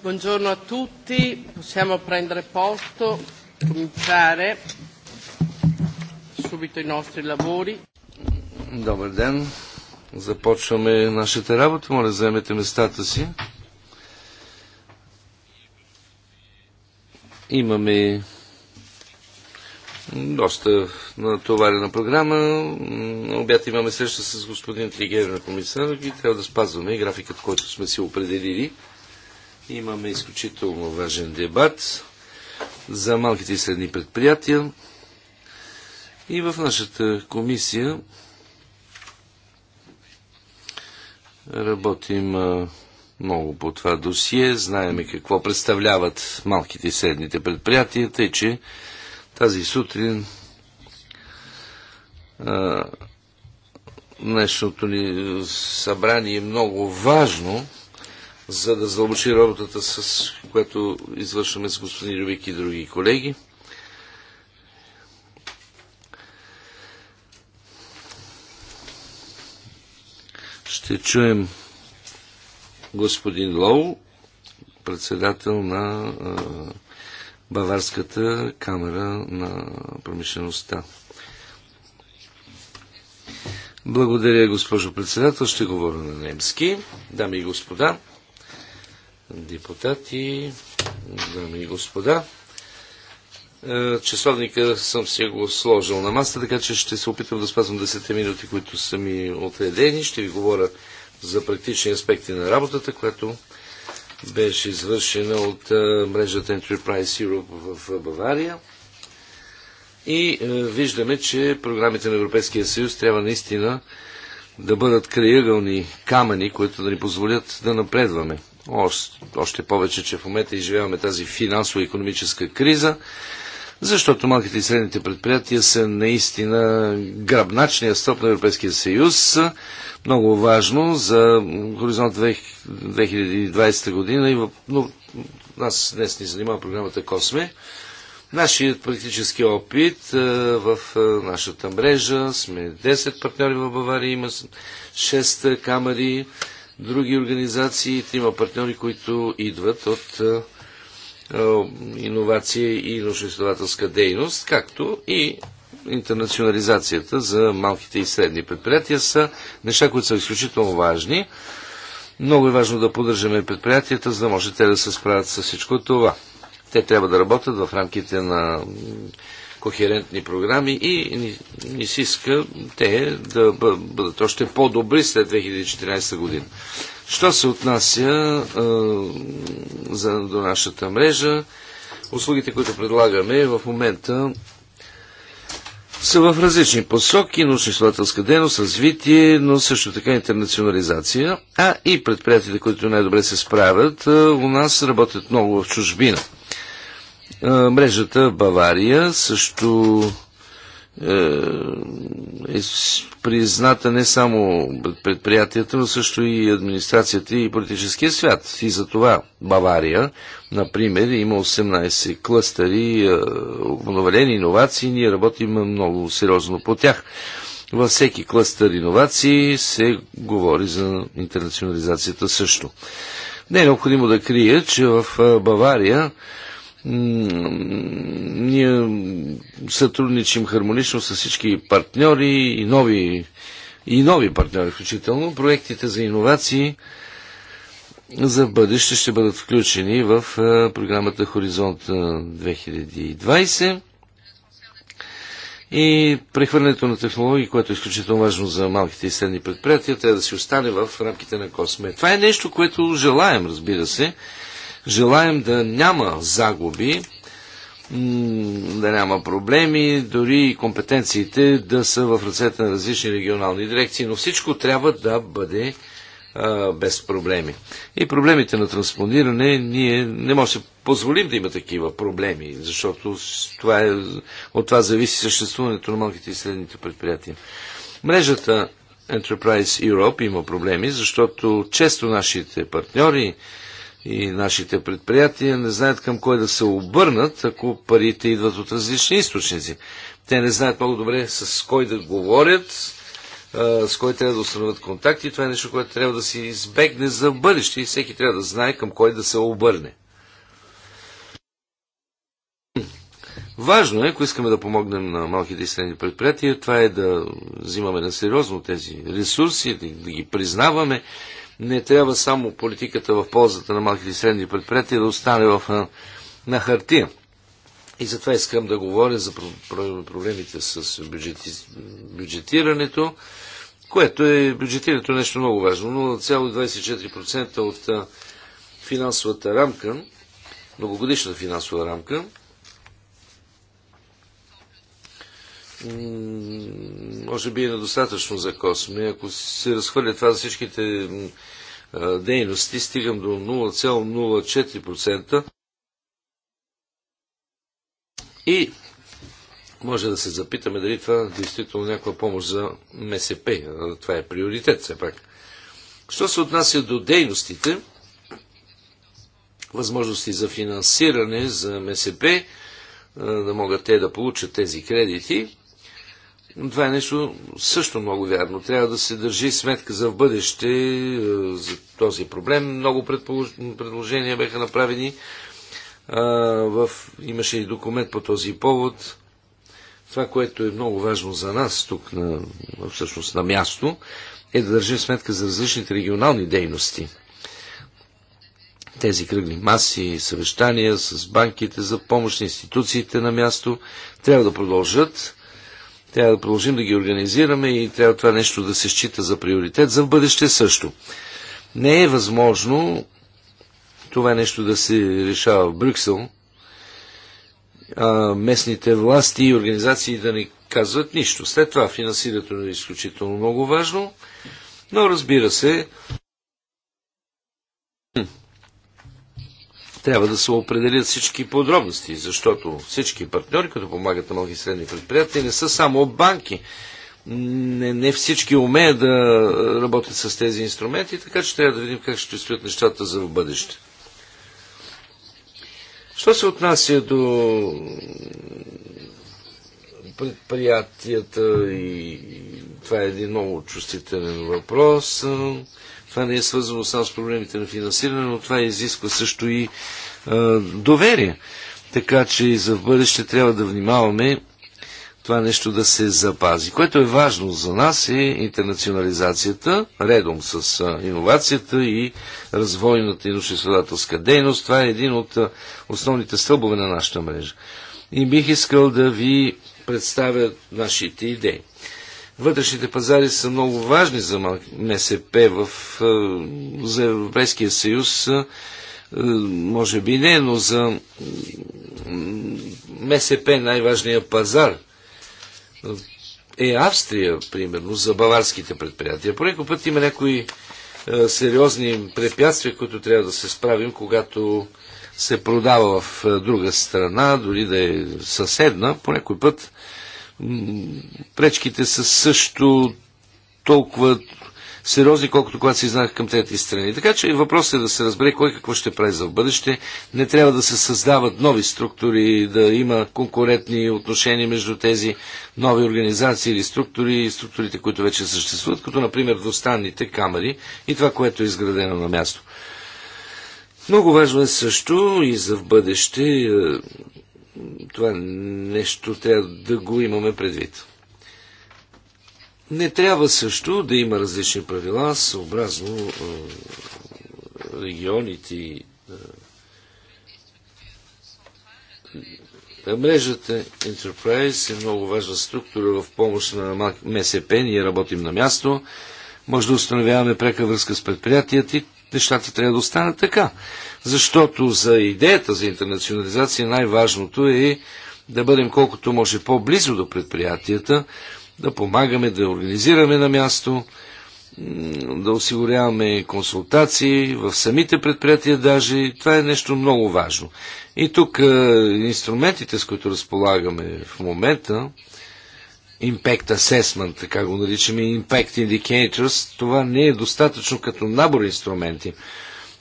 Buongiorno a tutti, possiamo prendere posto, cominciare subito i nostri lavori. Добър ден. Започваме нашата работа. Моля, заемете местата си. Имаме доста натоварена програма. На обяд имаме среща с господин Тригер на комисар и трябва да спазваме графикът, който сме си определили. Имаме изключително важен дебат за малките и средни предприятия. И в нашата комисия работим много по това досие. Знаеме какво представляват малките и средните предприятия, тъй че тази сутрин днешното ни събрание е много важно, за да задълбочи работата, с която извършваме с господин Любик и други колеги. Ще чуем господин Лоу, председател на Баварската камера на промишлеността. Благодаря, госпожо председател. Ще говоря на немски. Дами и господа, депутати, дами и господа, е, часовника съм си го сложил на маста, така че ще се опитам да спазвам 10 минути, които са ми отредени. Ще ви говоря за практични аспекти на работата, която беше извършена от мрежата Enterprise Europe в Бавария. И виждаме, че програмите на Европейския съюз трябва наистина да бъдат крайъгълни камъни, които да ни позволят да напредваме. Още повече, че в момента изживяваме тази финансово-економическа криза защото малките и средните предприятия са наистина гръбначния стоп на Европейския съюз, много важно за хоризонт 2020 година, но нас днес ни занимава програмата Косме. Нашият практически опит е, в е, нашата мрежа, сме 10 партньори в Бавария, има 6 камери, други организации, има партньори, които идват от е, иновация и научно-изследователска дейност, както и интернационализацията за малките и средни предприятия са неща, които са изключително важни. Много е важно да поддържаме предприятията, за да може те да се справят с всичко това. Те трябва да работят в рамките на кохерентни програми и ни, си се иска те да бъдат още по-добри след 2014 година. Що се отнася а, за, до нашата мрежа, услугите, които предлагаме в момента са в различни посоки, научно-изследователска дейност, развитие, но също така интернационализация, а и предприятията, които най-добре се справят, у нас работят много в чужбина. Мрежата Бавария също е, е призната не само предприятията, но също и администрацията и политическия свят. И за това Бавария, например, има 18 клъстери, е, обновени иновации, ние работим много сериозно по тях. Във всеки клъстър иновации се говори за интернационализацията също. Не е необходимо да крия, че в е, Бавария ние сътрудничим хармонично с всички партньори и нови, и нови партньори включително. Проектите за иновации за бъдеще ще бъдат включени в е, програмата Хоризонт 2020 е, и прехвърлянето на технологии, което е изключително важно за малките и средни предприятия, трябва да си остане в рамките на Косме. Това е нещо, което желаем, разбира се, желаем да няма загуби, да няма проблеми, дори и компетенциите да са в ръцете на различни регионални дирекции, но всичко трябва да бъде а, без проблеми. И проблемите на транспониране, ние не можем да позволим да има такива проблеми, защото това е, от това зависи съществуването на малките и средните предприятия. Мрежата Enterprise Europe има проблеми, защото често нашите партньори, и нашите предприятия не знаят към кой да се обърнат, ако парите идват от различни източници. Те не знаят много добре с кой да говорят, с кой трябва да установят контакти. Това е нещо, което трябва да се избегне за бъдеще и всеки трябва да знае към кой да се обърне. Важно е, ако искаме да помогнем на малките и средни предприятия, това е да взимаме на сериозно тези ресурси, да ги признаваме не трябва само политиката в ползата на малките и средни предприятия да остане в, на, на хартия. И затова искам да говоря за проблемите с бюджети, бюджетирането, което е бюджетирането е нещо много важно. 0,24% от финансовата рамка, многогодишна финансова рамка, може би е недостатъчно за косми. Ако се разхвърля това за всичките дейности, стигам до 0,04% и може да се запитаме дали това действително е някаква помощ за МСП. Това е приоритет все пак. Що се отнася до дейностите, възможности за финансиране за МСП, да могат те да получат тези кредити, това е нещо също много вярно. Трябва да се държи сметка за в бъдеще е, за този проблем. Много предполож... предложения бяха направени. А, е, в... Имаше и документ по този повод. Това, което е много важно за нас тук, на, всъщност на място, е да държим сметка за различните регионални дейности. Тези кръгли маси, съвещания с банките за помощ на институциите на място трябва да продължат трябва да продължим да ги организираме и трябва това нещо да се счита за приоритет за в бъдеще също. Не е възможно това нещо да се решава в Брюксел, а местните власти и организации да не казват нищо. След това финансирането е изключително много важно, но разбира се, трябва да се определят всички подробности, защото всички партньори, като помагат на малки и средни предприятия, не са само банки. Не, не всички умеят да е, работят с тези инструменти, така че трябва да видим как ще стоят нещата за в бъдеще. Що се отнася до предприятията и това е един много чувствителен въпрос. Това не е свързано само с проблемите на финансиране, но това изисква също и а, доверие. Така че и за бъдеще трябва да внимаваме това нещо да се запази. Което е важно за нас е интернационализацията, редом с иновацията и развойната и научно-изследователска дейност. Това е един от основните стълбове на нашата мрежа. И бих искал да ви представя нашите идеи. Вътрешните пазари са много важни за МСП в, за Европейския съюз. Може би не, но за МСП най-важният пазар е Австрия, примерно, за баварските предприятия. Понеко път има някои сериозни препятствия, които трябва да се справим, когато се продава в друга страна, дори да е съседна. По някой път пречките са също толкова сериозни, колкото когато се изнаха към тези страни. Така че въпросът е да се разбере кой какво ще прави за в бъдеще. Не трябва да се създават нови структури, да има конкурентни отношения между тези нови организации или структури и структурите, които вече съществуват, като например достанните камери и това, което е изградено на място. Много важно е също и за в бъдеще е, това нещо трябва да го имаме предвид. Не трябва също да има различни правила, съобразно е, регионите и е, Мрежата Enterprise е много важна структура в помощ на МСП. Ние работим на място. Може да установяваме прека връзка с предприятията и нещата трябва да останат така защото за идеята за интернационализация най-важното е да бъдем колкото може по-близо до предприятията, да помагаме, да организираме на място, да осигуряваме консултации в самите предприятия даже. Това е нещо много важно. И тук е, инструментите, с които разполагаме в момента, Impact Assessment, така го наричаме, Impact Indicators, това не е достатъчно като набор инструменти.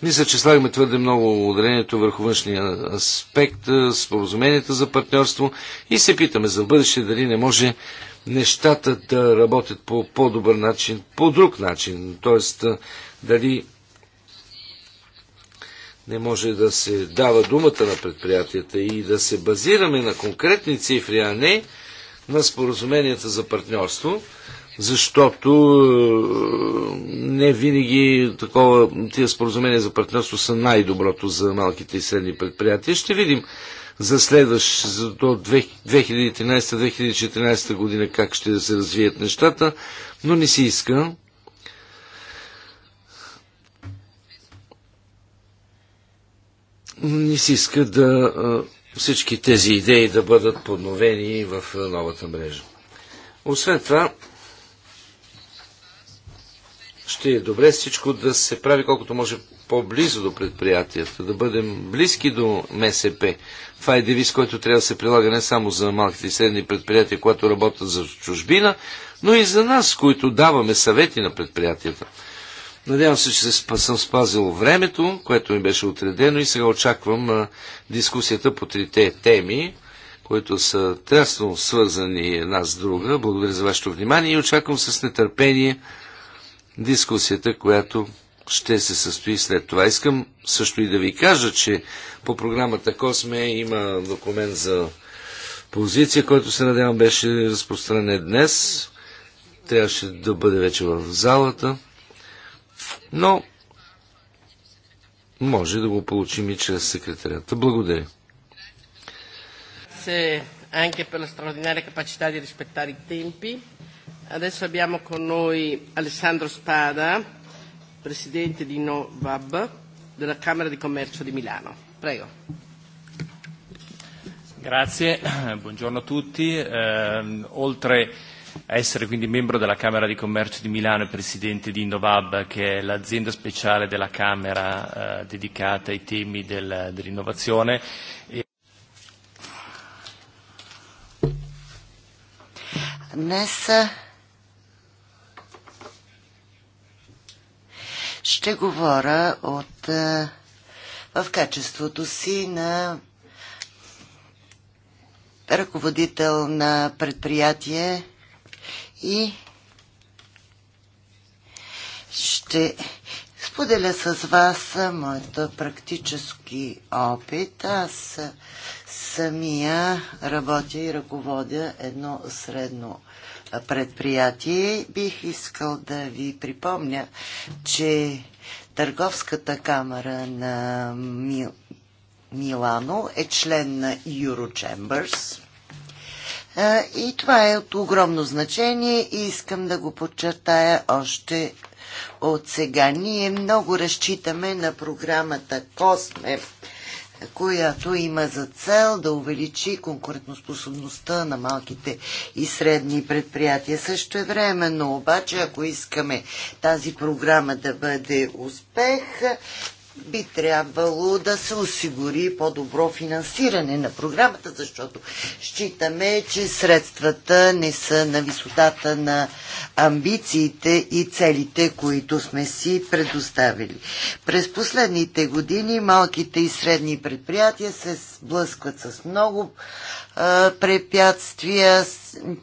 Мисля, че слагаме твърде много ударението върху външния аспект, споразуменията за партньорство и се питаме за бъдеще дали не може нещата да работят по по-добър начин, по друг начин. Тоест, дали не може да се дава думата на предприятията и да се базираме на конкретни цифри, а не на споразуменията за партньорство, защото е, не винаги такова, тия споразумения за партньорство са най-доброто за малките и средни предприятия. Ще видим за следващ, за до 2013-2014 година как ще се развият нещата, но не си иска. Не си иска да е, всички тези идеи да бъдат подновени в е, новата мрежа. Освен това, ще е добре всичко да се прави колкото може по-близо до предприятията, да бъдем близки до МСП. Това е девиз, който трябва да се прилага не само за малките и средни предприятия, които работят за чужбина, но и за нас, които даваме съвети на предприятията. Надявам се, че съм спазил времето, което ми беше отредено и сега очаквам а, дискусията по трите теми, които са тясно свързани една с друга. Благодаря за вашето внимание и очаквам с нетърпение дискусията, която ще се състои след това. Искам също и да ви кажа, че по програмата Косме има документ за позиция, който се надявам беше разпространен днес. Трябваше да бъде вече в залата. Но може да го получим и чрез секретарята. Благодаря. Anche per la straordinaria capacità di rispettare i tempi. Adesso abbiamo con noi Alessandro Spada, presidente di Novab della Camera di Commercio di Milano. Prego. Grazie, buongiorno a tutti. Eh, oltre a essere quindi membro della Camera di Commercio di Milano e presidente di Innovab, che è l'azienda speciale della Camera eh, dedicata ai temi del, dell'innovazione. Nessa, Ще говоря от, е, в качеството си на ръководител на предприятие и ще споделя с вас моето практически опит. Аз самия работя и ръководя едно средно предприятие. Бих искал да ви припомня, че Търговската камера на Мил... Милано е член на Eurochambers. И това е от огромно значение и искам да го подчертая още от сега. Ние много разчитаме на програмата Косме която има за цел да увеличи конкурентоспособността на малките и средни предприятия. Също е времено, обаче, ако искаме тази програма да бъде успех, би трябвало да се осигури по-добро финансиране на програмата, защото считаме, че средствата не са на висотата на амбициите и целите, които сме си предоставили. През последните години малките и средни предприятия се сблъскват с много а, препятствия.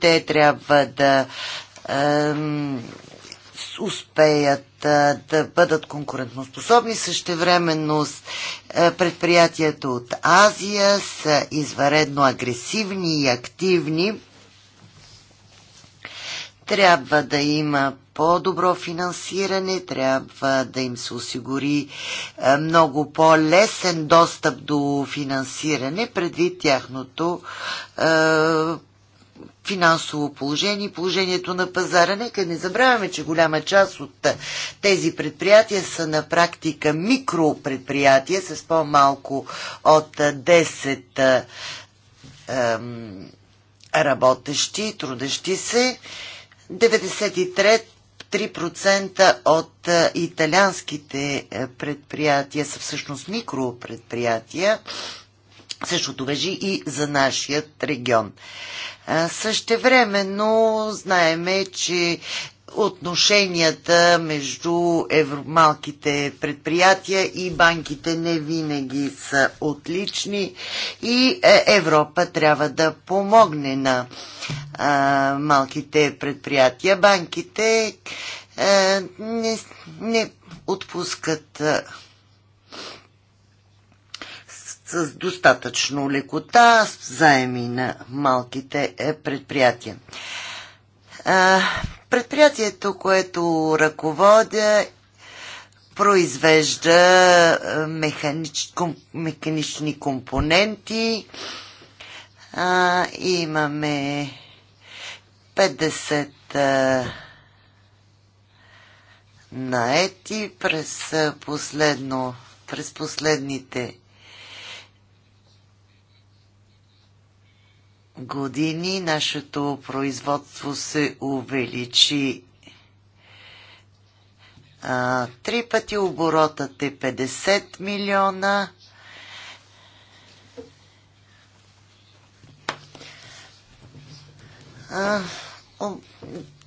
Те трябва да а, успеят да бъдат конкурентоспособни. Същевременно предприятията от Азия са изваредно агресивни и активни. Трябва да има по-добро финансиране, трябва да им се осигури много по-лесен достъп до финансиране предвид тяхното финансово положение и положението на пазара. Нека не забравяме, че голяма част от тези предприятия са на практика микропредприятия с по-малко от 10 ем, работещи, трудещи се. 93 3% от италианските предприятия са всъщност микропредприятия. Същото вежи и за нашият регион. Същевременно знаеме, че отношенията между малките предприятия и банките не винаги са отлични и е, Европа трябва да помогне на а, малките предприятия. Банките а, е, не, не отпускат а, е, с достатъчно лекота заеми на малките е, предприятия. Предприятието, което ръководя, произвежда механични компоненти. имаме 50 наети през, последно, през последните години нашето производство се увеличи а, три пъти, оборотът е 50 милиона.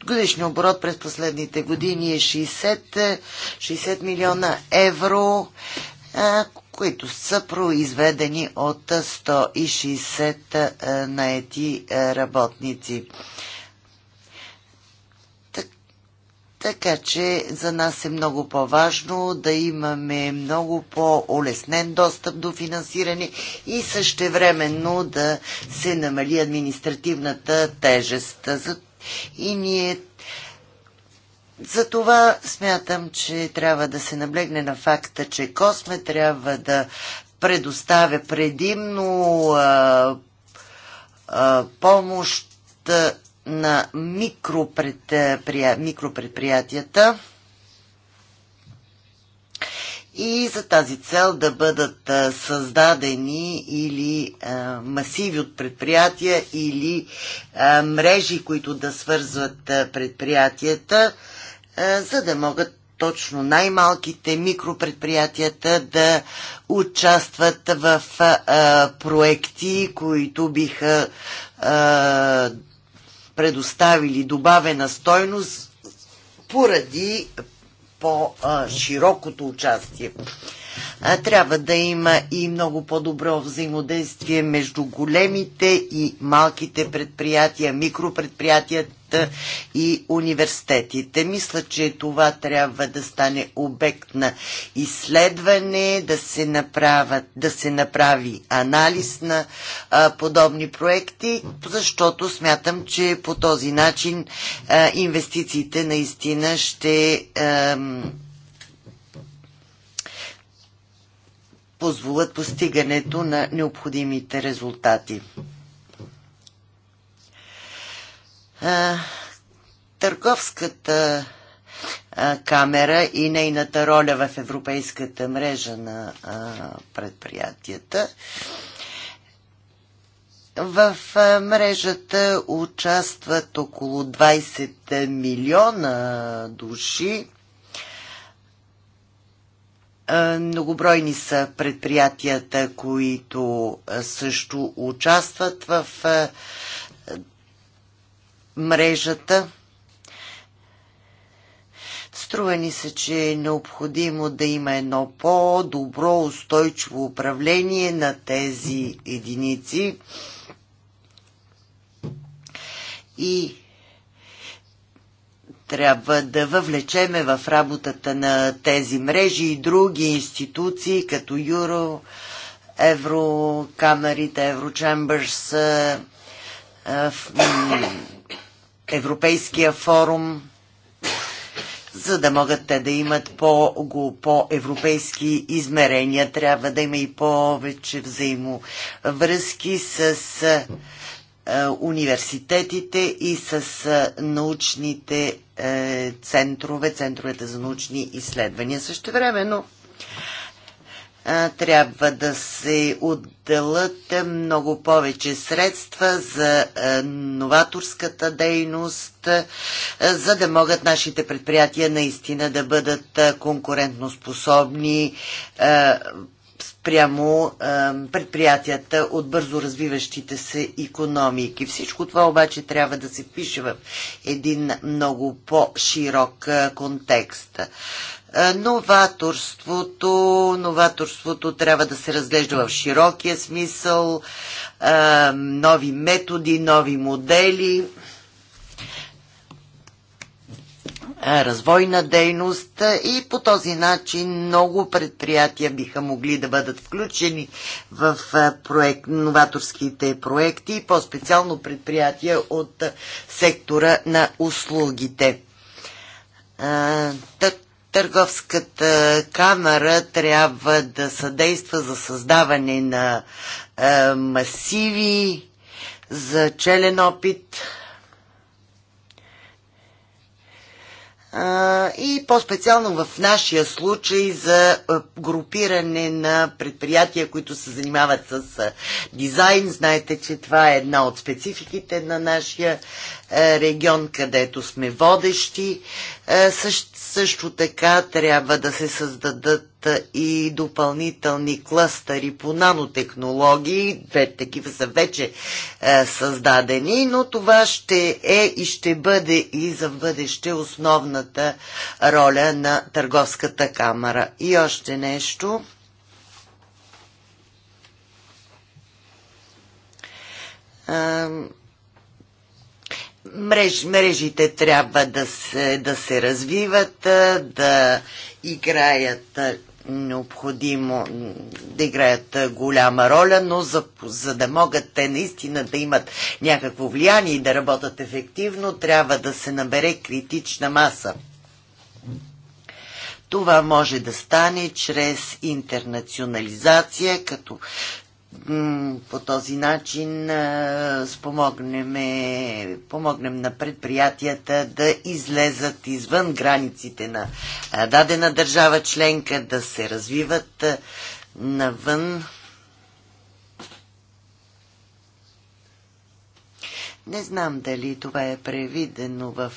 годишният оборот през последните години е 60, 60 милиона евро, които са произведени от 160 е, наети е, работници. Така че за нас е много по-важно да имаме много по-олеснен достъп до финансиране и същевременно да се намали административната тежест. И ние затова смятам, че трябва да се наблегне на факта, че Косме трябва да предоставя предимно а, а, помощ на микропредприятията. микропредприятията и за тази цел да бъдат създадени или масиви от предприятия или мрежи, които да свързват предприятията е, за да могат точно най-малките микропредприятията да участват в а, е, проекти, които биха а, е, предоставили добавена стойност поради по-широкото участие трябва да има и много по-добро взаимодействие между големите и малките предприятия, микропредприятията и университетите. Мисля, че това трябва да стане обект на изследване, да се, направят, да се направи анализ на а, подобни проекти, защото смятам, че по този начин а, инвестициите наистина ще. А, позволят постигането на необходимите резултати. Търговската камера и нейната роля в европейската мрежа на предприятията. В мрежата участват около 20 милиона души е, многобройни са предприятията, които е, също участват в е, мрежата. Струва ни се, че е необходимо да има едно по-добро устойчиво управление на тези единици и трябва да въвлечеме в работата на тези мрежи и други институции, като Юро, Еврокамерите, Еврочембърс, Европейския форум, за да могат те да имат по-европейски по измерения. Трябва да има и повече взаимовръзки с е, университетите и с е, научните е, центрове, центровете за научни изследвания. Също време, но трябва да се отделят много повече средства за новаторската дейност, за да могат нашите предприятия наистина да бъдат конкурентноспособни спрямо предприятията от бързо развиващите се економики. Всичко това обаче трябва да се впише в един много по-широк контекст новаторството. Новаторството трябва да се разглежда в широкия смисъл, нови методи, нови модели. развойна дейност и по този начин много предприятия биха могли да бъдат включени в проект, новаторските проекти, по-специално предприятия от сектора на услугите. Търговската камера трябва да съдейства за създаване на масиви за челен опит – и по-специално в нашия случай за групиране на предприятия, които се занимават с дизайн. Знаете, че това е една от спецификите на нашия регион, където сме водещи. Също, също така трябва да се създадат и допълнителни клъстъри по нанотехнологии. Две такива са вече е, създадени, но това ще е и ще бъде и за бъдеще основната роля на Търговската камера. И още нещо. Мреж, мрежите трябва да се, да се развиват, да играят необходимо да играят голяма роля, но за, за да могат те наистина да имат някакво влияние и да работят ефективно, трябва да се набере критична маса. Това може да стане чрез интернационализация, като по този начин спомогнем, помогнем на предприятията да излезат извън границите на дадена държава членка, да се развиват навън. Не знам дали това е превидено в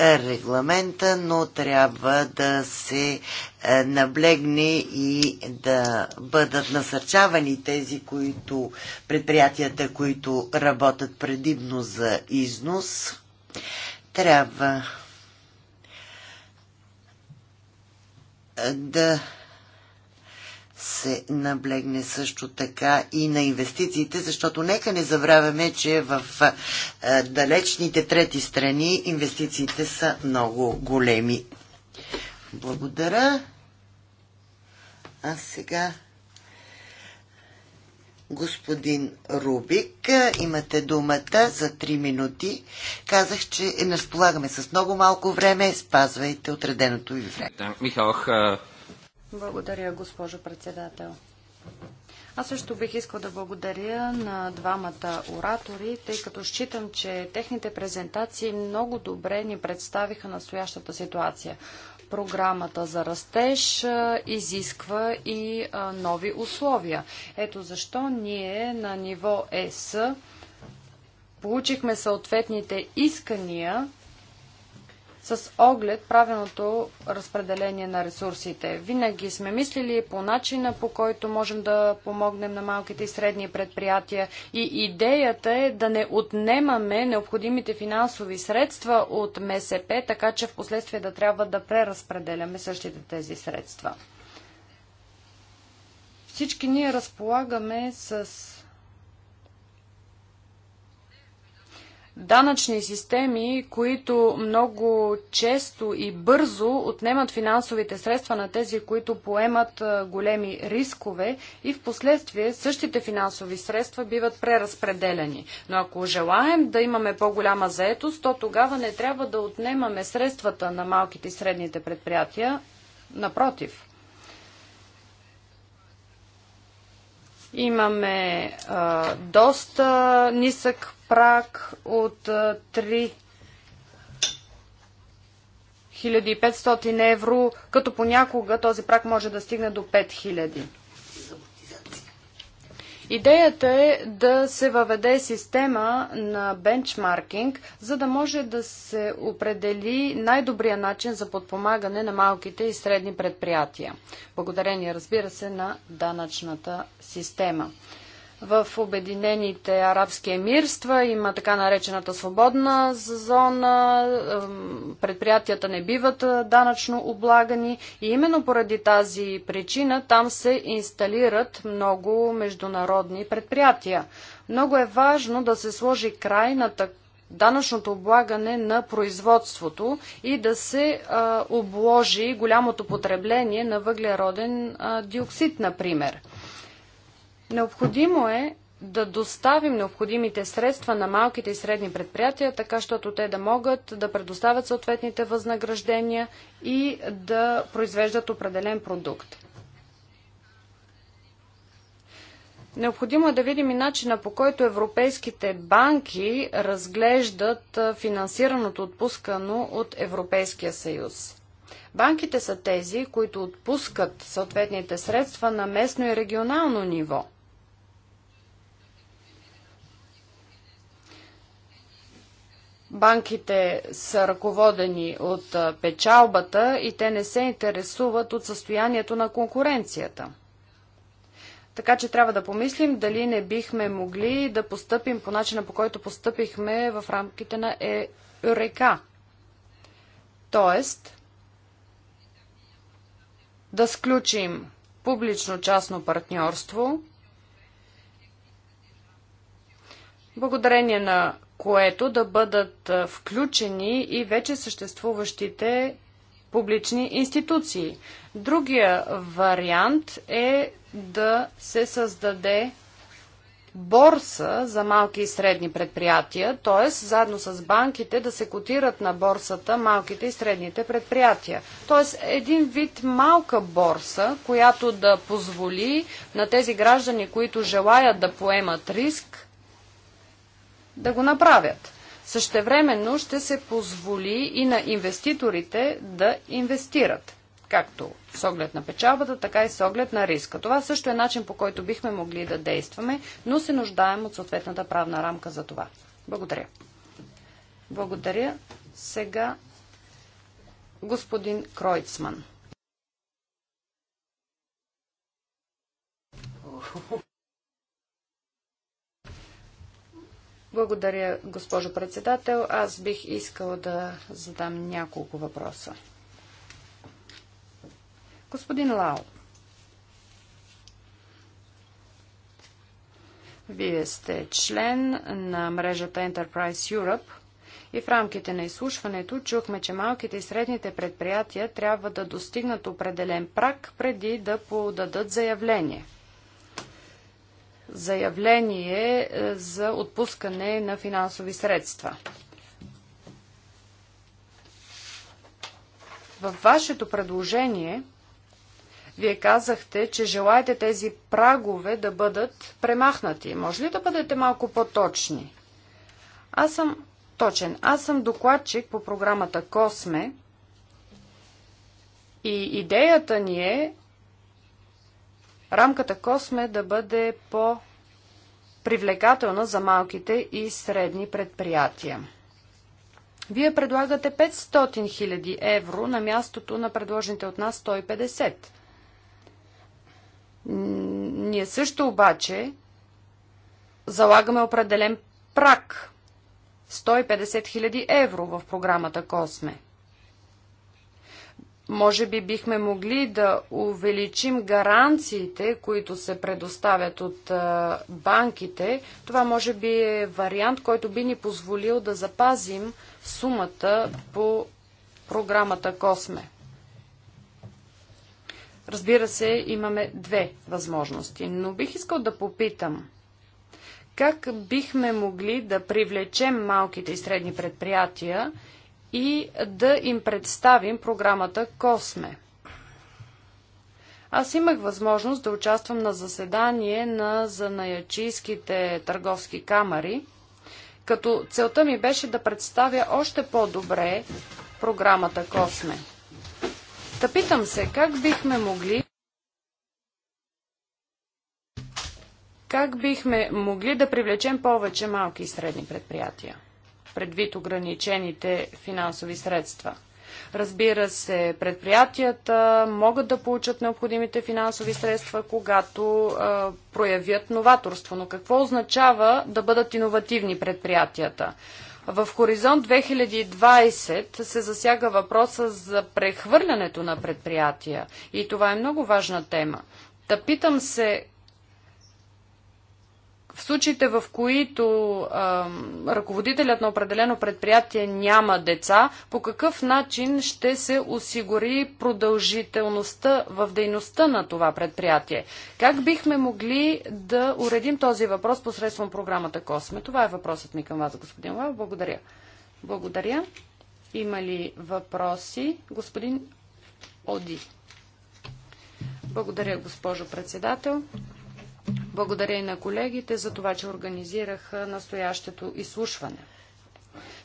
регламента, но трябва да се е, наблегне и да бъдат насърчавани тези, които, предприятията, които работят предимно за износ. Трябва е, да се наблегне също така и на инвестициите, защото нека не забравяме, че в далечните трети страни инвестициите са много големи. Благодаря. А сега господин Рубик. Имате думата за 3 минути. Казах, че разполагаме с много малко време. Спазвайте отреденото ви време. Благодаря, госпожо председател. Аз също бих искал да благодаря на двамата оратори, тъй като считам, че техните презентации много добре ни представиха настоящата ситуация. Програмата за растеж изисква и нови условия. Ето защо ние на ниво ЕС получихме съответните искания с оглед правилното разпределение на ресурсите. Винаги сме мислили по начина, по който можем да помогнем на малките и средни предприятия и идеята е да не отнемаме необходимите финансови средства от МСП, така че в последствие да трябва да преразпределяме същите тези средства. Всички ние разполагаме с данъчни системи, които много често и бързо отнемат финансовите средства на тези, които поемат големи рискове и в последствие същите финансови средства биват преразпределени. Но ако желаем да имаме по-голяма заетост, то тогава не трябва да отнемаме средствата на малките и средните предприятия. Напротив, имаме а, доста нисък прак от 3500 евро, като понякога този прак може да стигне до 5000. Идеята е да се въведе система на бенчмаркинг, за да може да се определи най-добрия начин за подпомагане на малките и средни предприятия. Благодарение, разбира се, на данъчната система в Обединените арабски емирства има така наречената свободна зона, предприятията не биват е, данъчно облагани и именно поради тази причина там се инсталират много международни предприятия. Много е важно да се сложи край на данъчното облагане на производството и да се а, е, обложи голямото потребление на въглероден а, е, диоксид, например. Необходимо е да доставим необходимите средства на малките и средни предприятия, така щото те да могат да предоставят съответните възнаграждения и да произвеждат определен продукт. Необходимо е да видим и начина по който европейските банки разглеждат финансираното отпускано от Европейския съюз. Банките са тези, които отпускат съответните средства на местно и регионално ниво – банките са ръководени от печалбата и те не се интересуват от състоянието на конкуренцията. Така че трябва да помислим дали не бихме могли да постъпим по начина по който постъпихме в рамките на ЕРК. Тоест, да сключим публично-частно партньорство, благодарение на което да бъдат включени и вече съществуващите публични институции. Другия вариант е да се създаде борса за малки и средни предприятия, т.е. заедно с банките да се котират на борсата малките и средните предприятия. Т.е. един вид малка борса, която да позволи на тези граждани, които желаят да поемат риск, да го направят. Същевременно ще се позволи и на инвеститорите да инвестират, както с оглед на печалбата, така и с оглед на риска. Това също е начин по който бихме могли да действаме, но се нуждаем от съответната правна рамка за това. Благодаря. Благодаря. Сега господин Кройцман. Благодаря, госпожо председател. Аз бих искала да задам няколко въпроса. Господин Лао, вие сте член на мрежата Enterprise Europe и в рамките на изслушването чухме, че малките и средните предприятия трябва да достигнат определен прак преди да подадат заявление – заявление е, за отпускане на финансови средства. Във вашето предложение вие казахте, че желаете тези прагове да бъдат премахнати. Може ли да бъдете малко по-точни? Аз съм точен. Аз съм докладчик по програмата Косме и идеята ни е рамката Косме да бъде по-привлекателна за малките и средни предприятия. Вие предлагате 500 000 евро на мястото на предложените от нас 150. Ние също обаче залагаме определен прак 150 000 евро в програмата Косме. Може би бихме могли да увеличим гаранциите, които се предоставят от банките. Това може би е вариант, който би ни позволил да запазим сумата по програмата Косме. Разбира се, имаме две възможности, но бих искал да попитам как бихме могли да привлечем малките и средни предприятия и да им представим програмата Косме. Аз имах възможност да участвам на заседание на занаячийските търговски камери, като целта ми беше да представя още по-добре програмата Косме. Та питам се, как бихме могли как бихме могли да привлечем повече малки и средни предприятия? предвид ограничените финансови средства. Разбира се, предприятията могат да получат необходимите финансови средства, когато а, проявят новаторство. Но какво означава да бъдат иновативни предприятията? В Хоризонт 2020 се засяга въпроса за прехвърлянето на предприятия и това е много важна тема. Да питам се, в случаите, в които а, ръководителят на определено предприятие няма деца, по какъв начин ще се осигури продължителността в дейността на това предприятие? Как бихме могли да уредим този въпрос посредством програмата Косме? Това е въпросът ми към вас, господин Лав. Благодаря. Благодаря. Има ли въпроси? Господин Оди. Благодаря, госпожо председател. Благодаря и на колегите за това, че организираха настоящето изслушване.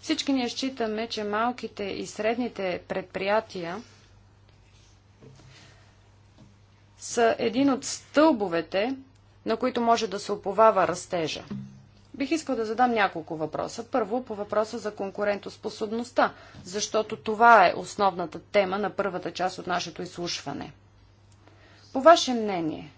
Всички ние считаме, че малките и средните предприятия са един от стълбовете, на които може да се оповава растежа. Бих искал да задам няколко въпроса. Първо по въпроса за конкурентоспособността, защото това е основната тема на първата част от нашето изслушване. По ваше мнение,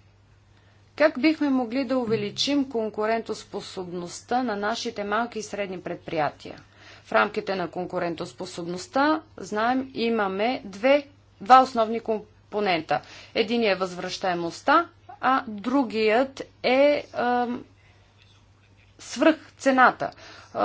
как бихме могли да увеличим конкурентоспособността на нашите малки и средни предприятия? В рамките на конкурентоспособността, знаем, имаме две, два основни компонента. Единият е възвръщаемостта, а другият е, е свръх цената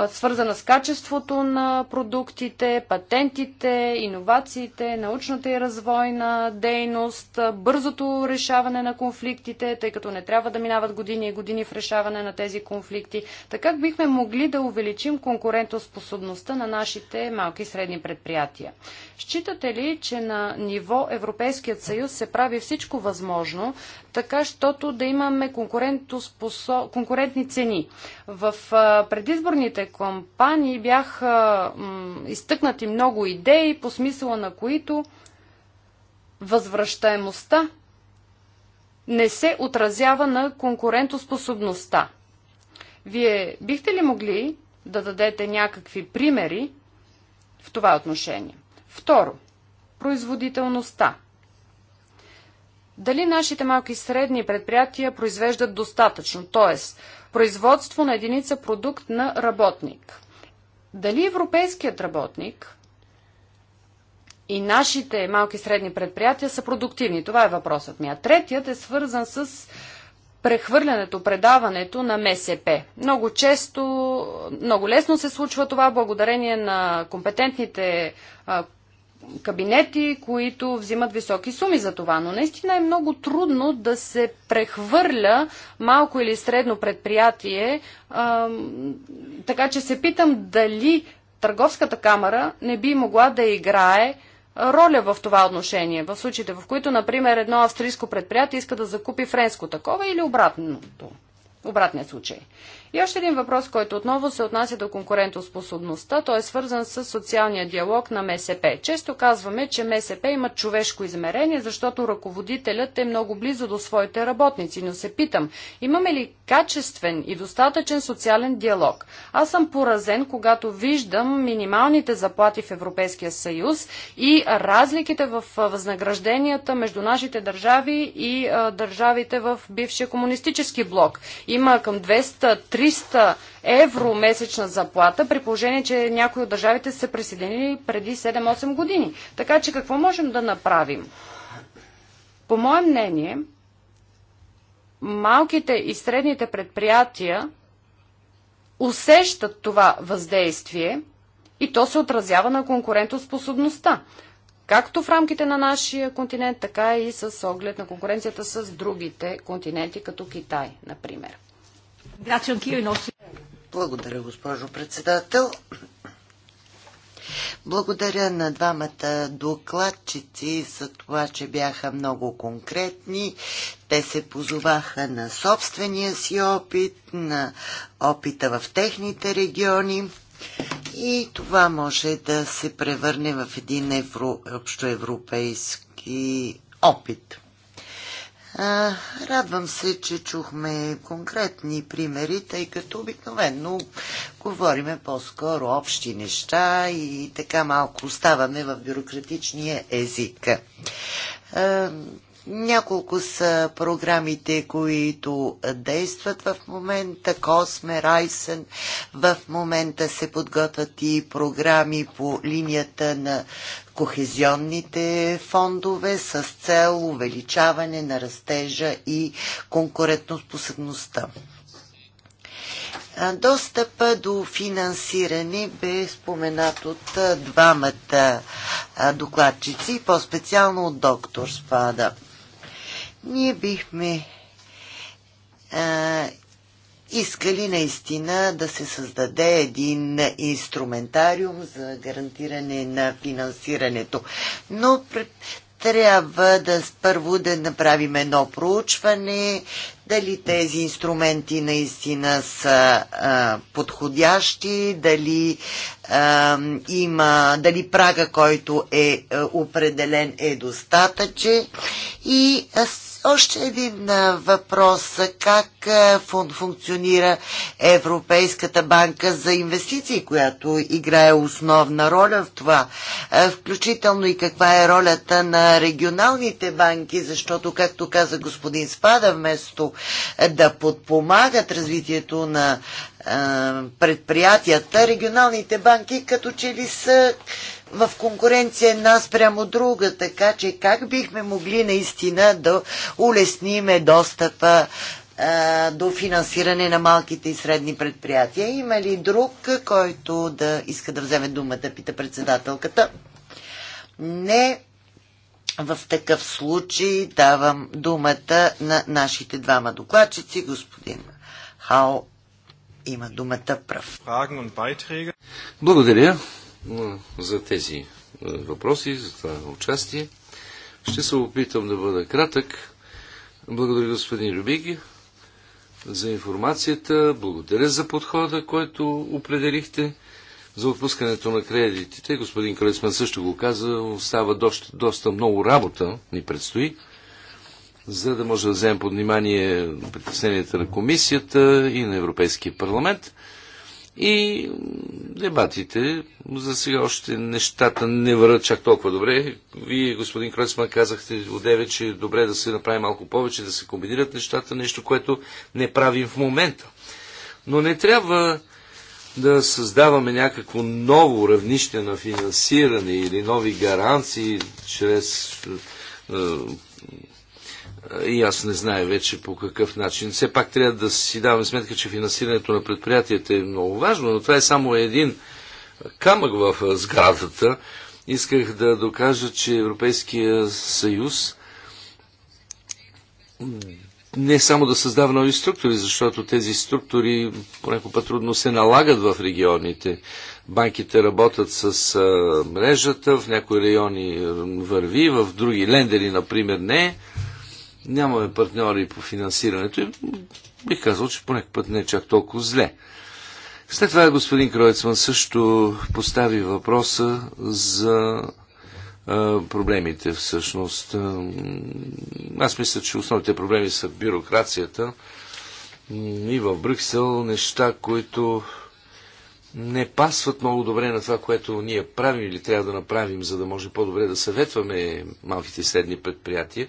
свързана с качеството на продуктите, патентите, иновациите, научната и развойна дейност, бързото решаване на конфликтите, тъй като не трябва да минават години и години в решаване на тези конфликти. Така бихме могли да увеличим конкурентоспособността на нашите малки и средни предприятия. Считате ли, че на ниво Европейският съюз се прави всичко възможно, така щото да имаме конкурентоспособ... конкурентни цени? В предизборните кампании бяха изтъкнати много идеи, по смисъла на които възвръщаемостта не се отразява на конкурентоспособността. Вие бихте ли могли да дадете някакви примери в това отношение? Второ, производителността. Дали нашите малки и средни предприятия произвеждат достатъчно? Тоест, производство на единица продукт на работник. Дали европейският работник и нашите малки и средни предприятия са продуктивни? Това е въпросът ми. А третият е свързан с прехвърлянето, предаването на МСП. Много често, много лесно се случва това благодарение на компетентните а, кабинети, които взимат високи суми за това. Но наистина е много трудно да се прехвърля малко или средно предприятие, а, така че се питам дали Търговската камера не би могла да играе роля в това отношение, в случаите, в които, например, едно австрийско предприятие иска да закупи френско такова или обратното, обратния случай. И още един въпрос, който отново се отнася до конкурентоспособността, той е свързан с социалния диалог на МСП. Често казваме, че МСП има човешко измерение, защото ръководителят е много близо до своите работници, но се питам, имаме ли качествен и достатъчен социален диалог? Аз съм поразен, когато виждам минималните заплати в Европейския съюз и разликите в възнагражденията между нашите държави и държавите в бившия комунистически блок. Има към 200 300 евро месечна заплата, при положение, че някои от държавите се присъединили преди 7-8 години. Така че какво можем да направим? По мое мнение, малките и средните предприятия усещат това въздействие и то се отразява на конкурентоспособността. Както в рамките на нашия континент, така и с оглед на конкуренцията с другите континенти, като Китай, например. Благодаря, госпожо председател. Благодаря на двамата докладчици за това, че бяха много конкретни. Те се позоваха на собствения си опит, на опита в техните региони. И това може да се превърне в един евро, общоевропейски опит радвам се, че чухме конкретни примери, тъй като обикновено говориме по-скоро общи неща и така малко оставаме в бюрократичния език. няколко са програмите, които действат в момента. Косме, Райсен. В момента се подготвят и програми по линията на кохезионните фондове с цел увеличаване на растежа и конкурентоспособността. Достъпа до финансиране бе споменат от двамата докладчици, по-специално от доктор Спада. Ние бихме искали наистина да се създаде един инструментариум за гарантиране на финансирането. Но трябва да първо да направим едно проучване, дали тези инструменти наистина са а, подходящи, дали а, има, дали прага, който е а, определен е достатъчен и още един въпрос. Как функционира Европейската банка за инвестиции, която играе основна роля в това? Включително и каква е ролята на регионалните банки, защото, както каза господин Спада, вместо да подпомагат развитието на предприятията, регионалните банки като че ли са в конкуренция една спрямо друга, така че как бихме могли наистина да улесниме достъпа е, до финансиране на малките и средни предприятия. Има ли друг, който да иска да вземе думата, пита председателката? Не. В такъв случай давам думата на нашите двама докладчици, господин Хао има думата пръв. Благодаря за тези е, въпроси, за това участие. Ще се опитам да бъда кратък. Благодаря господин Любиги за информацията. Благодаря за подхода, който определихте за отпускането на кредитите. Господин Кралисман също го каза, остава доста, доста много работа ни предстои, за да може да вземем под внимание притесненията на комисията и на Европейския парламент. И дебатите, за сега още нещата не върват чак толкова добре. Вие, господин Кройцман, казахте отдеве, че е добре да се направи малко повече, да се комбинират нещата, нещо, което не правим в момента. Но не трябва да създаваме някакво ново равнище на финансиране или нови гаранции чрез е, и аз не знае вече по какъв начин. Все пак трябва да си даваме сметка, че финансирането на предприятията е много важно, но това е само един камък в сградата. Исках да докажа, че Европейския съюз не само да създава нови структури, защото тези структури понякога трудно се налагат в регионите. Банките работят с мрежата, в някои райони върви, в други лендери, например, не нямаме партньори по финансирането и бих казал, че по път не е чак толкова зле. След това господин Кройцман също постави въпроса за проблемите всъщност. Аз мисля, че основните проблеми са бюрокрацията и в Брюксел неща, които не пасват много добре на това, което ние правим или трябва да направим, за да може по-добре да съветваме малките и средни предприятия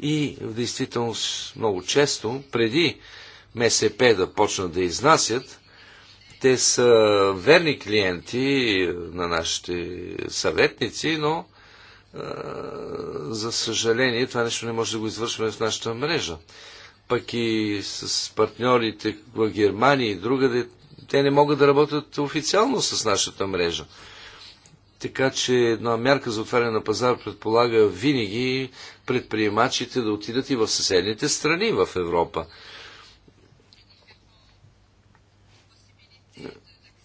и в действителност много често, преди МСП да почнат да изнасят, те са верни клиенти на нашите съветници, но за съжаление това нещо не може да го извършваме в нашата мрежа. Пък и с партньорите в Германия и другаде, те не могат да работят официално с нашата мрежа. Така че една мярка за отваряне на пазар предполага винаги предприемачите да отидат и в съседните страни в Европа.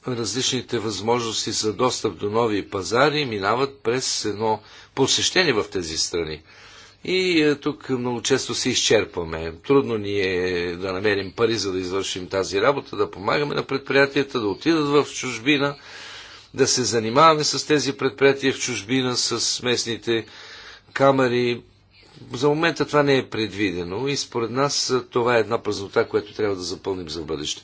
различните възможности за достъп до нови пазари минават през едно посещение в тези страни. И е, тук много често се изчерпваме. Трудно ни е да намерим пари, за да извършим тази работа, да помагаме на предприятията, да отидат в чужбина, да се занимаваме с тези предприятия в чужбина, с местните камери, за момента това не е предвидено и според нас това е една празнота, която трябва да запълним за бъдеще.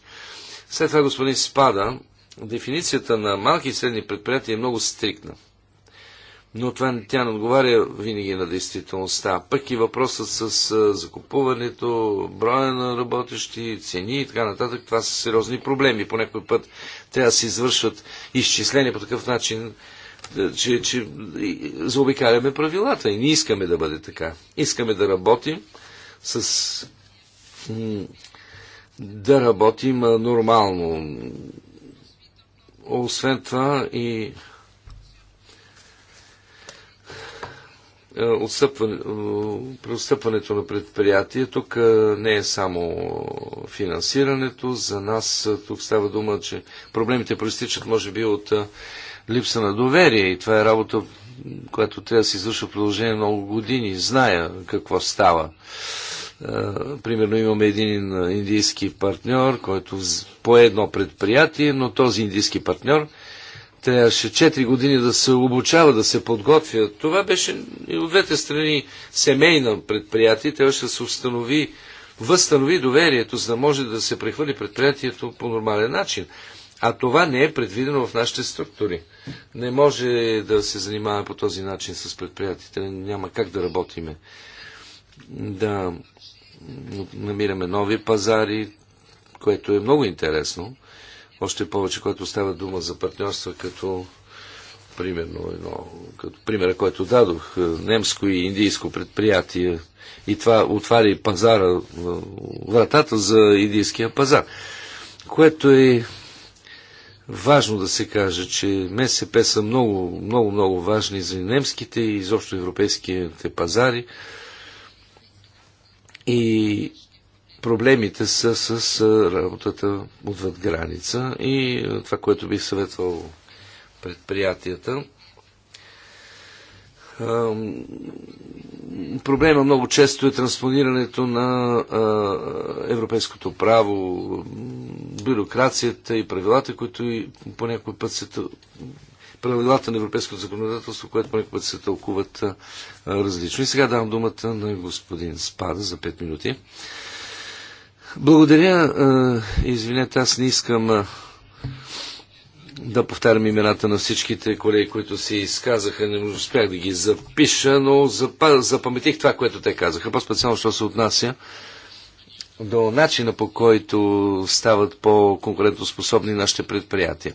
След това господин Спада, дефиницията на малки и средни предприятия е много стрикна. Но това тя не отговаря винаги на действителността. Пък и въпросът с закупуването, броя на работещи, цени и така нататък, това са сериозни проблеми. По някой път трябва да се извършват изчисления по такъв начин, че, че заобикаляме правилата и не искаме да бъде така. Искаме да работим с да работим нормално. Освен това и отстъпване, преотстъпването на предприятие. Тук не е само финансирането. За нас тук става дума, че проблемите проистичат, може би, от липса на доверие и това е работа, която трябва да се извършва в продължение много години. Зная какво става. Е, примерно имаме един индийски партньор, който по едно предприятие, но този индийски партньор трябваше 4 години да се обучава, да се подготвя. Това беше и от двете страни семейна предприятие. Трябваше да се установи, възстанови доверието, за да може да се прехвърли предприятието по нормален начин. А това не е предвидено в нашите структури. Не може да се занимаваме по този начин с предприятите. Няма как да работиме. Да намираме нови пазари, което е много интересно. Още повече, което става дума за партньорства, като примерно едно, като примера, който дадох, е, немско и индийско предприятие. И това отваря пазара, е, вратата за индийския пазар, което е важно да се каже, че МСП са много, много, много важни за немските и изобщо европейските пазари. И проблемите са с работата отвъд граница и това, което бих съветвал предприятията проблема много често е транспонирането на европейското право, бюрокрацията и правилата, които и по някой път се правилата на европейското законодателство, което по път се тълкуват различно. И сега давам думата на господин Спада за 5 минути. Благодаря. Извинете, аз не искам да повтарям имената на всичките колеги, които се изказаха. Не успях да ги запиша, но запаметих това, което те казаха. По-специално, що се отнася до начина по който стават по-конкурентоспособни нашите предприятия.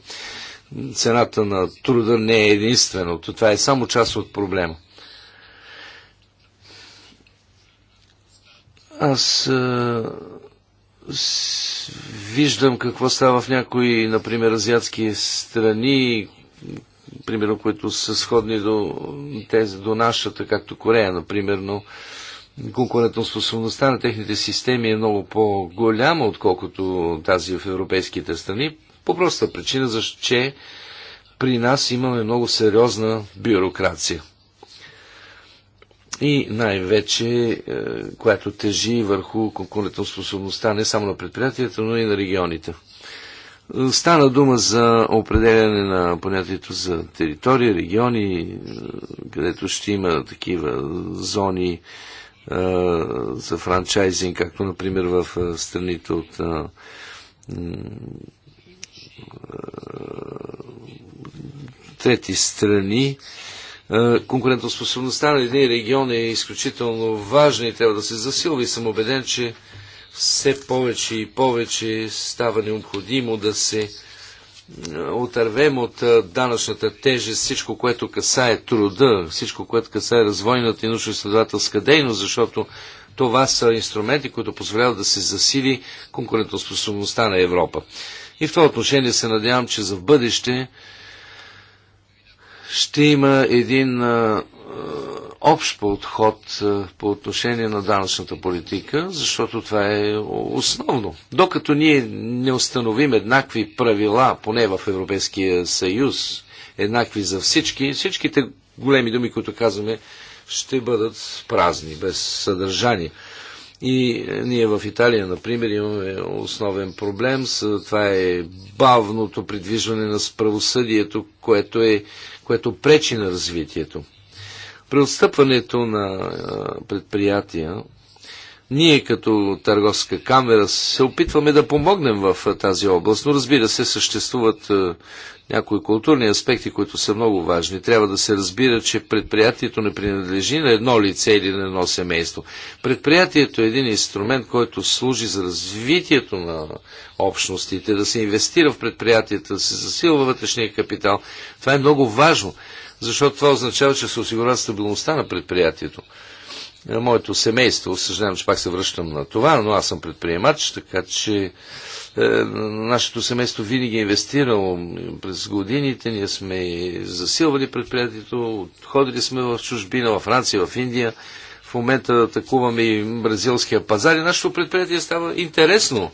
Цената на труда не е единственото. Това е само част от проблема. Аз е, виждам какво става в някои, например, азиатски страни, примерно, които са сходни до, тези, до нашата, както Корея, например, но конкурентоспособността на техните системи е много по-голяма, отколкото тази в европейските страни, по проста причина, защото при нас имаме много сериозна бюрокрация и най-вече, е, която тежи върху способността не само на предприятията, но и на регионите. Стана дума за определяне на понятието за територия, региони, е, където ще има такива зони е, за франчайзинг, както например в страните от трети страни е, конкурентоспособността на един регион е изключително важна и трябва да се засилва и съм убеден, че все повече и повече става необходимо да се е, отървем от е, данъчната тежест всичко, което касае труда, всичко, което касае развойната и научно-изследователска дейност, защото това са инструменти, които позволяват да се засили конкурентоспособността на Европа. И в това отношение се надявам, че за в бъдеще ще има един а, общ подход а, по отношение на данъчната политика, защото това е основно. Докато ние не установим еднакви правила, поне в Европейския съюз, еднакви за всички, всичките големи думи, които казваме, ще бъдат празни, без съдържание. И е, ние в Италия, например, имаме основен проблем. това е бавното придвижване на правосъдието, което е което пречи на развитието. Преотстъпването на предприятия ние като търговска камера се опитваме да помогнем в тази област, но разбира се, съществуват някои културни аспекти, които са много важни. Трябва да се разбира, че предприятието не принадлежи на едно лице или на едно семейство. Предприятието е един инструмент, който служи за развитието на общностите, да се инвестира в предприятията, да се засилва вътрешния капитал. Това е много важно, защото това означава, че се осигурява стабилността на предприятието моето семейство, съжалявам, че пак се връщам на това, но аз съм предприемач, така че е, нашето семейство винаги е инвестирало през годините, ние сме засилвали предприятието, ходили сме в чужбина, в Франция, в Индия, в момента атакуваме и бразилския пазар и нашето предприятие става интересно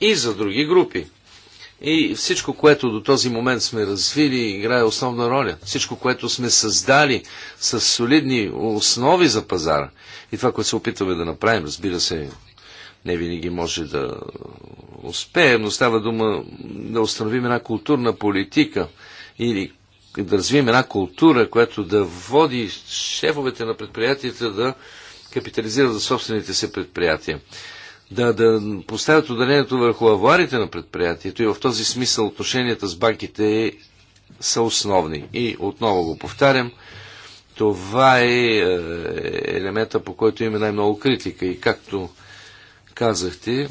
и за други групи. И всичко, което до този момент сме развили, играе основна роля. Всичко, което сме създали с солидни основи за пазара. И това, което се опитваме да направим, разбира се, не винаги може да успеем, но става дума да установим една културна политика или да развием една култура, която да води шефовете на предприятията да капитализират за собствените си предприятия да, да поставят ударението върху аварите на предприятието и в този смисъл отношенията с банките са основни. И отново го повтарям, това е, е елемента, по който има най-много критика. И както казахте,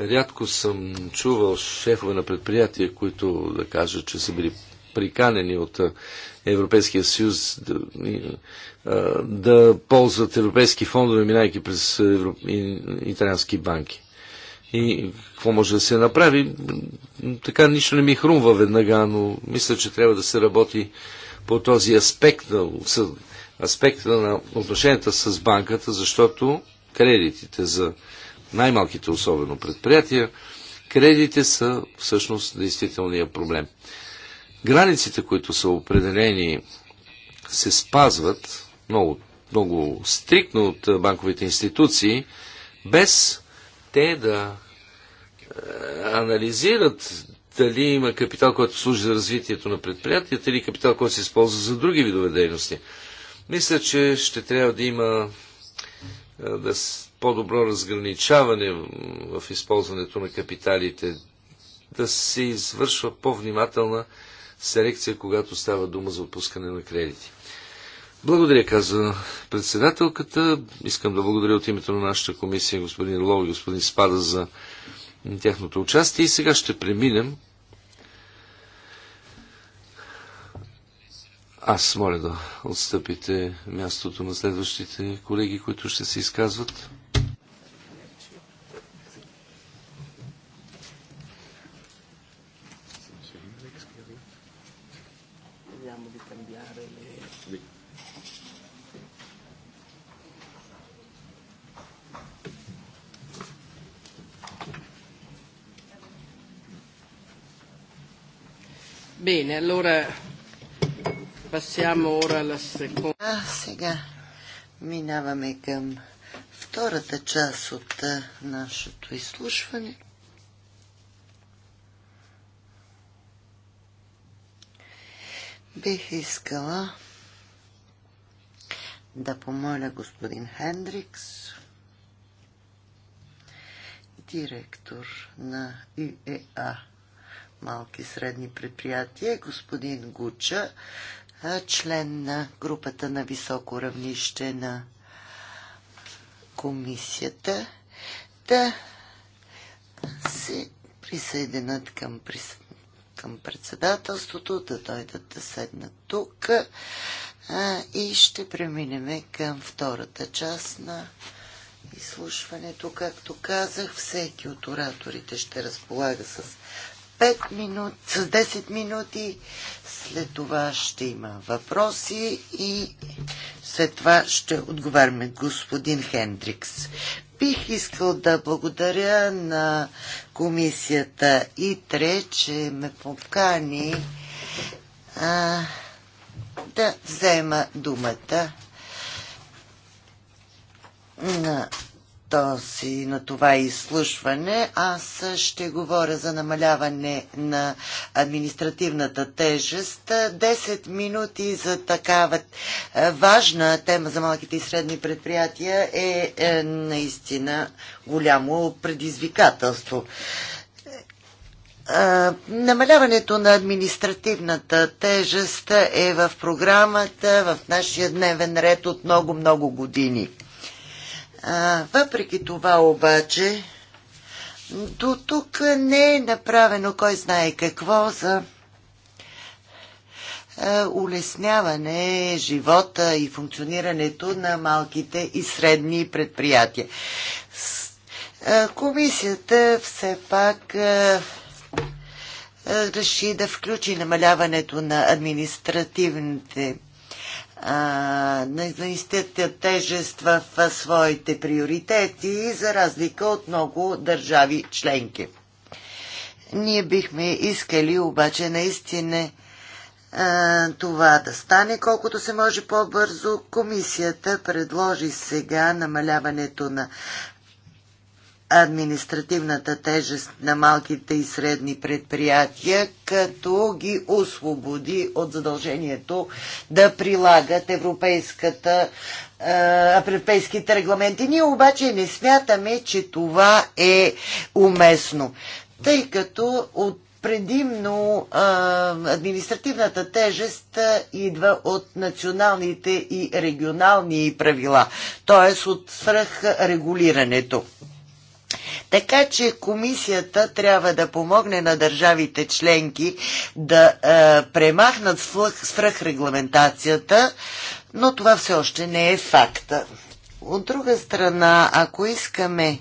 рядко съм чувал шефове на предприятия, които да кажат, че са били приканени от Европейския съюз да, да ползват европейски фондове, минайки през евро... италиански банки. И какво може да се направи? Така нищо не ми хрумва веднага, но мисля, че трябва да се работи по този аспект, аспект на отношенията с банката, защото кредитите за най-малките, особено предприятия, кредитите са всъщност действителния проблем. Границите, които са определени, се спазват, много, много стрикно от е, банковите институции, без те да е, анализират дали има капитал, който служи за развитието на предприятията или капитал, който се използва за други видове дейности. Мисля, че ще трябва да има е, да, по-добро разграничаване в използването на капиталите, да се извършва по-внимателна селекция, когато става дума за отпускане на кредити. Благодаря, каза председателката. Искам да благодаря от името на нашата комисия господин Лов и господин Спада за тяхното участие. И сега ще преминем. Аз моля да отстъпите мястото на следващите колеги, които ще се изказват. Bene, allora passiamo ora alla seconda. А сега минаваме към втората част от нашето изслушване. Бих искала да помоля господин Хендрикс, директор на ИЕА малки и средни предприятия, господин Гуча, член на групата на високо равнище на комисията, да се присъединят към, към председателството, да дойдат да седнат тук а, и ще преминем към втората част на изслушването. Както казах, всеки от ораторите ще разполага с 5 минути, с 10 минути. След това ще има въпроси и след това ще отговаряме господин Хендрикс. Бих искал да благодаря на комисията ИТРЕ, че ме покани а, да взема думата на този, на това изслушване. Аз ще говоря за намаляване на административната тежест. 10 минути за такава е, важна тема за малките и средни предприятия е, е наистина голямо предизвикателство. Е, намаляването на административната тежест е в програмата, в нашия дневен ред от много-много години. А, въпреки това обаче, до тук не е направено кой знае какво за улесняване живота и функционирането на малките и средни предприятия. Комисията все пак реши да включи намаляването на административните наистина тежест в своите приоритети, за разлика от много държави членки. Ние бихме искали обаче наистина това да стане колкото се може по-бързо. Комисията предложи сега намаляването на административната тежест на малките и средни предприятия, като ги освободи от задължението да прилагат европейската, европейските регламенти. Ние обаче не смятаме, че това е уместно, тъй като от предимно а, административната тежест идва от националните и регионални правила, т.е. от свръхрегулирането. Така че комисията трябва да помогне на държавите членки да е, премахнат свръхрегламентацията, но това все още не е факта. От друга страна, ако искаме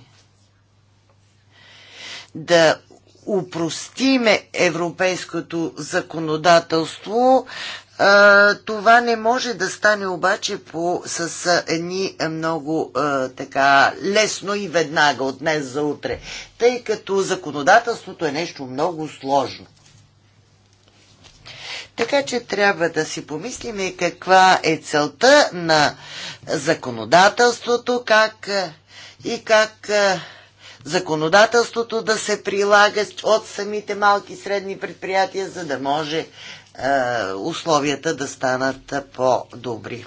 да упростиме европейското законодателство, това не може да стане обаче по, с едни много а, така лесно и веднага от днес за утре, тъй като законодателството е нещо много сложно. Така че трябва да си помислиме каква е целта на законодателството, как и как законодателството да се прилага от самите малки и средни предприятия, за да може е, условията да станат по-добри.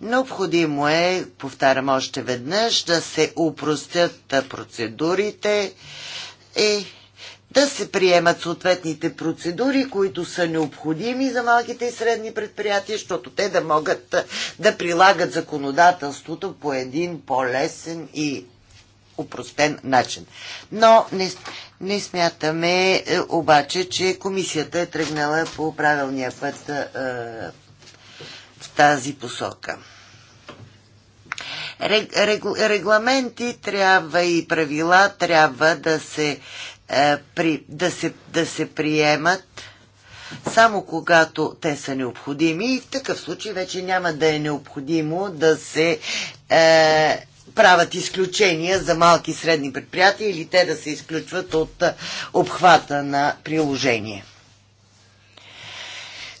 Необходимо е, повтарям още веднъж, да се упростят процедурите и да се приемат съответните процедури, които са необходими за малките и средни предприятия, защото те да могат е, да прилагат законодателството по един по-лесен и упростен начин. Но не, не смятаме е, обаче, че комисията е тръгнала по правилния път е, в тази посока. Регламенти трябва и правила трябва да се, е, при, да се, да се приемат само когато те са необходими и в такъв случай вече няма да е необходимо да се е, правят изключения за малки и средни предприятия или те да се изключват от обхвата на приложение.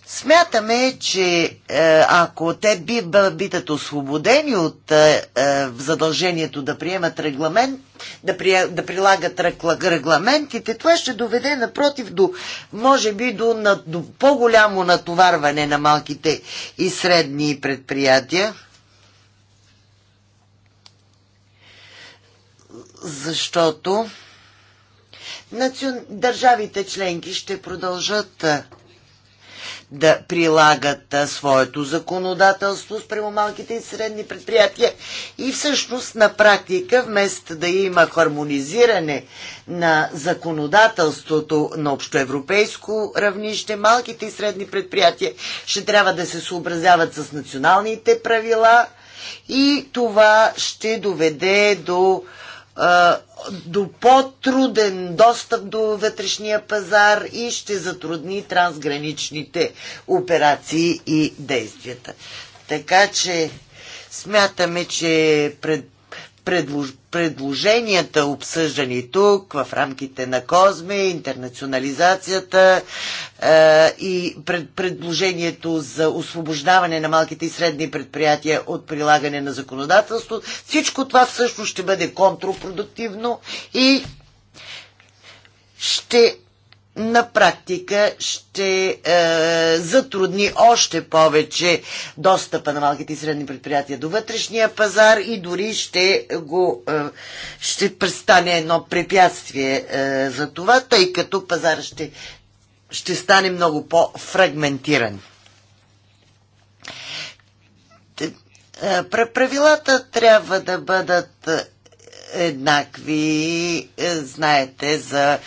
Смятаме, че е, ако те би, бидат освободени от е, е, задължението да приемат регламент, да, при, да прилагат регламентите, това ще доведе напротив до, може би, до, до по-голямо натоварване на малките и средни предприятия. защото държавите членки ще продължат да прилагат своето законодателство спрямо малките и средни предприятия. И всъщност на практика, вместо да има хармонизиране на законодателството на общоевропейско равнище, малките и средни предприятия ще трябва да се съобразяват с националните правила и това ще доведе до до по-труден достъп до вътрешния пазар и ще затрудни трансграничните операции и действията. Така че смятаме, че пред предлож... предложенията, обсъждани тук, в рамките на Козме, интернационализацията е, и пред... предложението за освобождаване на малките и средни предприятия от прилагане на законодателство. Всичко това всъщност ще бъде контрпродуктивно и ще на практика ще е, затрудни още повече достъпа на малките и средни предприятия до вътрешния пазар и дори ще го е, ще престане едно препятствие е, за това, тъй като пазар ще, ще стане много по-фрагментиран. Е, правилата трябва да бъдат е, еднакви, е, знаете, за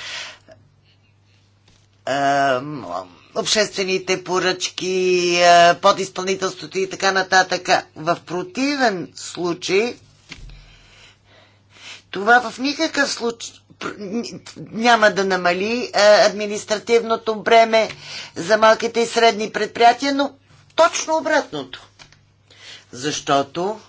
обществените поръчки, подизпълнителството и така нататък. В противен случай, това в никакъв случай няма да намали административното бреме за малките и средни предприятия, но точно обратното. Защото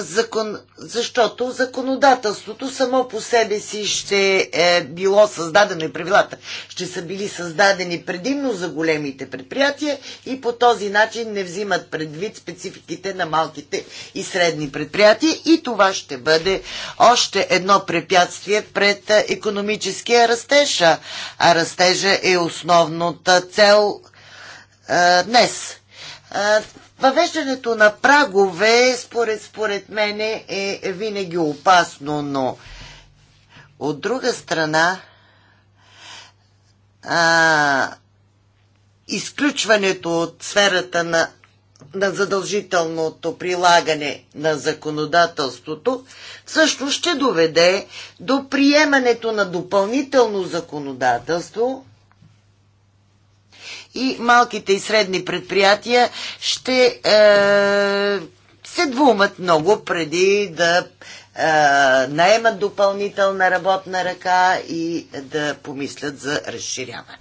закон, защото законодателството само по себе си ще е било създадено и правилата ще са били създадени предимно за големите предприятия и по този начин не взимат предвид спецификите на малките и средни предприятия и това ще бъде още едно препятствие пред економическия растеж, а растежа е основната цел а, е, днес. Е, Въвеждането на прагове, според, според мене, е винаги опасно, но от друга страна, а, изключването от сферата на, на задължителното прилагане на законодателството също ще доведе до приемането на допълнително законодателство, и малките и средни предприятия ще е, се двумат много преди да е, наемат допълнителна работна ръка и да помислят за разширяване.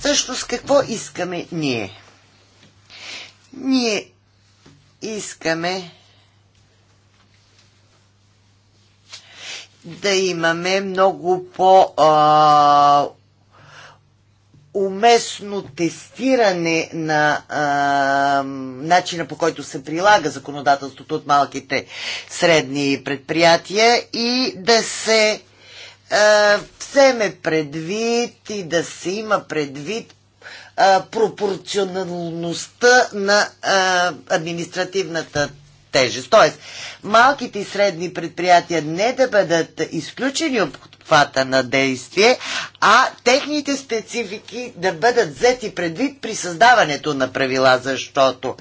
Също с какво искаме ние? Ние искаме да имаме много по- а, уместно тестиране на а, начина по който се прилага законодателството от малките средни предприятия и да се а, вземе предвид и да се има предвид а, пропорционалността на а, административната тежест. Тоест, малките и средни предприятия не да бъдат изключени от обхвата на действие, а техните специфики да бъдат взети предвид при създаването на правила, защото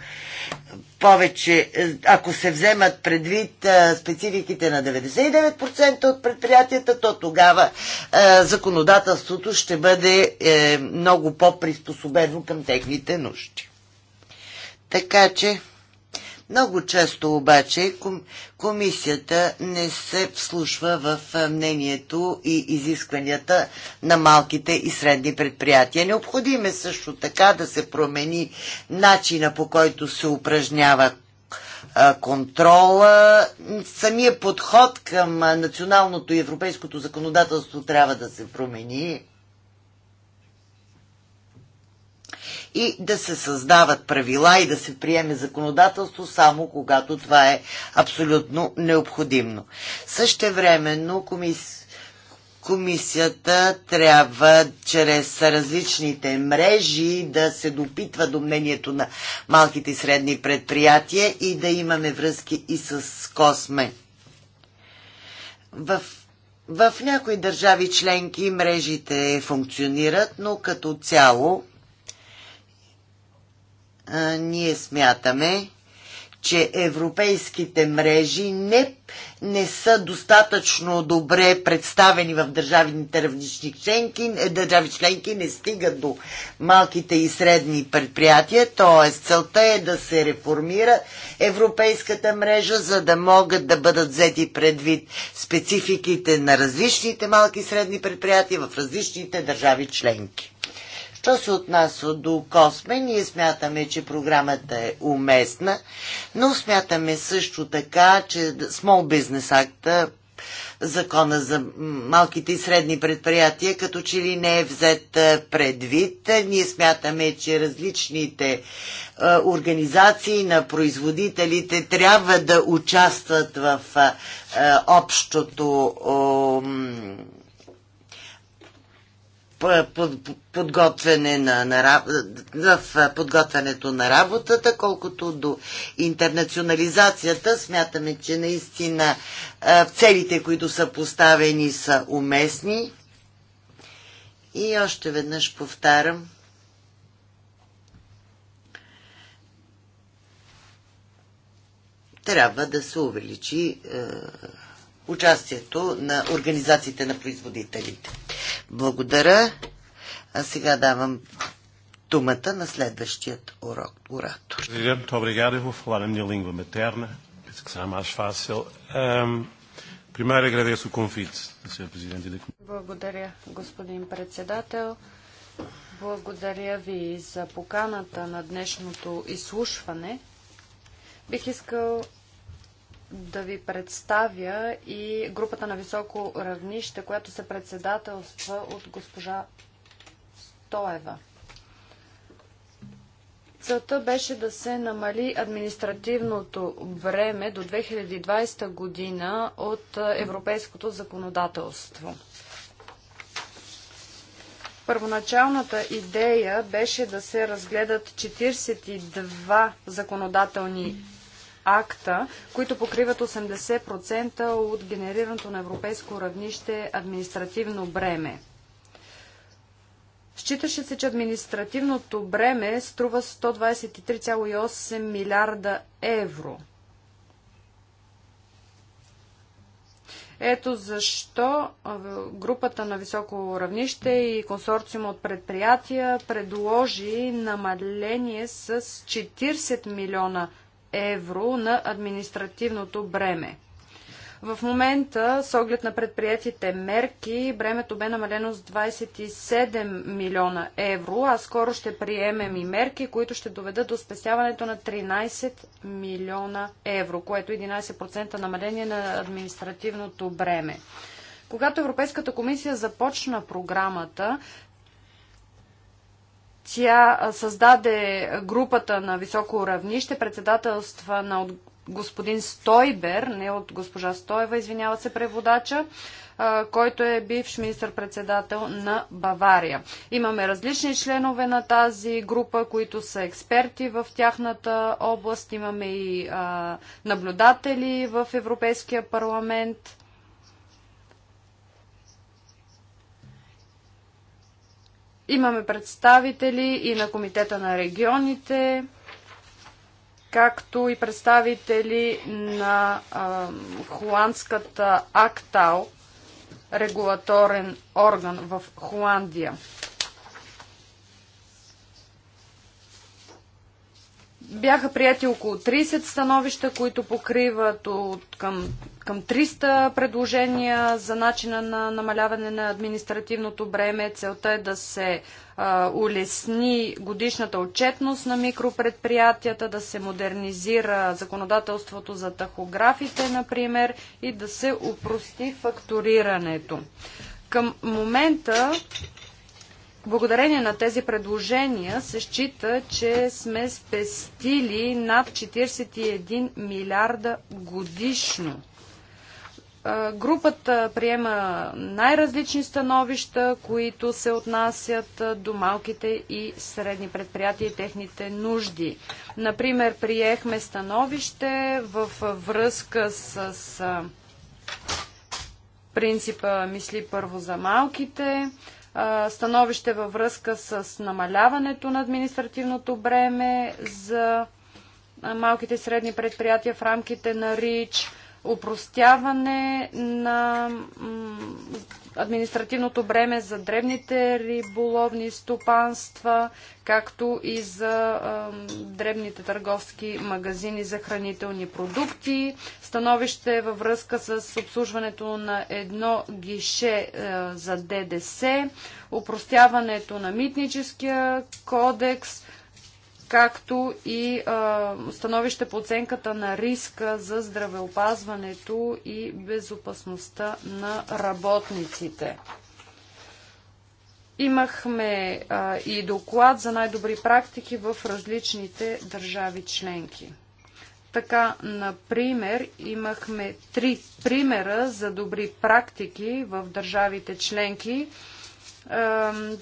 повече, е, ако се вземат предвид е, спецификите на 99% от предприятията, то тогава е, законодателството ще бъде много по-приспособено към техните нужди. Така че много често обаче комисията не се вслушва в мнението и изискванията на малките и средни предприятия. Необходимо е също така да се промени начина по който се упражнява контрола. Самия подход към националното и европейското законодателство трябва да се промени. и да се създават правила и да се приеме законодателство само когато това е абсолютно необходимо. Същевременно комис... комисията трябва чрез различните мрежи да се допитва до мнението на малките и средни предприятия и да имаме връзки и с Косме. В в някои държави членки мрежите функционират, но като цяло а, ние смятаме, че европейските мрежи не, не са достатъчно добре представени в държавните равнични членки, е, държави членки не стигат до малките и средни предприятия, т.е. целта е да се реформира европейската мрежа, за да могат да бъдат взети предвид спецификите на различните малки и средни предприятия в различните държави членки. Що се отнася до Косме, ние смятаме, че програмата е уместна, но смятаме също така, че Small Business Act, закона за малките и средни предприятия, като че ли не е взет предвид. Ние смятаме, че различните организации на производителите трябва да участват в общото подготвяне на, на, в подготвянето на работата, колкото до интернационализацията. Смятаме, че наистина целите, които са поставени, са уместни. И още веднъж повтарям. Трябва да се увеличи участието на организациите на производителите. Благодаря. А сега давам думата на следващият урок, оратор. Президент, obrigado. Eu vou falar лингва матерна língua materna, penso que será mais fácil. конфит, primeiro agradeço o Благодаря, господин председател. Благодаря ви за поканата на днешното изслушване. Бих искал да ви представя и групата на високо равнище, която се председателства от госпожа Стоева. Целта беше да се намали административното време до 2020 година от европейското законодателство. Първоначалната идея беше да се разгледат 42 законодателни акта, които покриват 80% от генерираното на европейско равнище административно бреме. Считаше се, че административното бреме струва 123,8 милиарда евро. Ето защо групата на високо равнище и консорциум от предприятия предложи намаление с 40 милиона евро на административното бреме. В момента, с оглед на предприятите мерки, бремето бе намалено с 27 милиона евро, а скоро ще приемем и мерки, които ще доведат до спестяването на 13 милиона евро, което е 11% намаление на административното бреме. Когато Европейската комисия започна програмата, тя създаде групата на високо равнище, председателства на господин Стойбер, не от госпожа Стоева, извинява се преводача, който е бивш министр-председател на Бавария. Имаме различни членове на тази група, които са експерти в тяхната област. Имаме и наблюдатели в Европейския парламент. Имаме представители и на Комитета на регионите, както и представители на а, холандската АКТАО, регулаторен орган в Холандия. Бяха прияти около 30 становища, които покриват от към, към 300 предложения за начина на намаляване на административното бреме. Целта е да се а, улесни годишната отчетност на микропредприятията, да се модернизира законодателството за тахографите, например, и да се упрости фактурирането. Към момента Благодарение на тези предложения се счита, че сме спестили над 41 милиарда годишно. Групата приема най-различни становища, които се отнасят до малките и средни предприятия и техните нужди. Например, приехме становище в връзка с, принципа мисли първо за малките, становище във връзка с намаляването на административното бреме за малките и средни предприятия в рамките на РИЧ упростяване на административното бреме за древните риболовни стопанства, както и за дребните търговски магазини за хранителни продукти. Становище във връзка с обслужването на едно гише за ДДС, упростяването на митническия кодекс – както и а, становище по оценката на риска за здравеопазването и безопасността на работниците. Имахме а, и доклад за най-добри практики в различните държави членки. Така, например, имахме три примера за добри практики в държавите членки,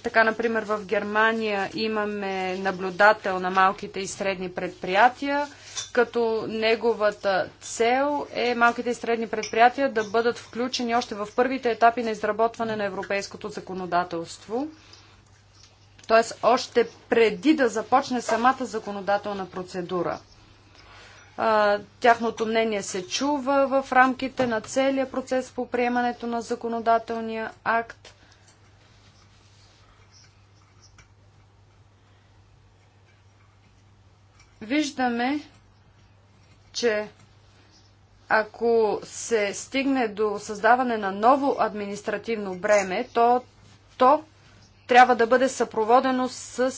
така, например, в Германия имаме наблюдател на малките и средни предприятия, като неговата цел е малките и средни предприятия да бъдат включени още в първите етапи на изработване на европейското законодателство. Т.е. още преди да започне самата законодателна процедура. Тяхното мнение се чува в рамките на целия процес по приемането на законодателния акт виждаме, че ако се стигне до създаване на ново административно бреме, то, то трябва да бъде съпроводено с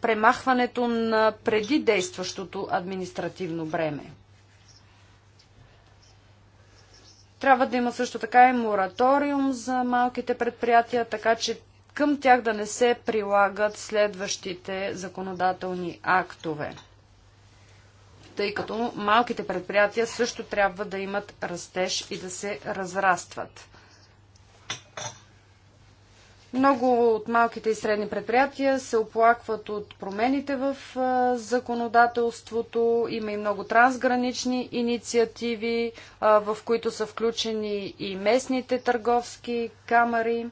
премахването на преди действащото административно бреме. Трябва да има също така и мораториум за малките предприятия, така че към тях да не се прилагат следващите законодателни актове тъй като малките предприятия също трябва да имат растеж и да се разрастват. Много от малките и средни предприятия се оплакват от промените в законодателството. Има и много трансгранични инициативи, в които са включени и местните търговски камери.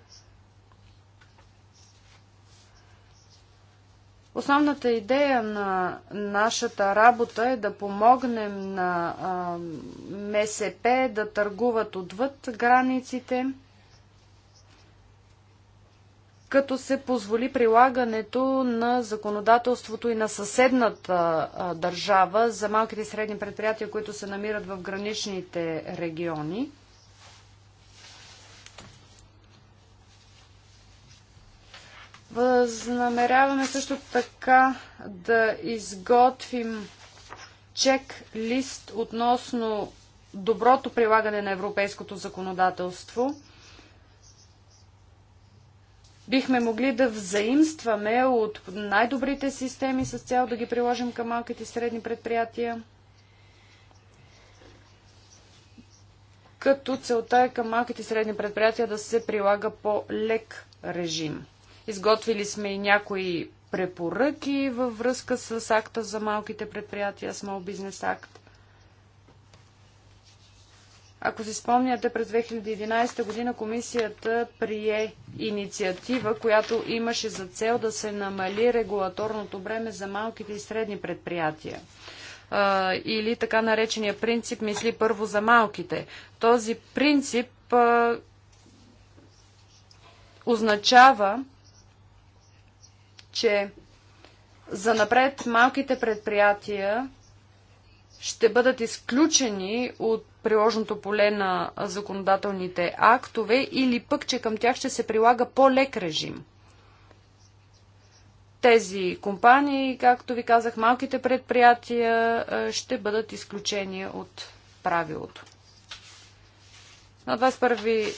Основната идея на нашата работа е да помогнем на а, МСП да търгуват отвъд границите, като се позволи прилагането на законодателството и на съседната а, държава за малките и средни предприятия, които се намират в граничните региони. Възнамеряваме също така да изготвим чек-лист относно доброто прилагане на европейското законодателство. Бихме могли да взаимстваме от най-добрите системи с цяло да ги приложим към малките и средни предприятия. Като целта е към малките и средни предприятия да се прилага по лек режим. Изготвили сме и някои препоръки във връзка с акта за малките предприятия, Small Business Act. Ако си спомняте, през 2011 година комисията прие инициатива, която имаше за цел да се намали регулаторното бреме за малките и средни предприятия. Или така наречения принцип мисли първо за малките. Този принцип означава, че за напред малките предприятия ще бъдат изключени от приложното поле на законодателните актове или пък, че към тях ще се прилага по-лек режим. Тези компании, както ви казах, малките предприятия ще бъдат изключени от правилото. На 21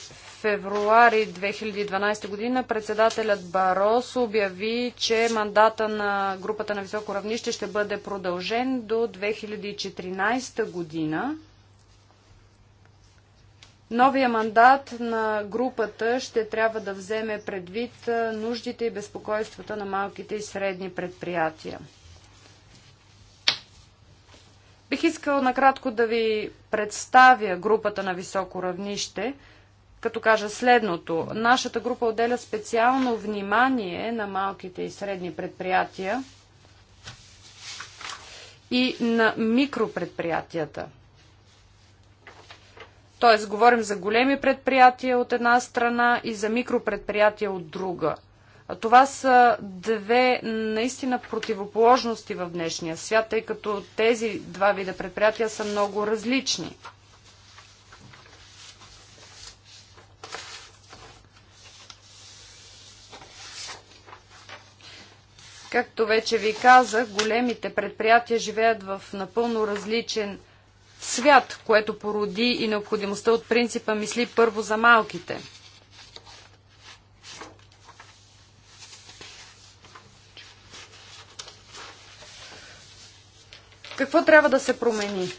февруари 2012 година председателят Барос обяви, че мандата на групата на високо равнище ще бъде продължен до 2014 година. Новия мандат на групата ще трябва да вземе предвид нуждите и безпокойствата на малките и средни предприятия. Бих искала накратко да ви представя групата на високо равнище, като кажа следното. Нашата група отделя специално внимание на малките и средни предприятия и на микропредприятията. Тоест, говорим за големи предприятия от една страна и за микропредприятия от друга – това са две наистина противоположности в днешния свят, тъй като тези два вида предприятия са много различни. Както вече ви казах, големите предприятия живеят в напълно различен свят, което породи и необходимостта от принципа мисли първо за малките. Какво трябва да се промени?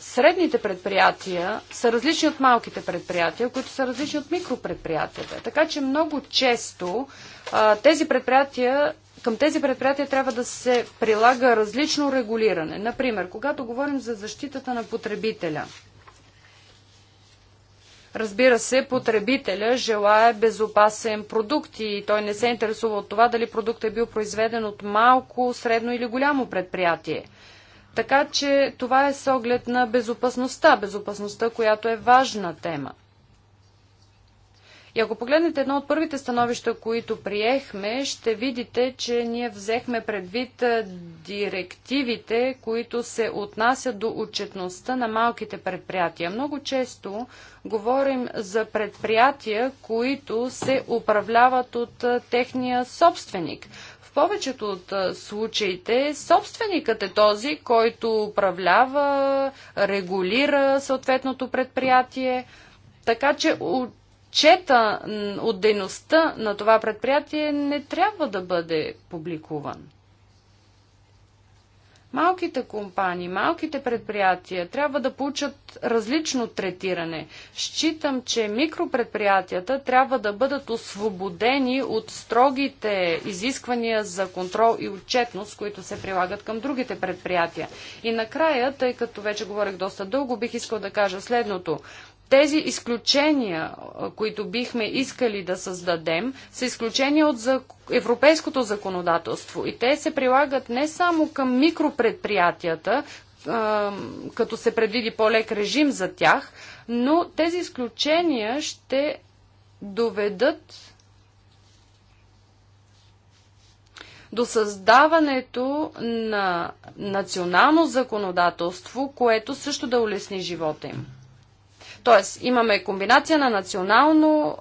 Средните предприятия са различни от малките предприятия, които са различни от микропредприятията. Така че много често тези предприятия към тези предприятия трябва да се прилага различно регулиране. Например, когато говорим за защитата на потребителя – Разбира се, потребителя желая безопасен продукт и той не се интересува от това дали продуктът е бил произведен от малко, средно или голямо предприятие. Така че това е с оглед на безопасността, безопасността, която е важна тема. И ако погледнете едно от първите становища, които приехме, ще видите, че ние взехме предвид директивите, които се отнасят до отчетността на малките предприятия. Много често говорим за предприятия, които се управляват от техния собственик. В повечето от случаите собственикът е този, който управлява, регулира съответното предприятие, така че отчета от дейността на това предприятие не трябва да бъде публикуван. Малките компании, малките предприятия трябва да получат различно третиране. Считам, че микропредприятията трябва да бъдат освободени от строгите изисквания за контрол и отчетност, които се прилагат към другите предприятия. И накрая, тъй като вече говорих доста дълго, бих искал да кажа следното. Тези изключения, които бихме искали да създадем, са изключения от европейското законодателство и те се прилагат не само към микропредприятията, като се предвиди по-лек режим за тях, но тези изключения ще доведат до създаването на национално законодателство, което също да улесни живота им. Тоест, имаме комбинация на национално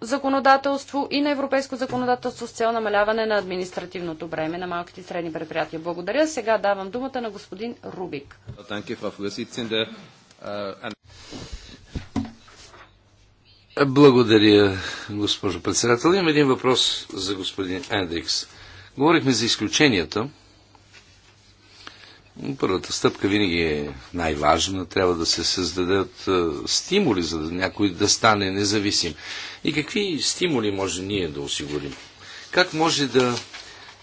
законодателство и на европейско законодателство с цел намаляване на административното бреме на малките и средни предприятия. Благодаря. Сега давам думата на господин Рубик. Äh, Благодаря, госпожо председател. Имам един въпрос за господин Ендрикс. Говорихме за изключенията Първата стъпка винаги е най-важна. Трябва да се създадат стимули, за да някой да стане независим. И какви стимули може ние да осигурим? Как може да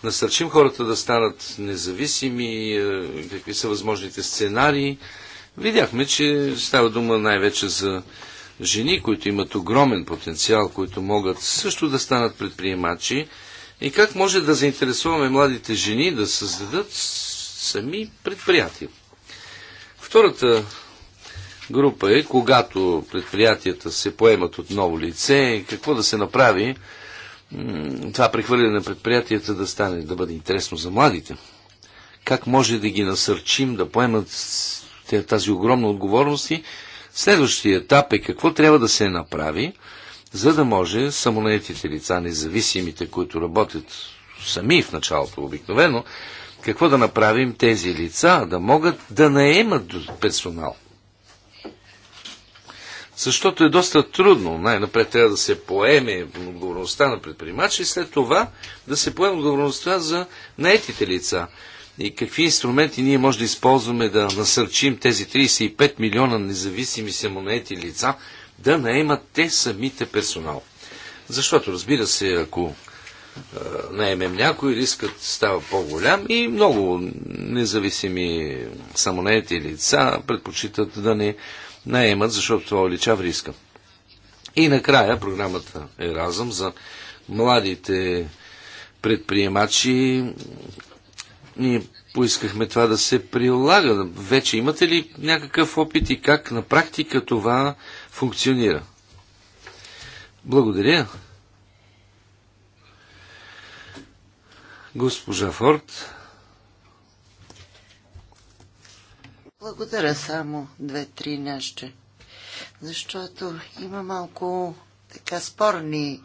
насърчим хората да станат независими? Какви са възможните сценарии? Видяхме, че става дума най-вече за жени, които имат огромен потенциал, които могат също да станат предприемачи. И как може да заинтересуваме младите жени да създадат сами предприятия. Втората група е, когато предприятията се поемат от ново лице, какво да се направи, това прехвърляне на предприятията да стане, да бъде интересно за младите. Как може да ги насърчим да поемат тази огромна отговорност и следващия етап е какво трябва да се направи, за да може самонаетите лица, независимите, които работят сами в началото обикновено, какво да направим тези лица да могат да наемат персонал? Защото е доста трудно. Най-напред трябва да се поеме отговорността на предприемача и след това да се поеме отговорността за наетите лица. И какви инструменти ние може да използваме да насърчим тези 35 милиона независими самонаети лица да наемат те самите персонал. Защото, разбира се, ако е, наемем някой, рискът става по-голям и много независими самонети лица предпочитат да не наемат, защото това увеличава риска. И накрая програмата е разъм за младите предприемачи. Ние поискахме това да се прилага. Вече имате ли някакъв опит и как на практика това функционира? Благодаря. Госпожа Форд. Благодаря само две-три неща. Защото има малко така спорни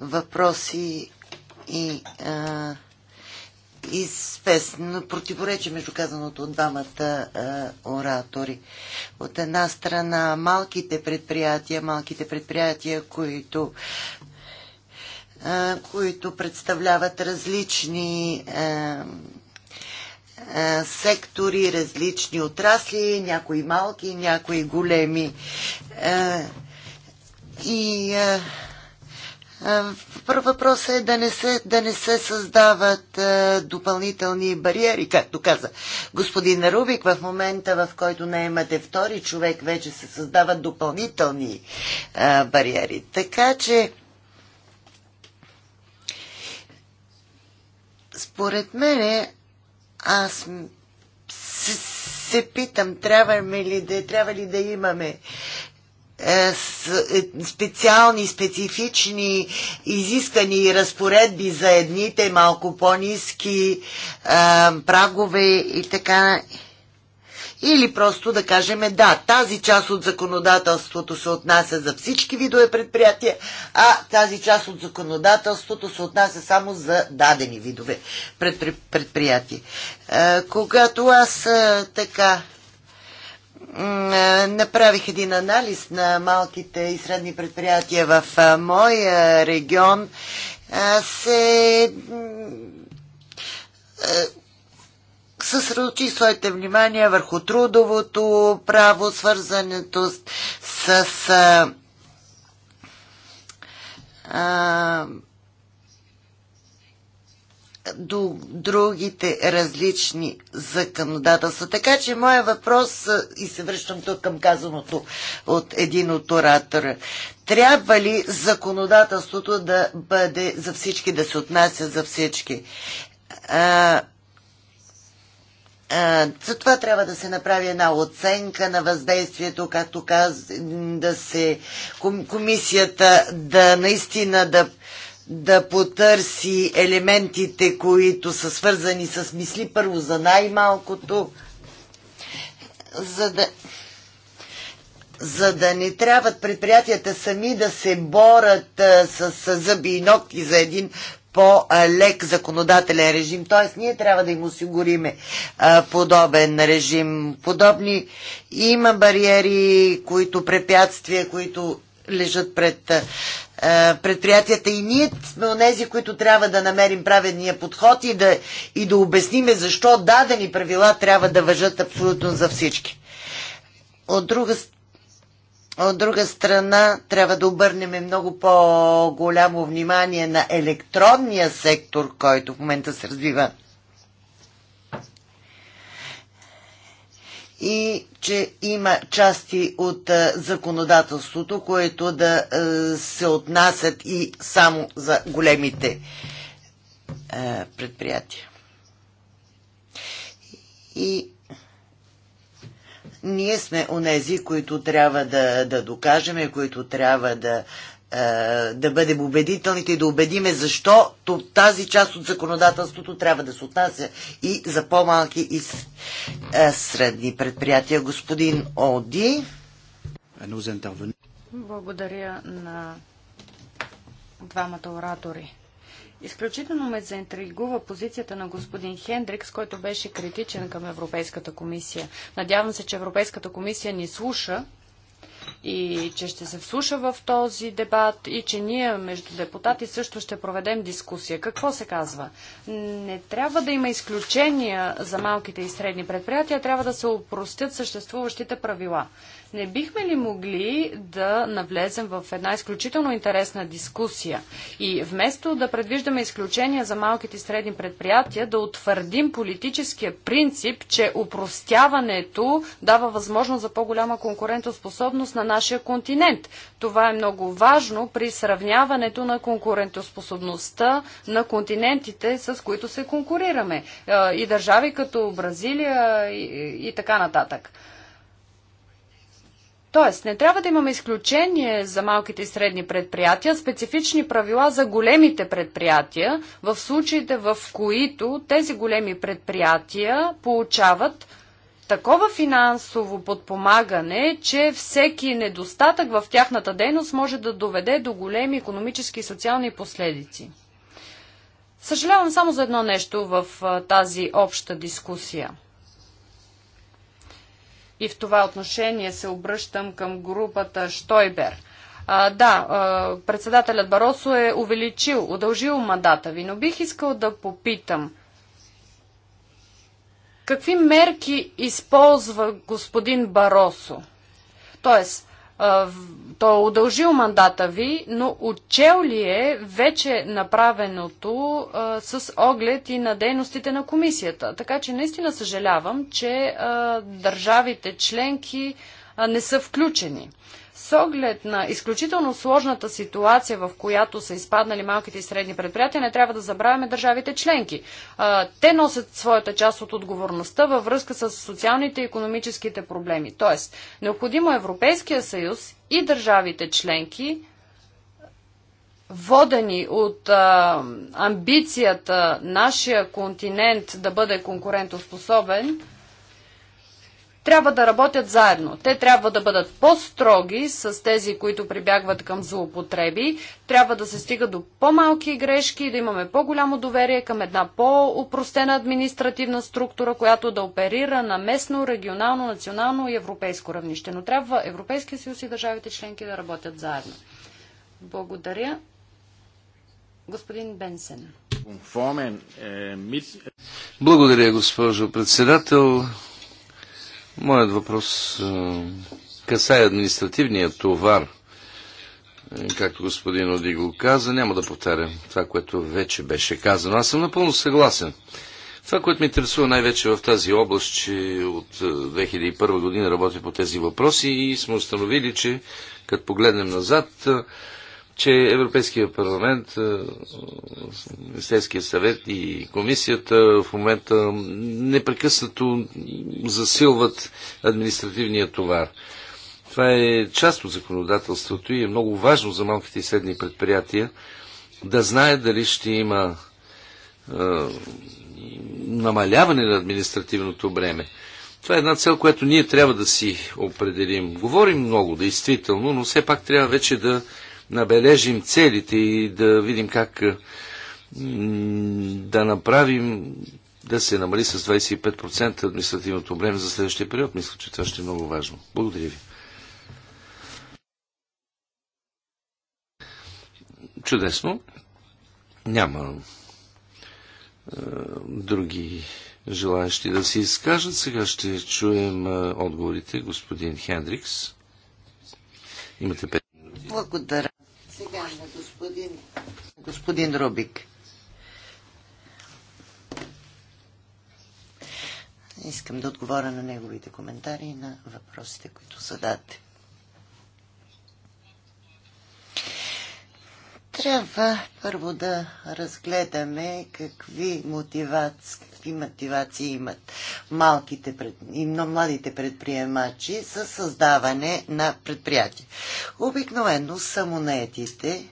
въпроси и а, известно противоречие между казаното от двамата а, оратори. От една страна малките предприятия, малките предприятия, които които представляват различни сектори, различни отрасли, някои малки, някои големи. И Въпросът е да не се, да не се създават допълнителни бариери, както каза господин Рубик. В момента, в който не имате втори човек, вече се създават допълнителни бариери. Така че Според мене, аз се, се питам, трябва ли да, трябва ли да имаме е, е, специални, специфични изискани и разпоредби за едните, малко по-низки е, прагове и така или просто да кажем е, да, тази част от законодателството се отнася за всички видове предприятия, а тази част от законодателството се отнася само за дадени видове предприятия. Е, когато аз е, така направих един анализ на малките и средни предприятия в моя регион, се съсредочи своите внимания върху трудовото право, свързането с, с а, а, до другите различни законодателства. Така че моя въпрос, и се връщам тук към казаното от един от оратора, трябва ли законодателството да бъде за всички, да се отнася за всички? А, за това трябва да се направи една оценка на въздействието, както каз, да се комисията да наистина да, да потърси елементите, които са свързани с мисли първо за най-малкото, за да, за да не трябват предприятията сами да се борят а, с, с зъби и ногти за един по-лек законодателен режим. Т.е. ние трябва да им осигурим подобен режим. Подобни има бариери, които препятствия, които лежат пред предприятията и ние сме онези, които трябва да намерим праведния подход и да, и да обясниме защо дадени правила трябва да въжат абсолютно за всички. От друга страна, от друга страна, трябва да обърнем много по-голямо внимание на електронния сектор, който в момента се развива. И че има части от законодателството, което да се отнасят и само за големите предприятия. И ние сме онези, които трябва да, да докажеме, които трябва да, е, да бъдем убедителните и да убедиме защо тази част от законодателството трябва да се отнася и за по-малки и е, средни предприятия. Господин Оди. Благодаря на двамата оратори. Изключително ме заинтригува позицията на господин Хендрикс, който беше критичен към Европейската комисия. Надявам се, че Европейската комисия ни слуша и че ще се вслуша в този дебат и че ние между депутати също ще проведем дискусия. Какво се казва? Не трябва да има изключения за малките и средни предприятия, трябва да се упростят съществуващите правила. Не бихме ли могли да навлезем в една изключително интересна дискусия и вместо да предвиждаме изключения за малките и средни предприятия, да утвърдим политическия принцип, че упростяването дава възможност за по-голяма конкурентоспособност на нашия континент. Това е много важно при сравняването на конкурентоспособността на континентите, с които се конкурираме. Е, и държави като Бразилия и, и така нататък. Тоест, не трябва да имаме изключение за малките и средни предприятия, специфични правила за големите предприятия, в случаите в които тези големи предприятия получават такова финансово подпомагане, че всеки недостатък в тяхната дейност може да доведе до големи економически и социални последици. Съжалявам само за едно нещо в тази обща дискусия – и в това отношение се обръщам към групата Штойбер. А, да, а, председателят Баросо е увеличил, удължил мандата ви, но бих искал да попитам. Какви мерки използва господин Баросо? Тоест, той е удължил мандата ви, но отчел ли е вече направеното а, с оглед и на дейностите на комисията? Така че наистина съжалявам, че а, държавите членки а, не са включени. С оглед на изключително сложната ситуация, в която са изпаднали малките и средни предприятия, не трябва да забравяме държавите членки. Те носят своята част от отговорността във връзка с социалните и економическите проблеми. Тоест, необходимо е Европейския съюз и държавите членки водени от а, амбицията нашия континент да бъде конкурентоспособен, трябва да работят заедно. Те трябва да бъдат по-строги с тези, които прибягват към злоупотреби. Трябва да се стига до по-малки грешки и да имаме по-голямо доверие към една по-упростена административна структура, която да оперира на местно, регионално, национално и европейско равнище. Но трябва Европейския съюз и държавите членки да работят заедно. Благодаря. Господин Бенсен. Eh, Благодаря, госпожо председател. Моят въпрос касае административния товар. Е, както господин Оди го каза, няма да повтарям това, което вече беше казано. Аз съм напълно съгласен. Това, което ме интересува най-вече в тази област, че от 2001 година работя по тези въпроси и сме установили, че като погледнем назад, че Европейския парламент, е, Министерския съвет и комисията в момента непрекъснато засилват административния товар. Това е част от законодателството и е много важно за малките и средни предприятия да знае дали ще има е, намаляване на административното бреме. Това е една цел, която ние трябва да си определим. Говорим много, действително, но все пак трябва вече да набележим целите и да видим как да направим да се намали с 25% административното време за следващия период. Мисля, че това ще е много важно. Благодаря ви. Чудесно. Няма е, други желаящи да се изкажат. Сега ще чуем е, отговорите. Господин Хендрикс. Имате 5 минути. Благодаря. Господин Рубик. Искам да отговоря на неговите коментари и на въпросите, които задате. Трябва първо да разгледаме какви, мотивации, какви мотивации имат малките пред, и младите предприемачи за създаване на предприятия. Обикновено самонетите,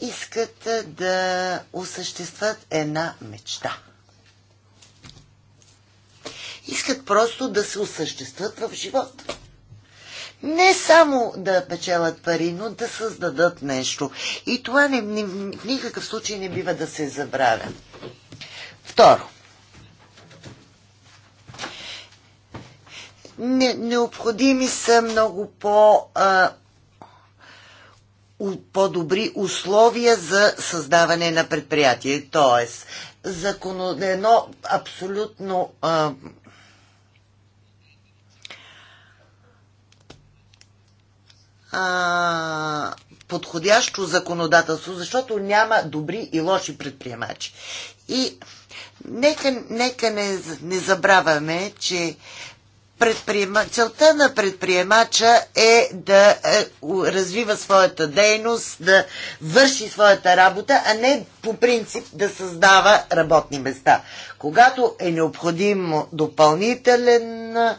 искат да осъществят една мечта. Искат просто да се осъществят в живота. Не само да печелят пари, но да създадат нещо. И това не, не, в никакъв случай не бива да се забравя. Второ. Не, необходими са много по- а, по-добри условия за създаване на предприятие. Тоест, законодено едно абсолютно а, а, подходящо законодателство, защото няма добри и лоши предприемачи. И нека, нека не, не забравяме, че предприема... целта на предприемача е да е, развива своята дейност, да върши своята работа, а не по принцип да създава работни места. Когато е необходимо допълнителен е,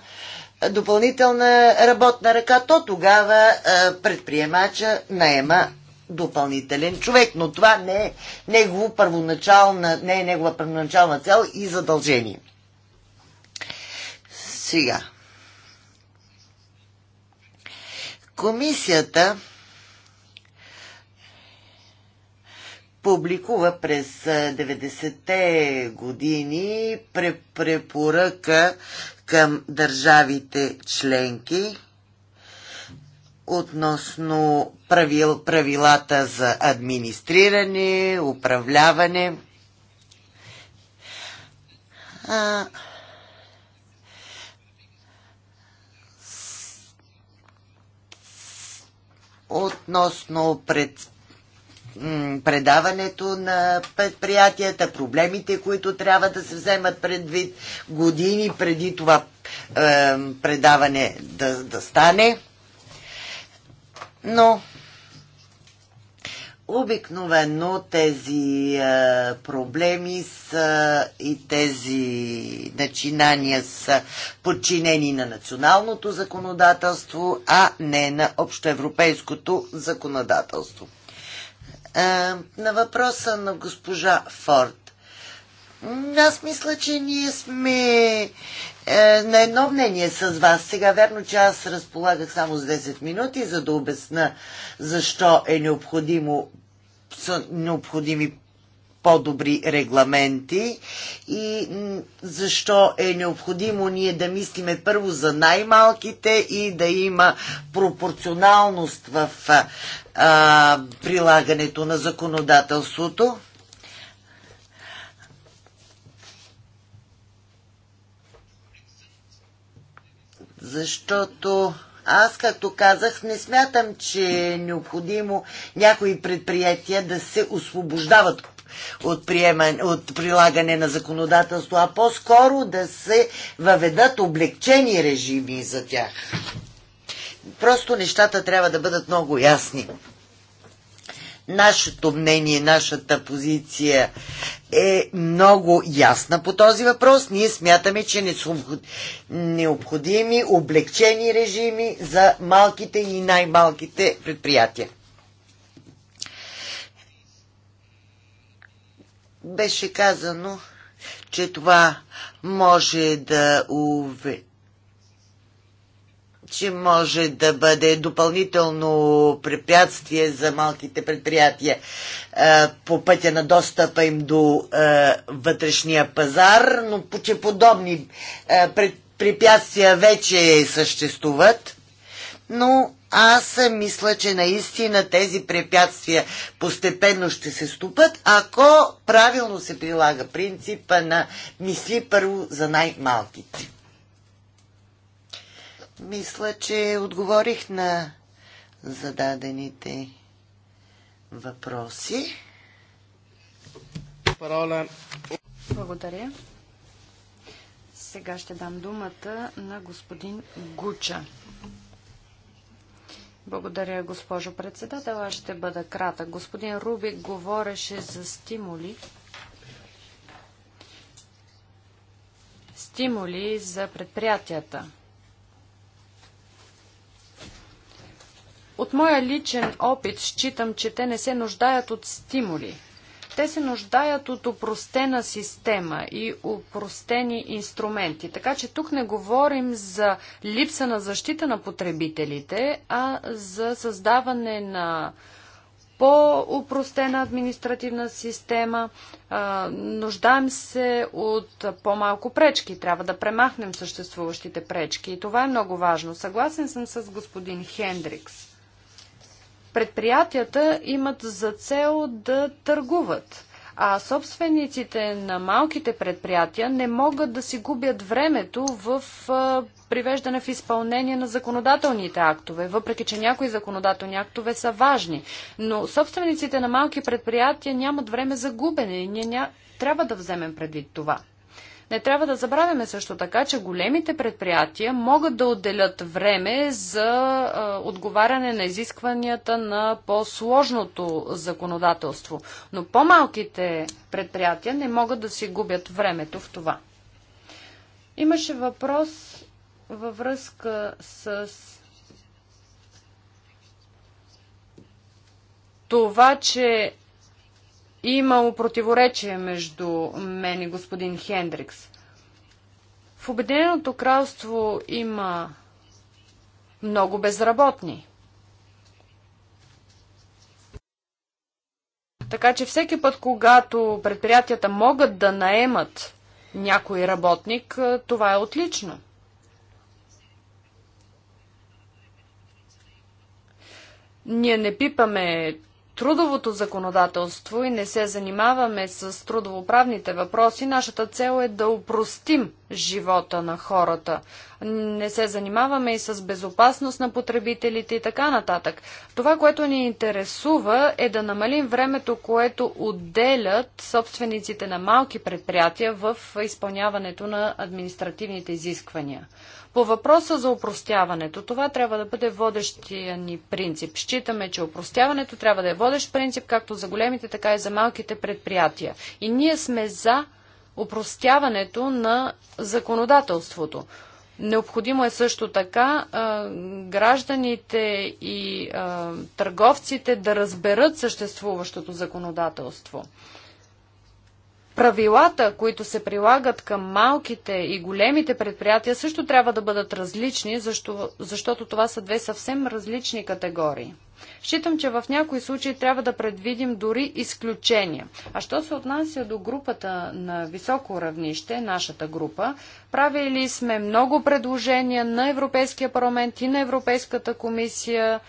допълнителна работна ръка, то тогава е, предприемача наема допълнителен човек, но това не е, негово първоначална, не е негова първоначална цел и задължение. Сега. Комисията публикува през 90-те години препоръка към държавите членки относно правил, правилата за администриране, управляване. А, относно пред, предаването на предприятията, проблемите, които трябва да се вземат предвид години преди това е, предаване да, да стане. Но Обикновено тези а, е, проблеми са и тези начинания са подчинени на националното законодателство, а не на общоевропейското законодателство. А, е, на въпроса на госпожа Форд. Аз мисля, че ние сме е, на едно мнение с вас. Сега, верно, че аз разполагах само с 10 минути, за да обясна защо е необходимо, са необходими по-добри регламенти и защо е необходимо ние да мислиме първо за най-малките и да има пропорционалност в а, прилагането на законодателството. защото аз, както казах, не смятам, че е необходимо някои предприятия да се освобождават от, приемане, от прилагане на законодателство, а по-скоро да се въведат облегчени режими за тях. Просто нещата трябва да бъдат много ясни. Нашето мнение, нашата позиция е много ясна по този въпрос. Ние смятаме, че не са необходими облегчени режими за малките и най-малките предприятия. Беше казано, че това може да увеличи че може да бъде допълнително препятствие за малките предприятия по пътя на достъпа им до вътрешния пазар, но че подобни препятствия вече съществуват. Но аз мисля, че наистина тези препятствия постепенно ще се ступат, ако правилно се прилага принципа на мисли първо за най-малките. Мисля, че отговорих на зададените въпроси. Парола. Благодаря. Сега ще дам думата на господин Гуча. Благодаря, госпожо председател. Аз ще бъда кратък. Господин Рубик говореше за стимули. Стимули за предприятията. От моя личен опит считам, че те не се нуждаят от стимули. Те се нуждаят от упростена система и упростени инструменти. Така че тук не говорим за липса на защита на потребителите, а за създаване на по-упростена административна система. нуждаем се от по-малко пречки. Трябва да премахнем съществуващите пречки. И това е много важно. Съгласен съм с господин Хендрикс. Предприятията имат за цел да търгуват а собствениците на малките предприятия не могат да си губят времето в привеждане в изпълнение на законодателните актове, въпреки че някои законодателни актове са важни. Но собствениците на малки предприятия нямат време за губене и ние ня... трябва да вземем предвид това. Не трябва да забравяме също така, че големите предприятия могат да отделят време за а, отговаряне на изискванията на по-сложното законодателство, но по-малките предприятия не могат да си губят времето в това. Имаше въпрос във връзка с това, че имало противоречие между мен и господин Хендрикс. В Обединеното кралство има много безработни. Така че всеки път, когато предприятията могат да наемат някой работник, това е отлично. Ние не пипаме трудовото законодателство и не се занимаваме с трудовоправните въпроси, нашата цел е да упростим живота на хората. Не се занимаваме и с безопасност на потребителите и така нататък. Това, което ни интересува е да намалим времето, което отделят собствениците на малки предприятия в изпълняването на административните изисквания. По въпроса за опростяването, това трябва да бъде водещия ни принцип. Считаме, че опростяването трябва да е водещ принцип както за големите, така и за малките предприятия. И ние сме за опростяването на законодателството. Необходимо е също така а, гражданите и а, търговците да разберат съществуващото законодателство правилата, които се прилагат към малките и големите предприятия, също трябва да бъдат различни, защо, защото това са две съвсем различни категории. Считам, че в някои случаи трябва да предвидим дори изключения. А що се отнася до групата на високо равнище, нашата група, правили сме много предложения на Европейския парламент и на Европейската комисия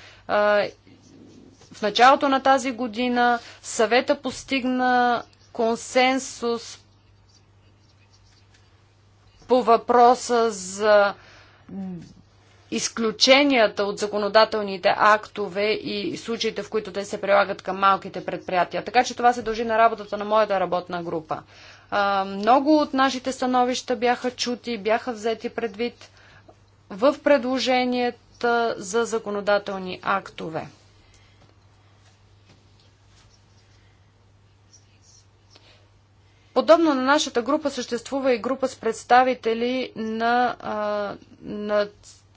в началото на тази година съвета постигна консенсус по въпроса за изключенията от законодателните актове и случаите, в които те се прилагат към малките предприятия. Така че това се дължи на работата на моята работна група. Много от нашите становища бяха чути, бяха взети предвид в предложенията за законодателни актове. Подобно на нашата група съществува и група с представители на, на,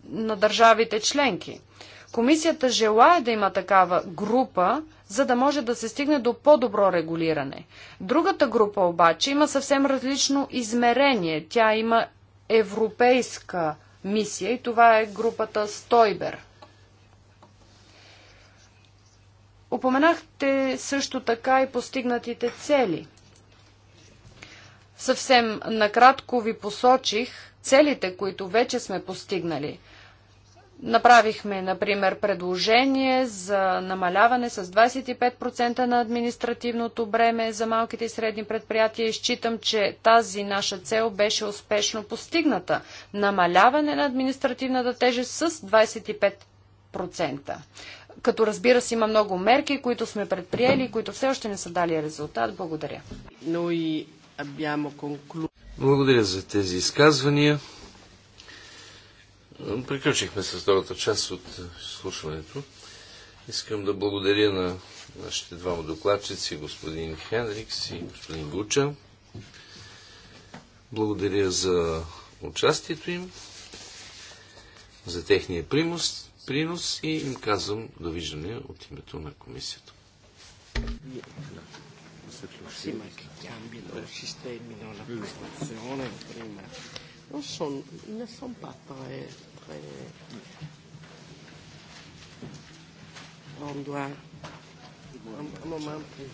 на държавите членки. Комисията желая да има такава група, за да може да се стигне до по-добро регулиране. Другата група обаче има съвсем различно измерение. Тя има европейска мисия и това е групата Стойбер. Упоменахте също така и постигнатите цели – Съвсем накратко ви посочих целите, които вече сме постигнали. Направихме, например, предложение за намаляване с 25% на административното бреме за малките и средни предприятия Изчитам, считам, че тази наша цел беше успешно постигната. Намаляване на административната тежест с 25%. Като разбира се, има много мерки, които сме предприели, които все още не са дали резултат. Благодаря. Но и благодаря за тези изказвания. Приключихме с втората част от слушването. Искам да благодаря на нашите двама докладчици, господин Хендрикс и господин Гуча. Благодаря за участието им, за техния примус, принос и им казвам довиждане от името на комисията. Yeah cambiano i sistemi, no? la prestazione prima. Non sono, ne sono pas très, très... On doit un, un moment plus.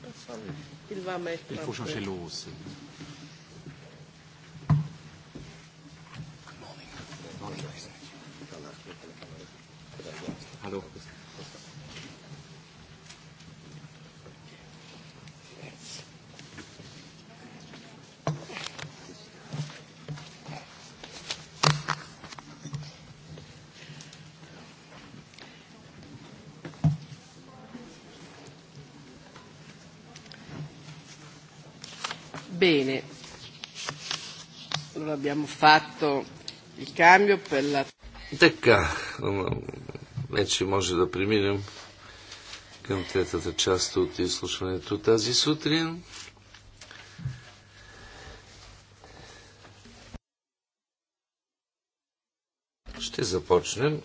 personne il va mettre Il faut changer l'eau aussi. Allô Bene, allora abbiamo fatto il cambio per la... Така, вече може да преминем към третата част от изслушването тази сутрин. Ще започнем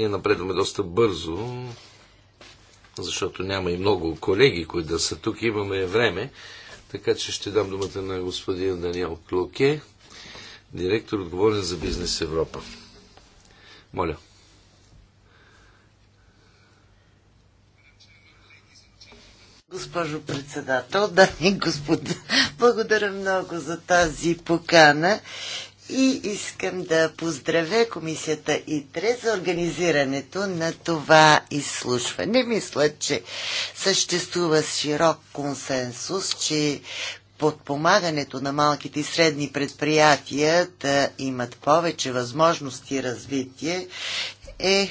ние напредваме доста бързо, защото няма и много колеги, които да са тук. Имаме време, така че ще дам думата на господин Даниел Клоке, директор отговорен за бизнес Европа. Моля. Госпожо председател, дами и господа, благодаря много за тази покана и искам да поздравя комисията ИТРЕ за организирането на това изслушване. Мисля, че съществува широк консенсус, че подпомагането на малките и средни предприятия да имат повече възможности и развитие е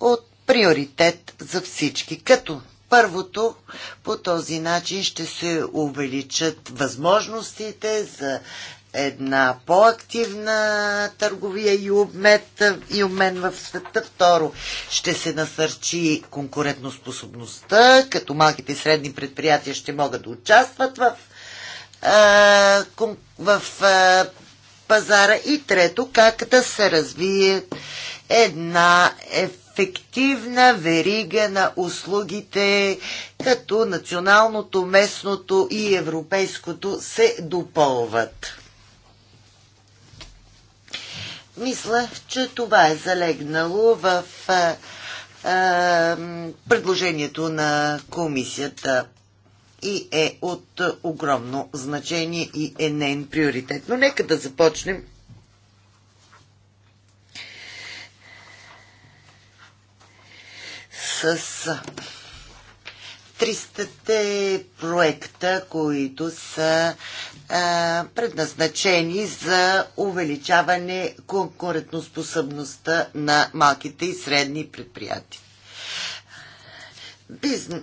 от приоритет за всички. Като първото, по този начин ще се увеличат възможностите за една по-активна търговия и обмен, и обмен в света. Второ, ще се насърчи конкурентоспособността, като малките и средни предприятия ще могат да участват в, а, в а, пазара. И трето, как да се развие една ефективна верига на услугите, като националното, местното и европейското се допълват. Мисля, че това е залегнало в а, а, предложението на комисията и е от огромно значение и е нейн приоритет. Но нека да започнем. С 300-те проекта, които са а, предназначени за увеличаване конкурентоспособността на малките и средни предприятия. Бизнес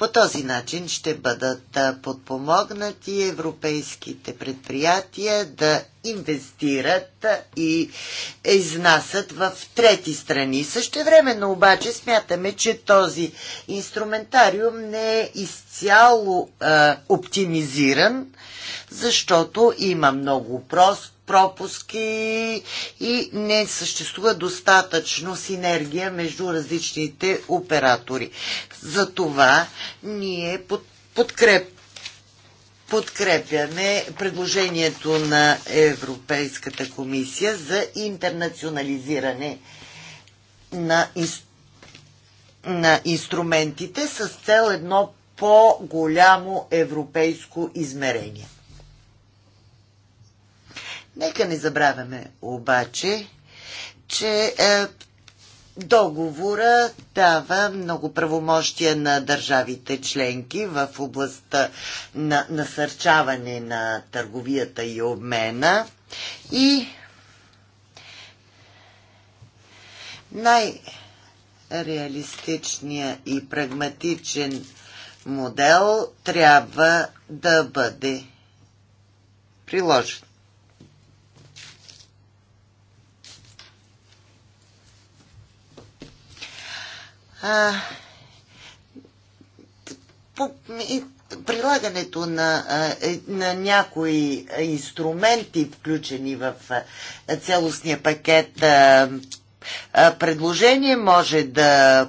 по този начин ще бъдат подпомогнати европейските предприятия да инвестират и изнасят в трети страни. Същевременно обаче смятаме, че този инструментариум не е изцяло е, оптимизиран, защото има много прост пропуски и не съществува достатъчно синергия между различните оператори. Затова ние под, подкреп, подкрепяме предложението на Европейската комисия за интернационализиране на, на инструментите с цел едно по-голямо европейско измерение. Нека не забравяме обаче, че е, договора дава много правомощия на държавите членки в областта на насърчаване на търговията и обмена и най- реалистичния и прагматичен модел трябва да бъде приложен. а, по, прилагането на, е, на някои инструменти, включени в целостния пакет предложение, може да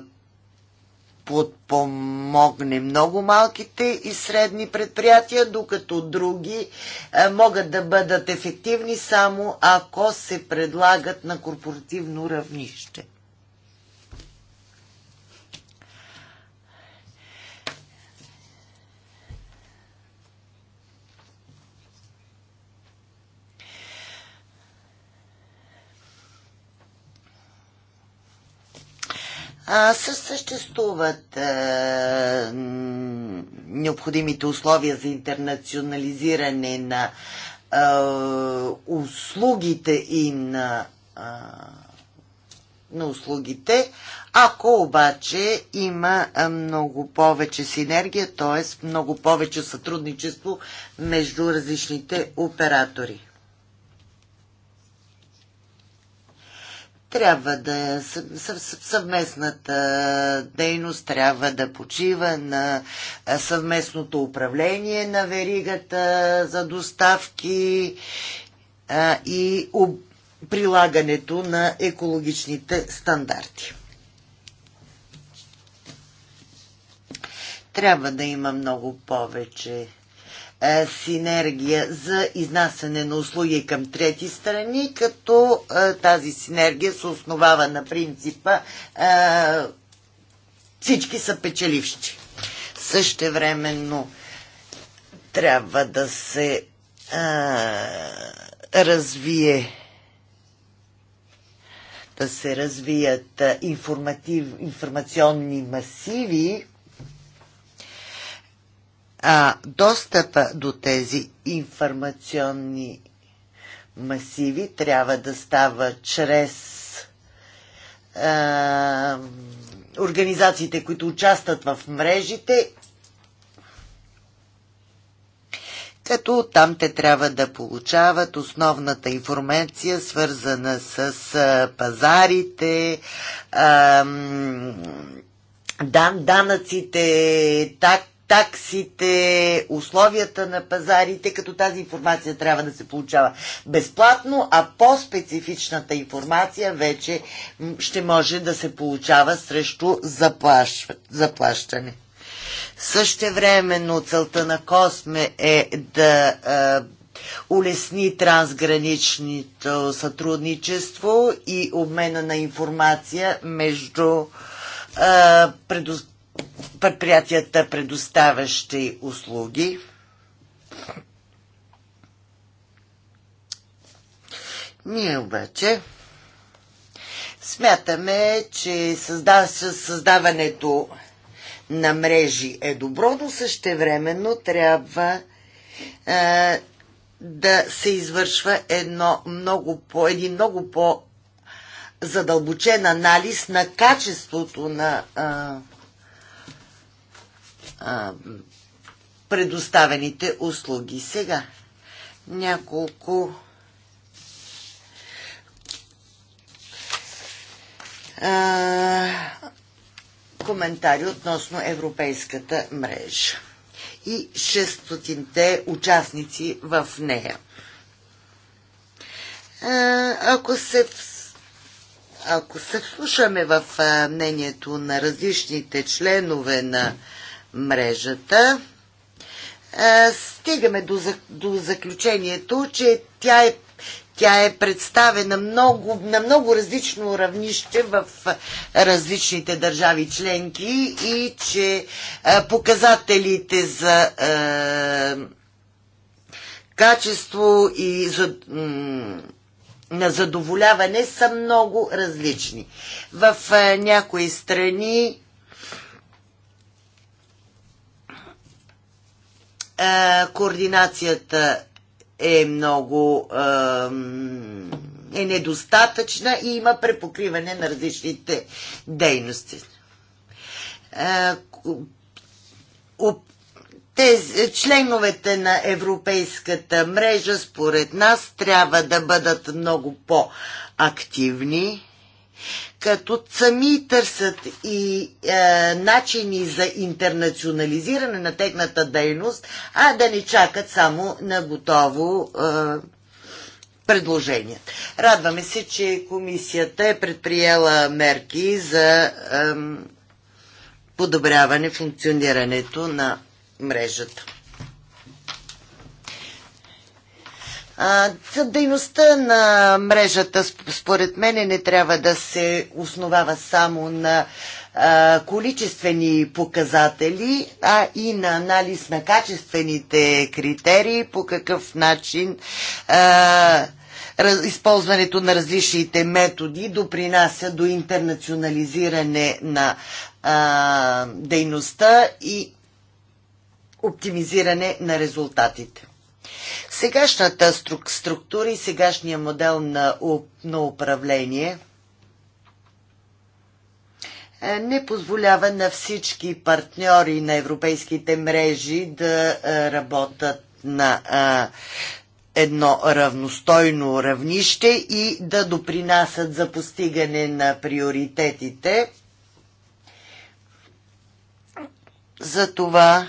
подпомогне много малките и средни предприятия, докато други могат да бъдат ефективни само ако се предлагат на корпоративно равнище. а, съществуват а, необходимите условия за интернационализиране на а, услугите и на, а, на услугите, ако обаче има много повече синергия, т.е. много повече сътрудничество между различните оператори. трябва да е съвместната дейност трябва да почива на съвместното управление на веригата за доставки и прилагането на екологичните стандарти. Трябва да има много повече е, синергия за изнасяне на услуги към трети страни, като е, тази синергия се основава на принципа е, всички са печеливши. Същевременно трябва да се развие да се развият информатив, информационни масиви, а, достъпа до тези информационни масиви трябва да става чрез а, организациите, които участват в мрежите, като там те трябва да получават основната информация, свързана с а, пазарите, а, дан, данъците, так, таксите, условията на пазарите, като тази информация трябва да се получава безплатно, а по-специфичната информация вече ще може да се получава срещу заплащане. Същевременно целта на Косме е да а, улесни трансграничното сътрудничество и обмена на информация между а, предо, предприятията, предоставящи услуги. Ние обаче смятаме, че създаването на мрежи е добро, но същевременно трябва е, да се извършва едно много по, един много по задълбочен анализ на качеството на е, предоставените услуги. Сега няколко а, коментари относно европейската мрежа и 600-те участници в нея. Ако се, ако се вслушаме в мнението на различните членове на мрежата. Стигаме до, до заключението, че тя е тя е представена много, на много различно равнище в различните държави членки и че показателите за е, качество и за, на задоволяване са много различни. В някои страни координацията е много е недостатъчна и има препокриване на различните дейности. Тези, членовете на Европейската мрежа, според нас, трябва да бъдат много по-активни като сами търсят и е, начини за интернационализиране на техната дейност, а да не чакат само на готово е, предложение. Радваме се, че комисията е предприела мерки за е, подобряване функционирането на мрежата. дейността на мрежата, според мен, не трябва да се основава само на количествени показатели, а и на анализ на качествените критерии, по какъв начин а, раз, използването на различните методи допринася до интернационализиране на а, дейността и оптимизиране на резултатите. Сегашната структура и сегашния модел на, на управление е, не позволява на всички партньори на европейските мрежи да е, работят на е, едно равностойно равнище и да допринасят за постигане на приоритетите. Затова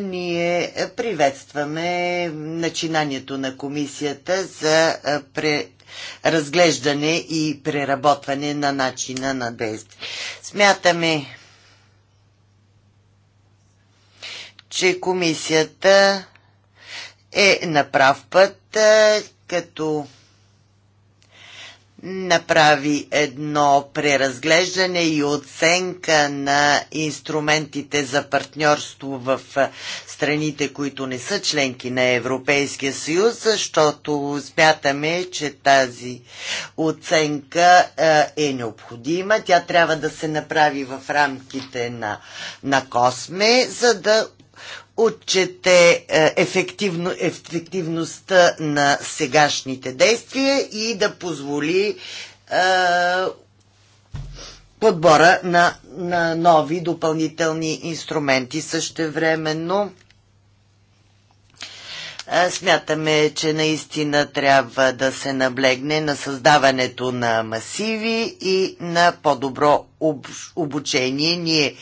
ние приветстваме начинанието на комисията за разглеждане и преработване на начина на действие. Смятаме, че комисията е на прав път, като направи едно преразглеждане и оценка на инструментите за партньорство в страните, които не са членки на Европейския съюз, защото смятаме, че тази оценка е необходима. Тя трябва да се направи в рамките на, на Косме, за да отчете е, ефективно, ефективността на сегашните действия и да позволи е, подбора на, на нови допълнителни инструменти. Същевременно е, смятаме, че наистина трябва да се наблегне на създаването на масиви и на по-добро обучение. Ние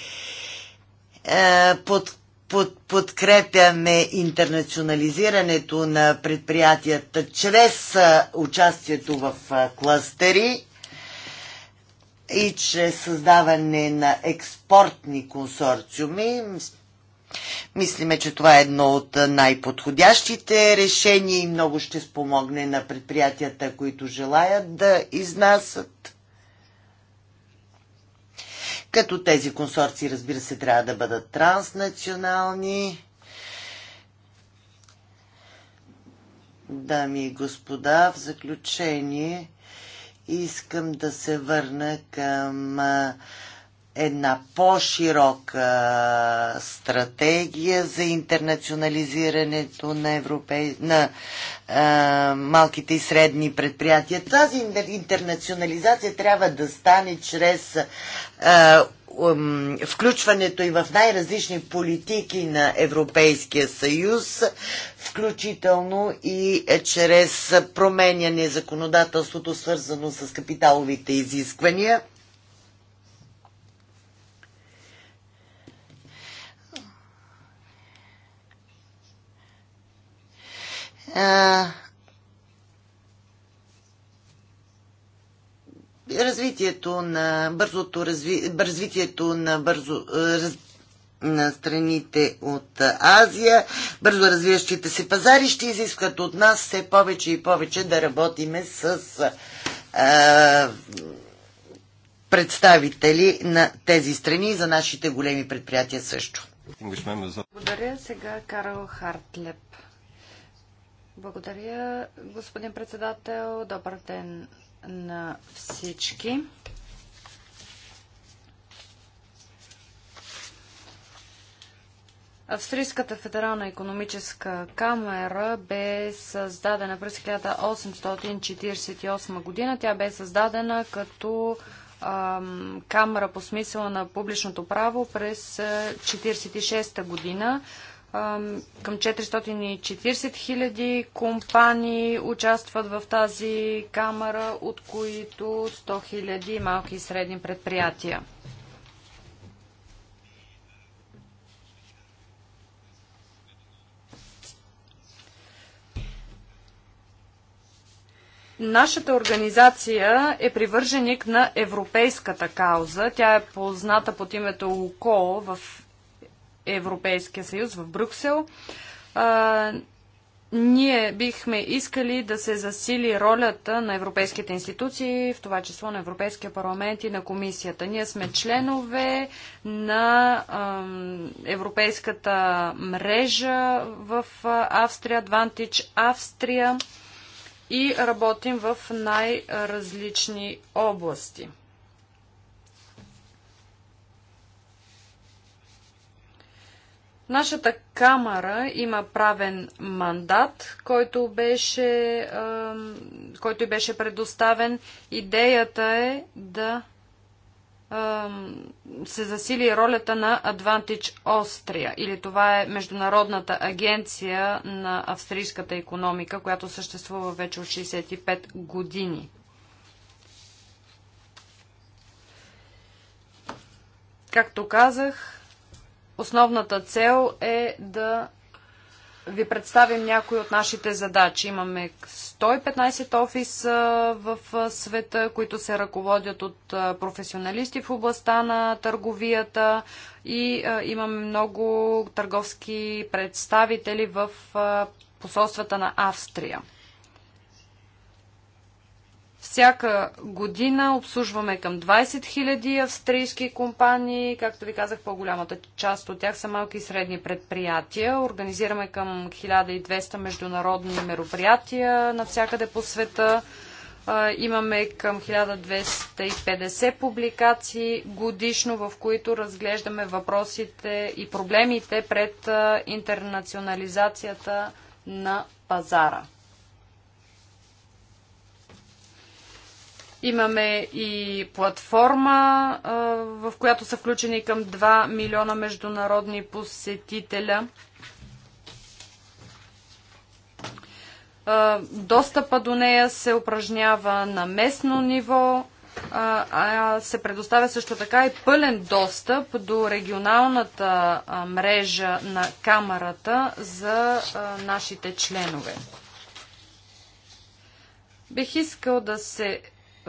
под, под, подкрепяме интернационализирането на предприятията чрез участието в кластери и чрез създаване на експортни консорциуми. Мислиме, че това е едно от най-подходящите решения и много ще спомогне на предприятията, които желаят да изнасят като тези консорции, разбира се, трябва да бъдат транснационални. Дами и господа, в заключение искам да се върна към една по-широка стратегия за интернационализирането на, европей... на а, малките и средни предприятия. Тази интернационализация трябва да стане чрез а, ум, включването и в най-различни политики на Европейския съюз, включително и е, чрез променяне законодателството, свързано с капиталовите изисквания развитието на бързото разви, развитието на бързо раз, на страните от Азия, бързо развиващите се пазари ще изискват от нас все повече и повече да работиме с а, представители на тези страни и за нашите големи предприятия също. Благодаря сега Карл Хартлеп. Благодаря, господин председател. Добър ден на всички. Австрийската федерална економическа камера бе създадена през 1848 година. Тя бе създадена като ам, камера по смисъла на публичното право през 1946 година към 440 хиляди компании участват в тази камера, от които 100 хиляди малки и средни предприятия. Нашата организация е привърженик на европейската кауза. Тя е позната под името УКО в Европейския съюз в Брюксел. А, ние бихме искали да се засили ролята на европейските институции, в това число на Европейския парламент и на комисията. Ние сме членове на ам, европейската мрежа в Австрия, Адвантич Австрия и работим в най-различни области. Нашата камара има правен мандат, който беше, който беше предоставен. Идеята е да се засили ролята на Advantage Austria, или това е Международната агенция на австрийската економика, която съществува вече от 65 години. Както казах, Основната цел е да ви представим някои от нашите задачи. Имаме 115 офиса в света, които се ръководят от професионалисти в областта на търговията и имаме много търговски представители в посолствата на Австрия. Всяка година обслужваме към 20 000 австрийски компании. Както ви казах, по-голямата част от тях са малки и средни предприятия. Организираме към 1200 международни мероприятия навсякъде по света. Имаме към 1250 публикации годишно, в които разглеждаме въпросите и проблемите пред интернационализацията на пазара. Имаме и платформа, в която са включени към 2 милиона международни посетителя. Достъпа до нея се упражнява на местно ниво, а се предоставя също така и пълен достъп до регионалната мрежа на камерата за нашите членове. Бих искал да се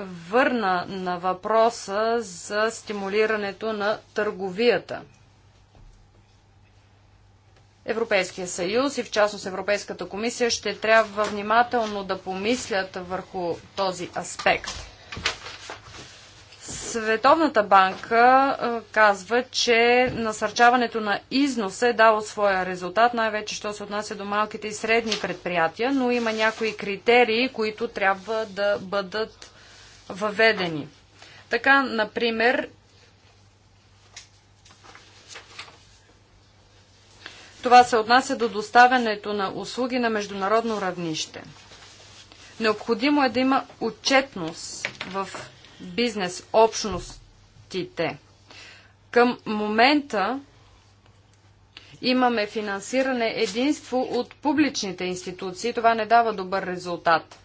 върна на въпроса за стимулирането на търговията. Европейския съюз и в частност Европейската комисия ще трябва внимателно да помислят върху този аспект. Световната банка е, казва, че насърчаването на износа е дало своя резултат, най-вече що се отнася до малките и средни предприятия, но има някои критерии, които трябва да бъдат въведени. Така, например, това се отнася до доставянето на услуги на международно равнище. Необходимо е да има отчетност в бизнес общностите. Към момента имаме финансиране единство от публичните институции. Това не дава добър резултат.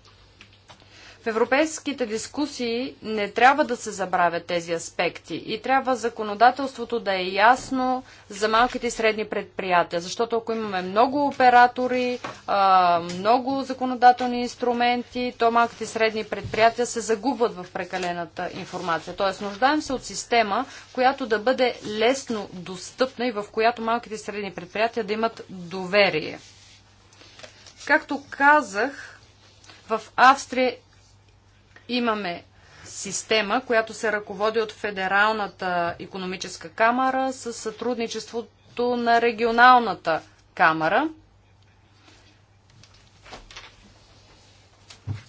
В европейските дискусии не трябва да се забравят тези аспекти и трябва законодателството да е ясно за малките и средни предприятия, защото ако имаме много оператори, много законодателни инструменти, то малките и средни предприятия се загубват в прекалената информация. Тоест, нуждаем се от система, която да бъде лесно достъпна и в която малките и средни предприятия да имат доверие. Както казах, в Австрия Имаме система, която се ръководи от Федералната економическа камера с сътрудничеството на регионалната камера.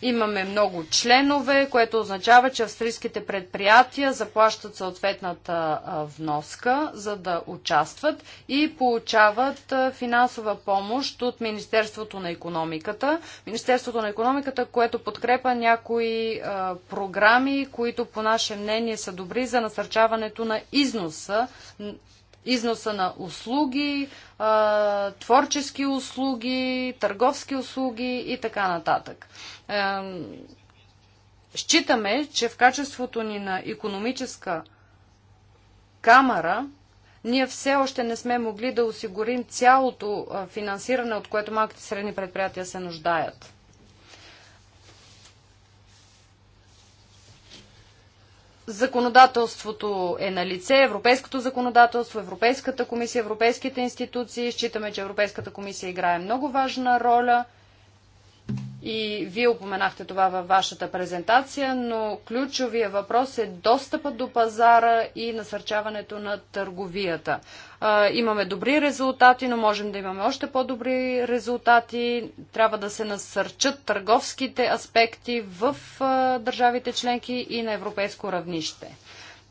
Имаме много членове, което означава, че австрийските предприятия заплащат съответната вноска, за да участват и получават финансова помощ от Министерството на економиката. Министерството на економиката, което подкрепа някои програми, които по наше мнение са добри за насърчаването на износа износа на услуги, творчески услуги, търговски услуги и така нататък. Считаме, че в качеството ни на економическа камера, ние все още не сме могли да осигурим цялото финансиране, от което малките и средни предприятия се нуждаят. законодателството е на лице, европейското законодателство, Европейската комисия, европейските институции. Считаме, че Европейската комисия играе много важна роля – и вие упоменахте това във вашата презентация, но ключовия въпрос е достъпът до пазара и насърчаването на търговията. А, имаме добри резултати, но можем да имаме още по-добри резултати. Трябва да се насърчат търговските аспекти в а, държавите членки и на европейско равнище.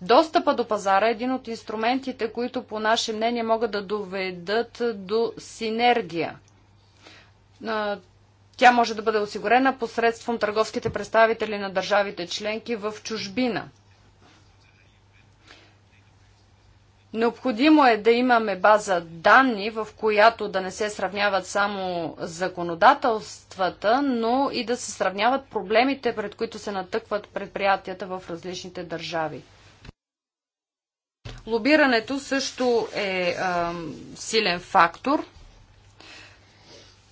Достъпа до пазара е един от инструментите, които по наше мнение могат да доведат до синергия тя може да бъде осигурена посредством търговските представители на държавите членки в чужбина. Необходимо е да имаме база данни, в която да не се сравняват само законодателствата, но и да се сравняват проблемите, пред които се натъкват предприятията в различните държави. Лобирането също е а, силен фактор –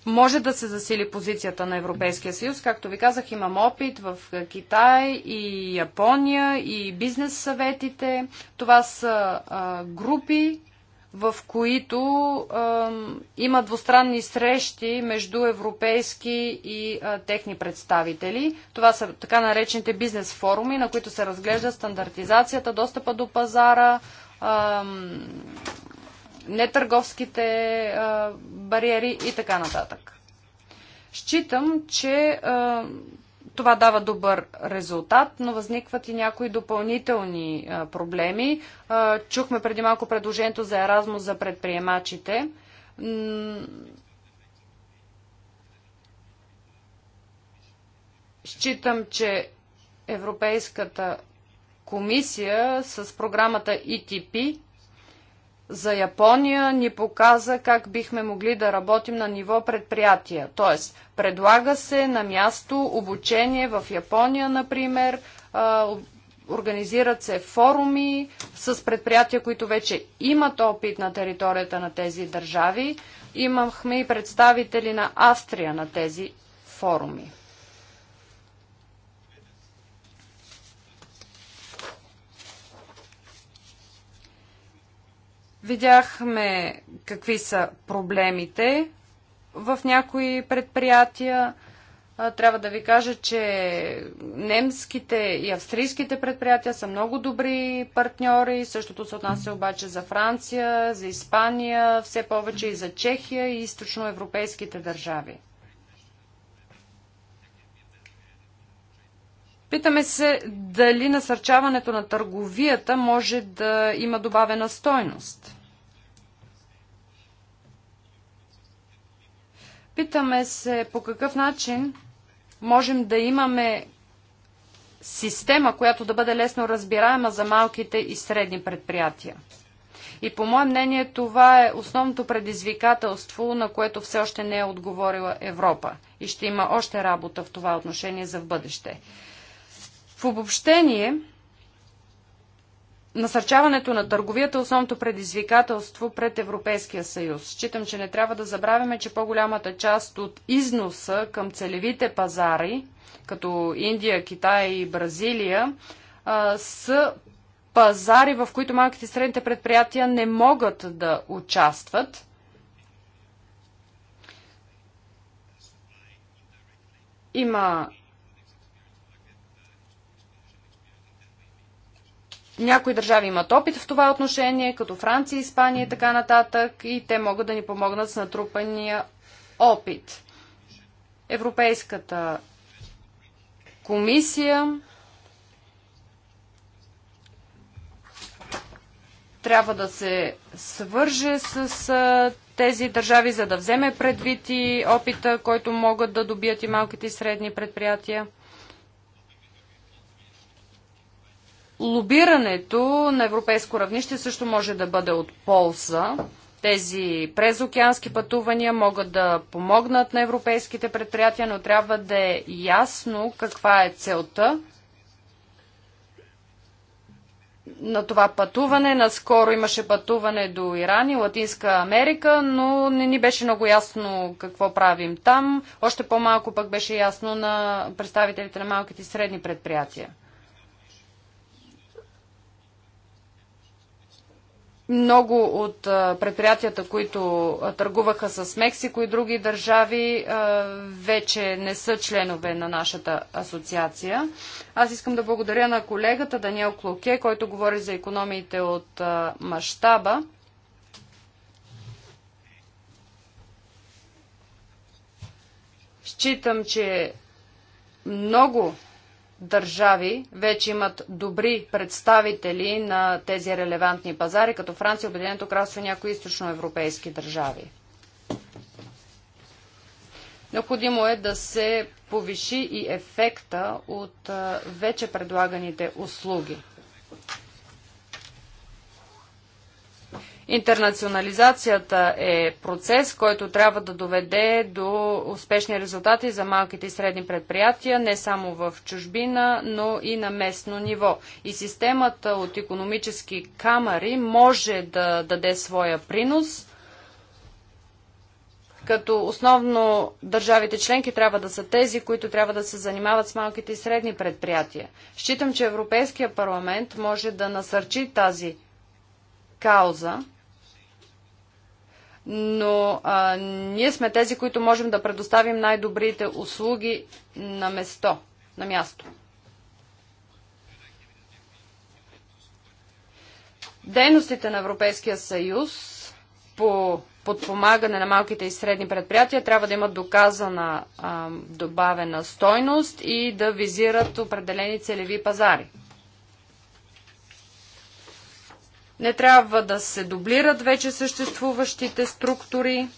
може да се засили позицията на Европейския съюз. Както ви казах, имам опит в Китай и Япония и бизнес съветите. Това са а, групи, в които а, има двустранни срещи между европейски и а, техни представители. Това са така наречените бизнес форуми, на които се разглежда стандартизацията, достъпа до пазара, нетърговските а, бариери и така нататък. Считам, че а, това дава добър резултат, но възникват и някои допълнителни а, проблеми. А, чухме преди малко предложението за Еразмус за предприемачите. Считам, че Европейската комисия с програмата ETP за Япония ни показа как бихме могли да работим на ниво предприятия. Тоест, предлага се на място обучение в Япония, например, организират се форуми с предприятия, които вече имат опит на територията на тези държави. Имахме и представители на Австрия на тези форуми. Видяхме какви са проблемите в някои предприятия. Трябва да ви кажа, че немските и австрийските предприятия са много добри партньори. Същото се отнася обаче за Франция, за Испания, все повече и за Чехия и източноевропейските държави. Питаме се дали насърчаването на търговията може да има добавена стойност. Питаме се по какъв начин можем да имаме система, която да бъде лесно разбираема за малките и средни предприятия. И по мое мнение това е основното предизвикателство, на което все още не е отговорила Европа. И ще има още работа в това отношение за в бъдеще. В обобщение, Насърчаването на търговията е основното предизвикателство пред Европейския съюз. Считам, че не трябва да забравяме, че по-голямата част от износа към целевите пазари, като Индия, Китай и Бразилия, са пазари, в които малките и средните предприятия не могат да участват. Има Някои държави имат опит в това отношение, като Франция, Испания и така нататък, и те могат да ни помогнат с натрупания опит. Европейската комисия трябва да се свърже с тези държави, за да вземе предвид и опита, който могат да добият и малките и средни предприятия. Лобирането на европейско равнище също може да бъде от полза. Тези презокеански пътувания могат да помогнат на европейските предприятия, но трябва да е ясно каква е целта на това пътуване. Наскоро имаше пътуване до Иран и Латинска Америка, но не ни беше много ясно какво правим там. Още по-малко пък беше ясно на представителите на малките и средни предприятия. Много от предприятията, които търгуваха с Мексико и други държави, вече не са членове на нашата асоциация. Аз искам да благодаря на колегата Даниел Клоке, който говори за економиите от мащаба. Считам, че много държави вече имат добри представители на тези релевантни пазари, като Франция, Обединеното кралство и някои източноевропейски държави. Необходимо е да се повиши и ефекта от вече предлаганите услуги. Интернационализацията е процес, който трябва да доведе до успешни резултати за малките и средни предприятия, не само в чужбина, но и на местно ниво. И системата от економически камери може да даде своя принос, като основно държавите членки трябва да са тези, които трябва да се занимават с малките и средни предприятия. Считам, че Европейския парламент може да насърчи тази кауза но а, ние сме тези, които можем да предоставим най-добрите услуги на место, на място. Дейностите на Европейския съюз по подпомагане на малките и средни предприятия трябва да имат доказана а, добавена стойност и да визират определени целеви пазари. Не трябва да се дублират вече съществуващите структури.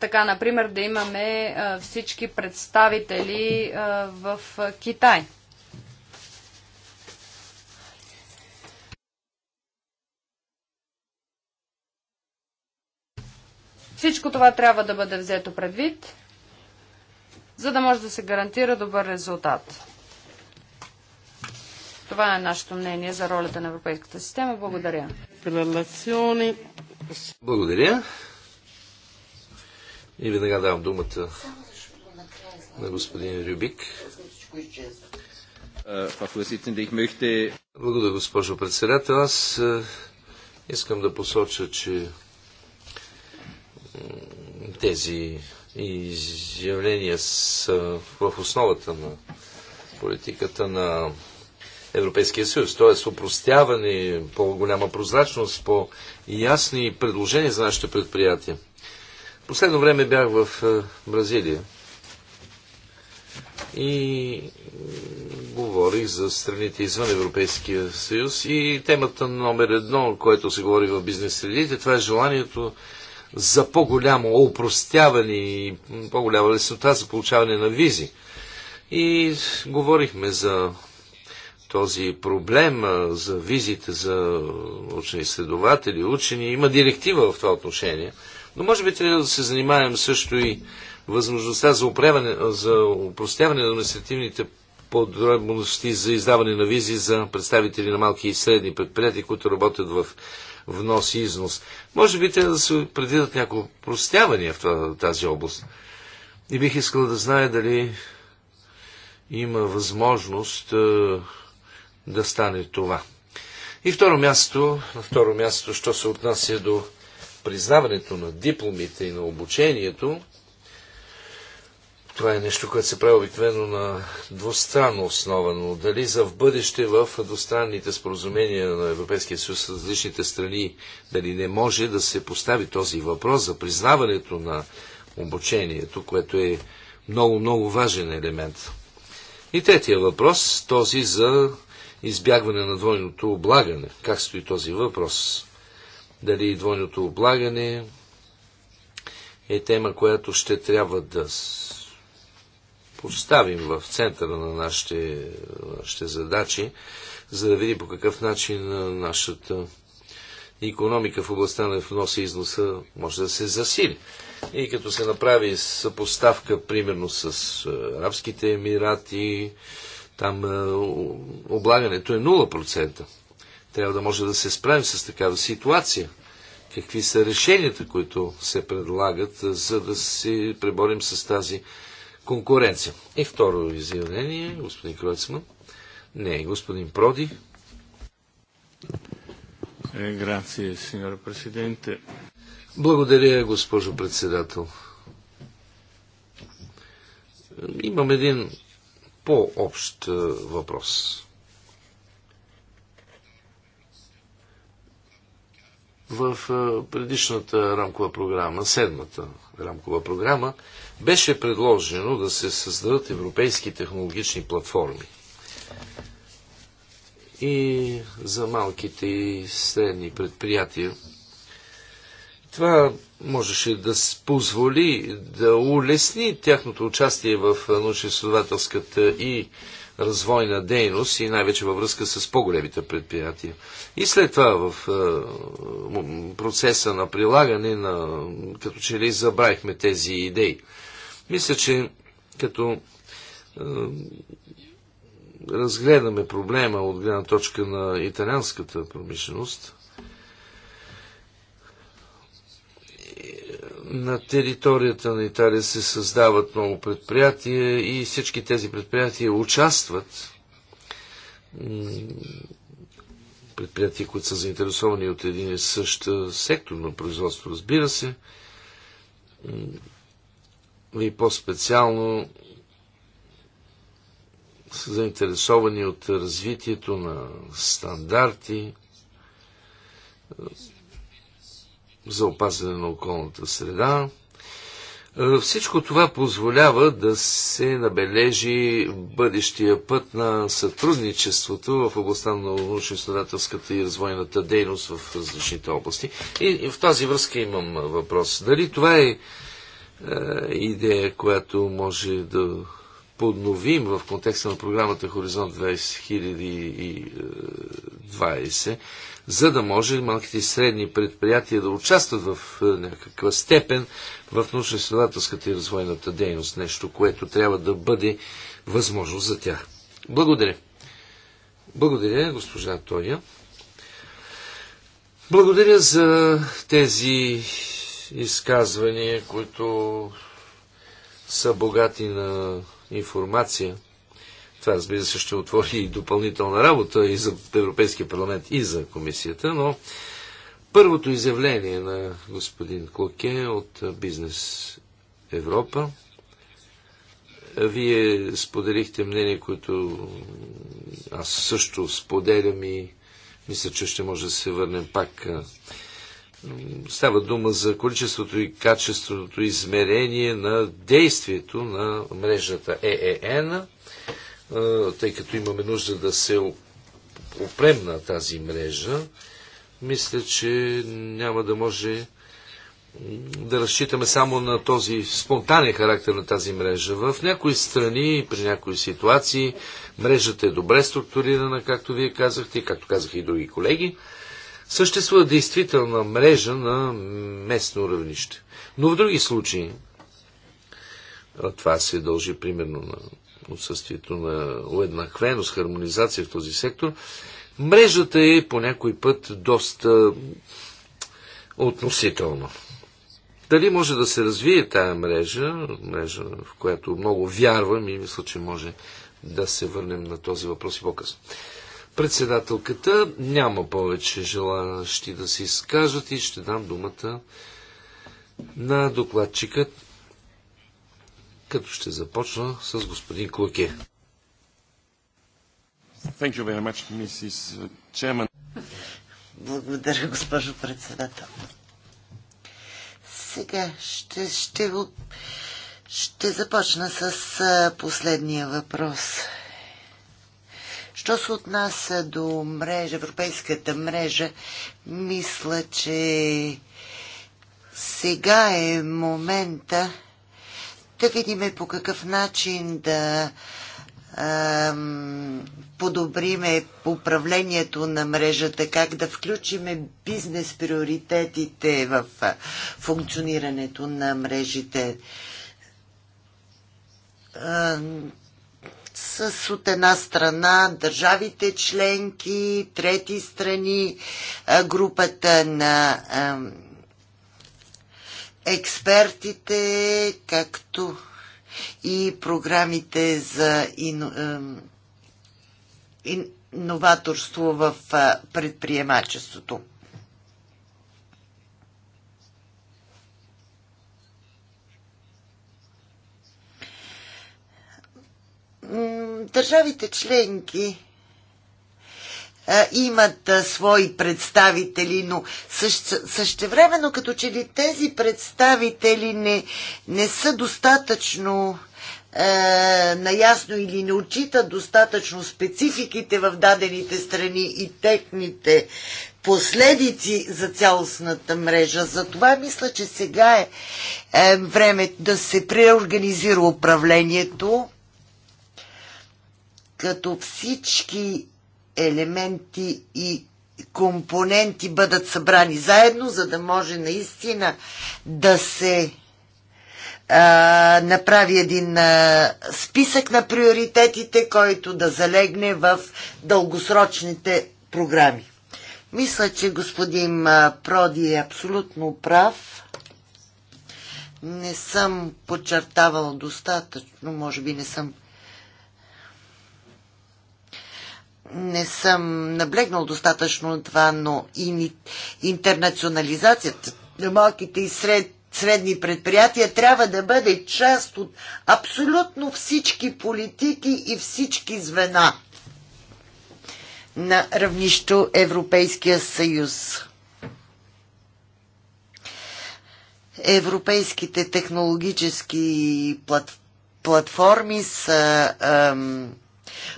Така, например, да имаме всички представители в Китай. Всичко това трябва да бъде взето предвид, за да може да се гарантира добър резултат. Това е нашето мнение за ролята на Европейската система. Благодаря. Благодаря. И веднага давам думата на господин Рюбик. Благодаря, госпожо председател. Аз е, искам да посоча, че тези изявления са в основата на политиката на Европейския съюз. Тоест, упростяване, по-голяма прозрачност, по-ясни предложения за нашите предприятия. Последно време бях в е, Бразилия и говорих за страните извън Европейския съюз и темата номер едно, което се говори в бизнес средите, това е желанието за по-голямо упростяване и по-голяма леснота за получаване на визи. И говорихме за този проблем за визите за учени изследователи, учени. Има директива в това отношение. Но може би трябва да се занимаем също и възможността за, упреване, за упростяване на административните подробности за издаване на визи за представители на малки и средни предприятия, които работят в внос и износ. Може би трябва да се предвидят някои упростявания в тази област. И бих искал да знае дали има възможност е, да стане това. И второ място, на второ място, що се отнася до признаването на дипломите и на обучението, това е нещо, което се прави обикновено на двустранно основа, но дали за в бъдеще в двустранните споразумения на Европейския съюз с различните страни, дали не може да се постави този въпрос за признаването на обучението, което е много, много важен елемент. И третия въпрос, този за избягване на двойното облагане. Как стои този въпрос? Дали двойното облагане е тема, която ще трябва да поставим в центъра на нашите, нашите задачи, за да видим по какъв начин нашата економика в областта на внос и износа може да се засили. И като се направи съпоставка, примерно, с Арабските емирати, там е, облагането е 0%. Трябва да може да се справим с такава ситуация. Какви са решенията, които се предлагат, е, за да се преборим с тази конкуренция? И второ изявление, господин Кройцман. Не, господин Проди. Е, грация, сеньор президенте. Благодаря, госпожо председател. Имам един по-общ е, въпрос. В е, предишната рамкова програма, седмата рамкова програма, беше предложено да се създадат европейски технологични платформи. И за малките и средни предприятия. Това можеше да позволи да улесни тяхното участие в научно-изследователската и развойна дейност и най-вече във връзка с по-големите предприятия. И след това в процеса на прилагане, на, като че ли забравихме тези идеи. Мисля, че като разгледаме проблема от гледна точка на италианската промишленост, на територията на Италия се създават много предприятия и всички тези предприятия участват. Предприятия, които са заинтересовани от един и същ сектор на производство, разбира се. И по-специално са заинтересовани от развитието на стандарти, за опазване на околната среда. Е, всичко това позволява да се набележи бъдещия път на сътрудничеството в областта на научно-изследователската и развойната дейност в различните области. И в тази връзка имам въпрос. Дали това е, е идея, която може да подновим в контекста на програмата Хоризонт 2020, за да може малките и средни предприятия да участват в е, някаква степен в научно-изследователската и развойната дейност. Нещо, което трябва да бъде възможно за тях. Благодаря. Благодаря, госпожа Тоя. Благодаря за тези изказвания, които са богати на информация. Това, разбира се, ще отвори и допълнителна работа и за Европейския парламент, и за комисията, но първото изявление на господин Клоке от Бизнес Европа. Вие споделихте мнение, което аз също споделям и мисля, че ще може да се върнем пак Става дума за количеството и качеството измерение на действието на мрежата ЕЕН, тъй като имаме нужда да се опрем на тази мрежа. Мисля, че няма да може да разчитаме само на този спонтанен характер на тази мрежа. В някои страни, при някои ситуации, мрежата е добре структурирана, както вие казахте, както казаха и други колеги съществува действителна мрежа на местно равнище. Но в други случаи това се дължи примерно на отсъствието на уеднаквеност, хармонизация в този сектор, мрежата е по някой път доста относителна. Дали може да се развие тая мрежа, мрежа, в която много вярвам и мисля, че може да се върнем на този въпрос и по-късно. Председателката няма повече желащи да се изкажат и ще дам думата на докладчикът, като ще започна с господин Клоке. Благодаря, госпожо председател. Сега ще, ще, ще започна с последния въпрос – Що се отнася до мрежа, европейската мрежа, мисля, че сега е момента да видим по какъв начин да ам, подобриме управлението на мрежата, как да включиме бизнес приоритетите в функционирането на мрежите. Ам, с от една страна държавите членки, трети страни, групата на експертите, както и програмите за иноваторство в предприемачеството. държавите членки имат свои представители, но също, същевременно като че ли тези представители не, не са достатъчно е, наясно или не отчитат достатъчно спецификите в дадените страни и техните последици за цялостната мрежа. Затова мисля, че сега е, е време да се преорганизира управлението като всички елементи и компоненти бъдат събрани заедно, за да може наистина да се а, направи един а, списък на приоритетите, който да залегне в дългосрочните програми. Мисля, че господин а, Проди е абсолютно прав. Не съм подчертавал достатъчно, може би не съм не съм наблегнал достатъчно това, но и интернационализацията на малките и сред, средни предприятия трябва да бъде част от абсолютно всички политики и всички звена на равнището Европейския съюз. Европейските технологически платформи са ам,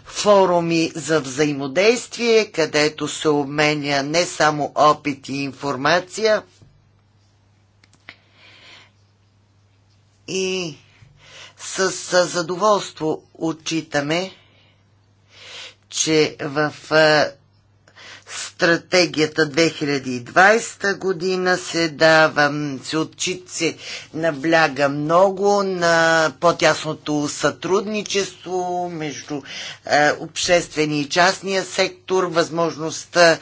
форуми за взаимодействие, където се обменя не само опит и информация, и с задоволство отчитаме, че в стратегията 2020 година се дава, се отчит, се набляга много на по-тясното сътрудничество между е, обществения и частния сектор, възможността е,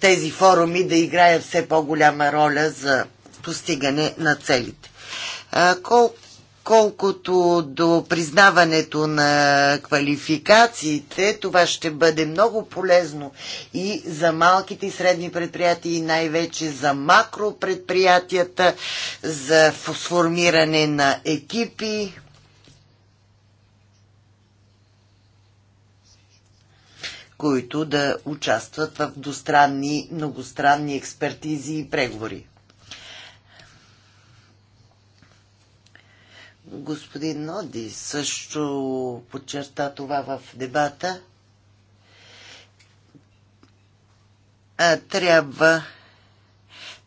тези форуми да играят все по-голяма роля за постигане на целите. Е, Колко Колкото до признаването на квалификациите, това ще бъде много полезно и за малките и средни предприятия, и най-вече за макропредприятията, за сформиране на екипи. които да участват в двустранни, многостранни експертизи и преговори. Господин Ноди също подчерта това в дебата. А, трябва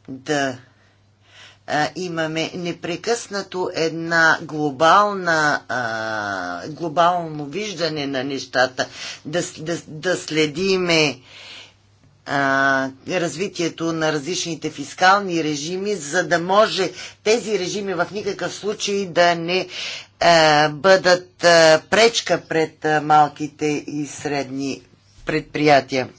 да а, имаме непрекъснато една глобална, а, глобално виждане на нещата, да, да, да следиме а, развитието на различните фискални режими, за да може тези режими в никакъв случай да не бъдат пречка пред малките и средни предприятия.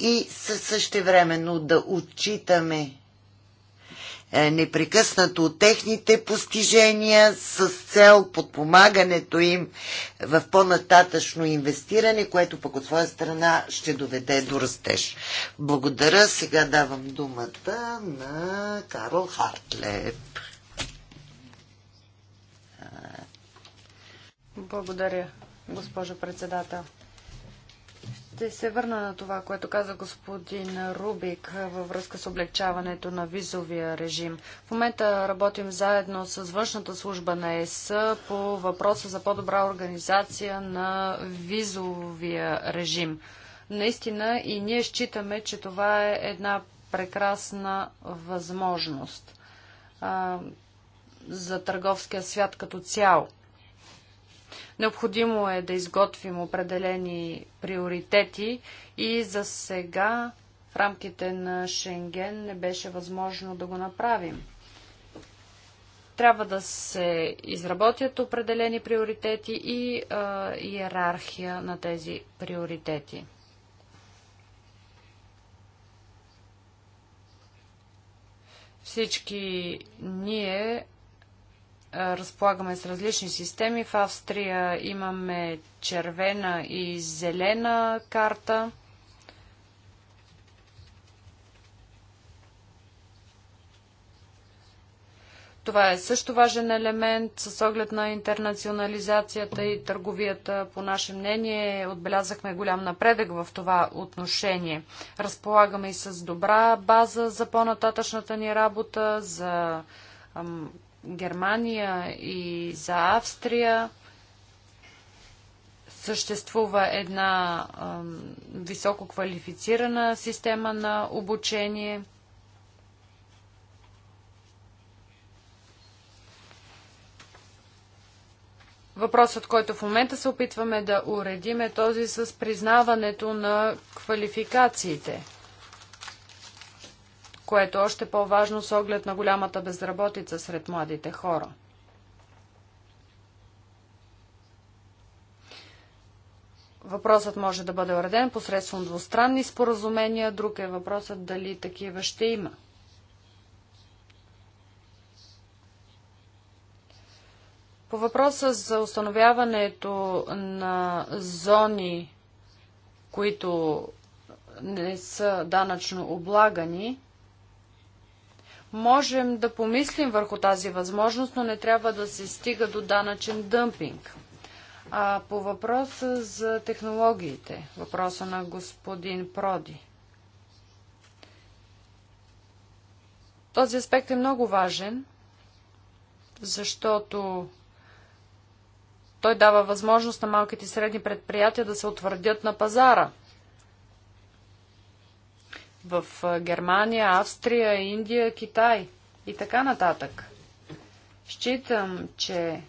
И същевременно да отчитаме е, непрекъснато от техните постижения с цел подпомагането им в по-нататъчно инвестиране, което пък от своя страна ще доведе до растеж. Благодаря. Сега давам думата на Карл Хартлеп. Благодаря, госпожо председател. Ще се върна на това, което каза господин Рубик във връзка с облегчаването на визовия режим. В момента работим заедно с външната служба на ЕС по въпроса за по-добра организация на визовия режим. Наистина и ние считаме, че това е една прекрасна възможност а, за търговския свят като цяло. Необходимо е да изготвим определени приоритети и за сега в рамките на Шенген не беше възможно да го направим. Трябва да се изработят определени приоритети и а, иерархия на тези приоритети. Всички ние разполагаме с различни системи. В Австрия имаме червена и зелена карта. Това е също важен елемент с оглед на интернационализацията и търговията. По наше мнение отбелязахме голям напредък в това отношение. Разполагаме и с добра база за по-нататъчната ни работа, за Германия и за Австрия съществува една а, високо квалифицирана система на обучение. Въпросът, който в момента се опитваме да уредим е този с признаването на квалификациите – което е още по-важно с оглед на голямата безработица сред младите хора. Въпросът може да бъде уреден посредством двустранни споразумения, друг е въпросът дали такива ще има. По въпроса за установяването на зони, които не са данъчно облагани, Можем да помислим върху тази възможност, но не трябва да се стига до данъчен дъмпинг. А по въпроса за технологиите, въпроса на господин Проди. Този аспект е много важен, защото той дава възможност на малките и средни предприятия да се утвърдят на пазара – в Германия, Австрия, Индия, Китай и така нататък. Считам, че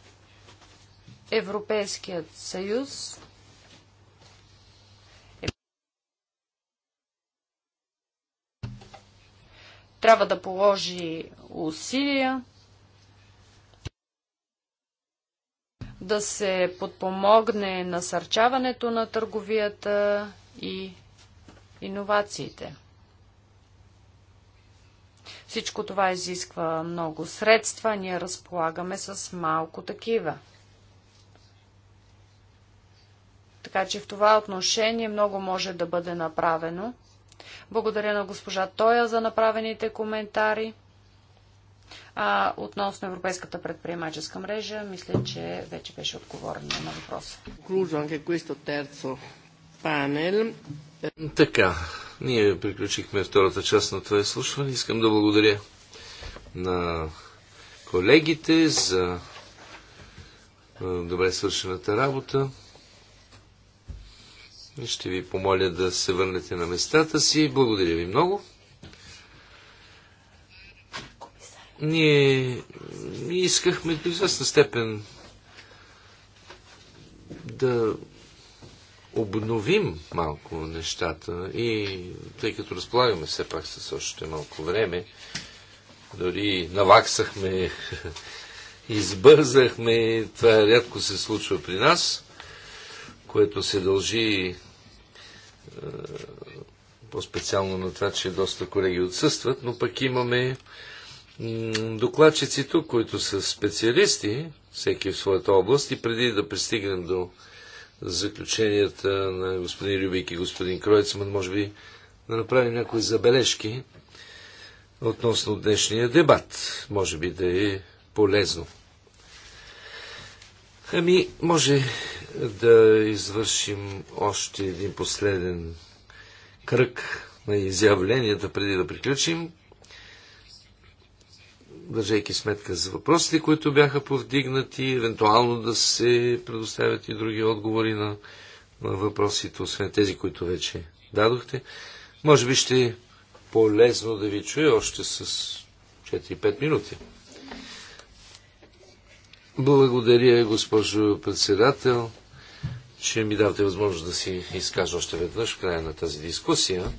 Европейският съюз е... трябва да положи усилия да се подпомогне насърчаването на търговията и иновациите. Всичко това изисква много средства, ние разполагаме с малко такива. Така че в това отношение много може да бъде направено. Благодаря на госпожа Тоя за направените коментари. А, относно Европейската предприемаческа мрежа, мисля, че вече беше отговорено на въпроса. Така, ние приключихме втората част на това изслушване. Искам да благодаря на колегите за добре свършената работа. Ще ви помоля да се върнете на местата си. Благодаря ви много. Ние искахме до известна степен да обновим малко нещата и тъй като разполагаме все пак с още малко време, дори наваксахме, избързахме, това рядко се случва при нас, което се дължи е, по-специално на това, че доста колеги отсъстват, но пък имаме докладчици тук, които са специалисти, всеки в своята област и преди да пристигнем до заключенията на господин Любик и господин Кройцман, може би да направим някои забележки относно днешния дебат. Може би да е полезно. Ами, може да извършим още един последен кръг на изявленията преди да приключим държайки сметка за въпросите, които бяха повдигнати, евентуално да се предоставят и други отговори на, на въпросите, освен тези, които вече дадохте. Може би ще е полезно да ви чуя още с 4-5 минути. Благодаря, госпожо председател, че ми давате възможност да си изкажа още веднъж в края на тази дискусия.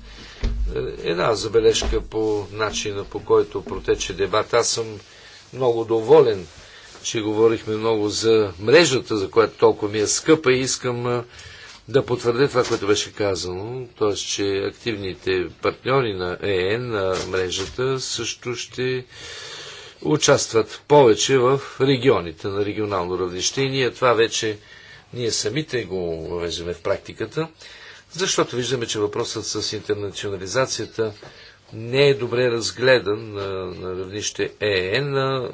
Е, една забележка по начина по който протече дебат. Аз съм много доволен, че говорихме много за мрежата, за която толкова ми е скъпа и искам да потвърдя това, което беше казано, т.е. че активните партньори на ЕН, на мрежата, също ще участват повече в регионите на регионално равнище. И ние това вече, ние самите го въвеждаме в практиката. Защото виждаме, че въпросът с интернационализацията не е добре разгледан на, на равнище ЕН, а,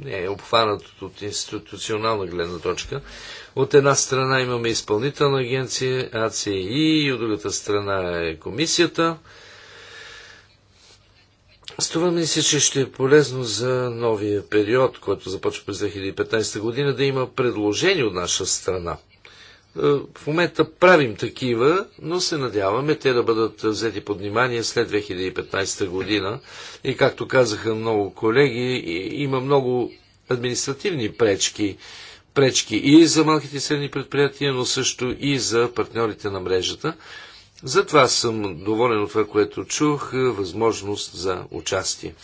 не е обхванат от институционална гледна точка. От една страна имаме изпълнителна агенция АЦИ, и от другата страна е комисията. Струва ми се, че ще е полезно за новия период, който започва през 2015 година, да има предложение от наша страна. Е, в момента правим такива, но се надяваме те да бъдат взети под внимание след 2015 година. И както казаха много колеги, има много административни пречки. Пречки и за малките и средни предприятия, но също и за партньорите на мрежата. Затова съм доволен от това, което чух, е, възможност за участие.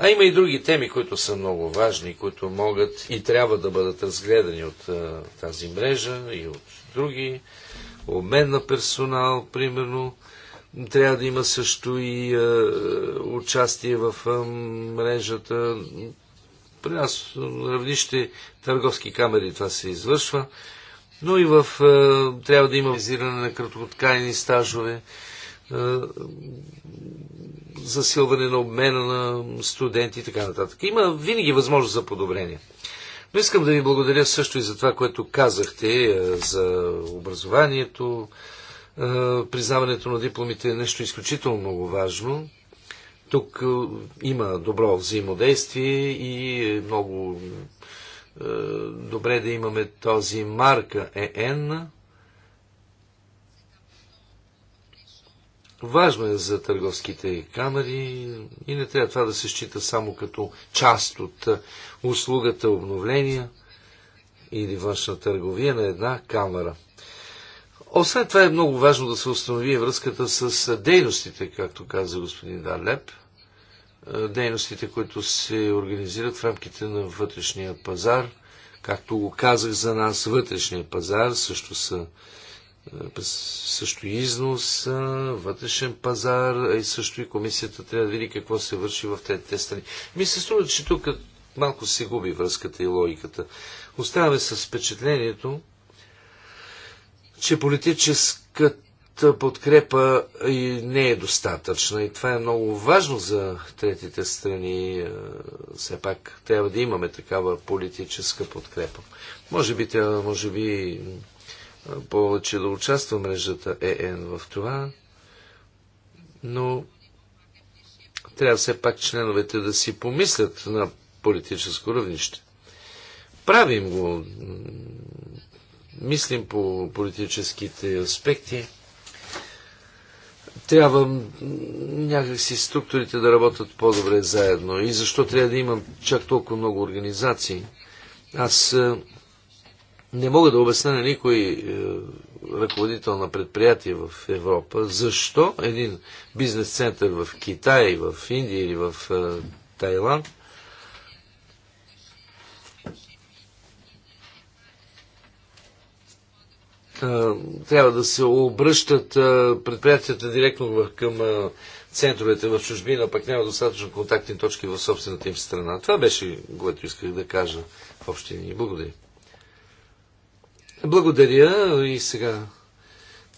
А има и други теми, които са много важни, които могат и трябва да бъдат разгледани от е, тази мрежа и от други, обмен на персонал, примерно. Трябва да има също и е, участие в е, мрежата. При нас на равнище търговски камери това се извършва, но и в, е, трябва да има визиране на краткоткайни стажове е, засилване на обмена на студенти и така нататък. Има винаги възможност за подобрение. Но искам да ви благодаря също и за това, което казахте е, за образованието. Е, признаването на дипломите е нещо изключително много важно. Тук е, има добро взаимодействие и е много добре да имаме този марка ЕН, важно е за търговските камери и не трябва това да се счита само като част от услугата обновления или външна търговия на една камера. Освен това е много важно да се установи връзката с дейностите, както каза господин Далеп, дейностите, които се организират в рамките на вътрешния пазар. Както го казах за нас, вътрешния пазар също са също и износ, вътрешен пазар, а и също и комисията трябва да види какво се върши в тези страни. Ми се струва, че тук малко се губи връзката и логиката. Оставаме с впечатлението, че политическата подкрепа и не е достатъчна и това е много важно за третите страни. Все пак трябва да имаме такава политическа подкрепа. Може би, тя, може би повече да участва мрежата ЕН в това, но трябва все пак членовете да си помислят на политическо равнище. Правим го, мислим по политическите аспекти. Трябва някакси структурите да работят по-добре заедно. И защо трябва да има чак толкова много организации? Аз е, не мога да обясня на никой е, ръководител на предприятие в Европа, защо един бизнес център в Китай, в Индия или в е, Тайланд е, трябва да се обръщат предприятията директно към центровете в чужбина, пък няма достатъчно контактни точки в собствената им страна. Това беше, което исках да кажа в общини. Благодаря. Благодаря и сега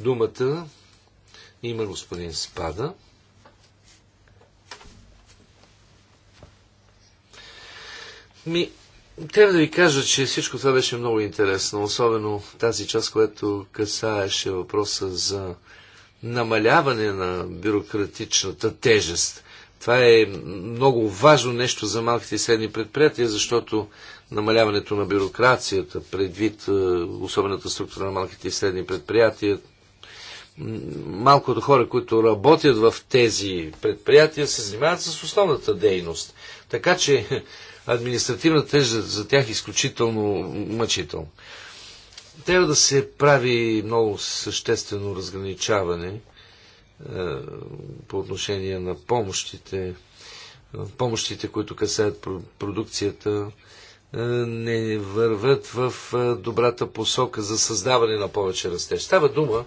думата има господин Спада. Ми, трябва да ви кажа, че всичко това беше много интересно, особено тази част, която касаеше въпроса за намаляване на бюрократичната тежест. Това е много важно нещо за малките и средни предприятия, защото намаляването на бюрокрацията, предвид е, особената структура на малките и средни предприятия, малкото хора, които работят в тези предприятия, се занимават с основната дейност. Така че е, административната тежест за тях е изключително мъчително. Трябва да се прави много съществено разграничаване е, по отношение на помощите, помощите, които касаят продукцията, е, не върват в е, добрата посока за създаване на повече растеж. Става дума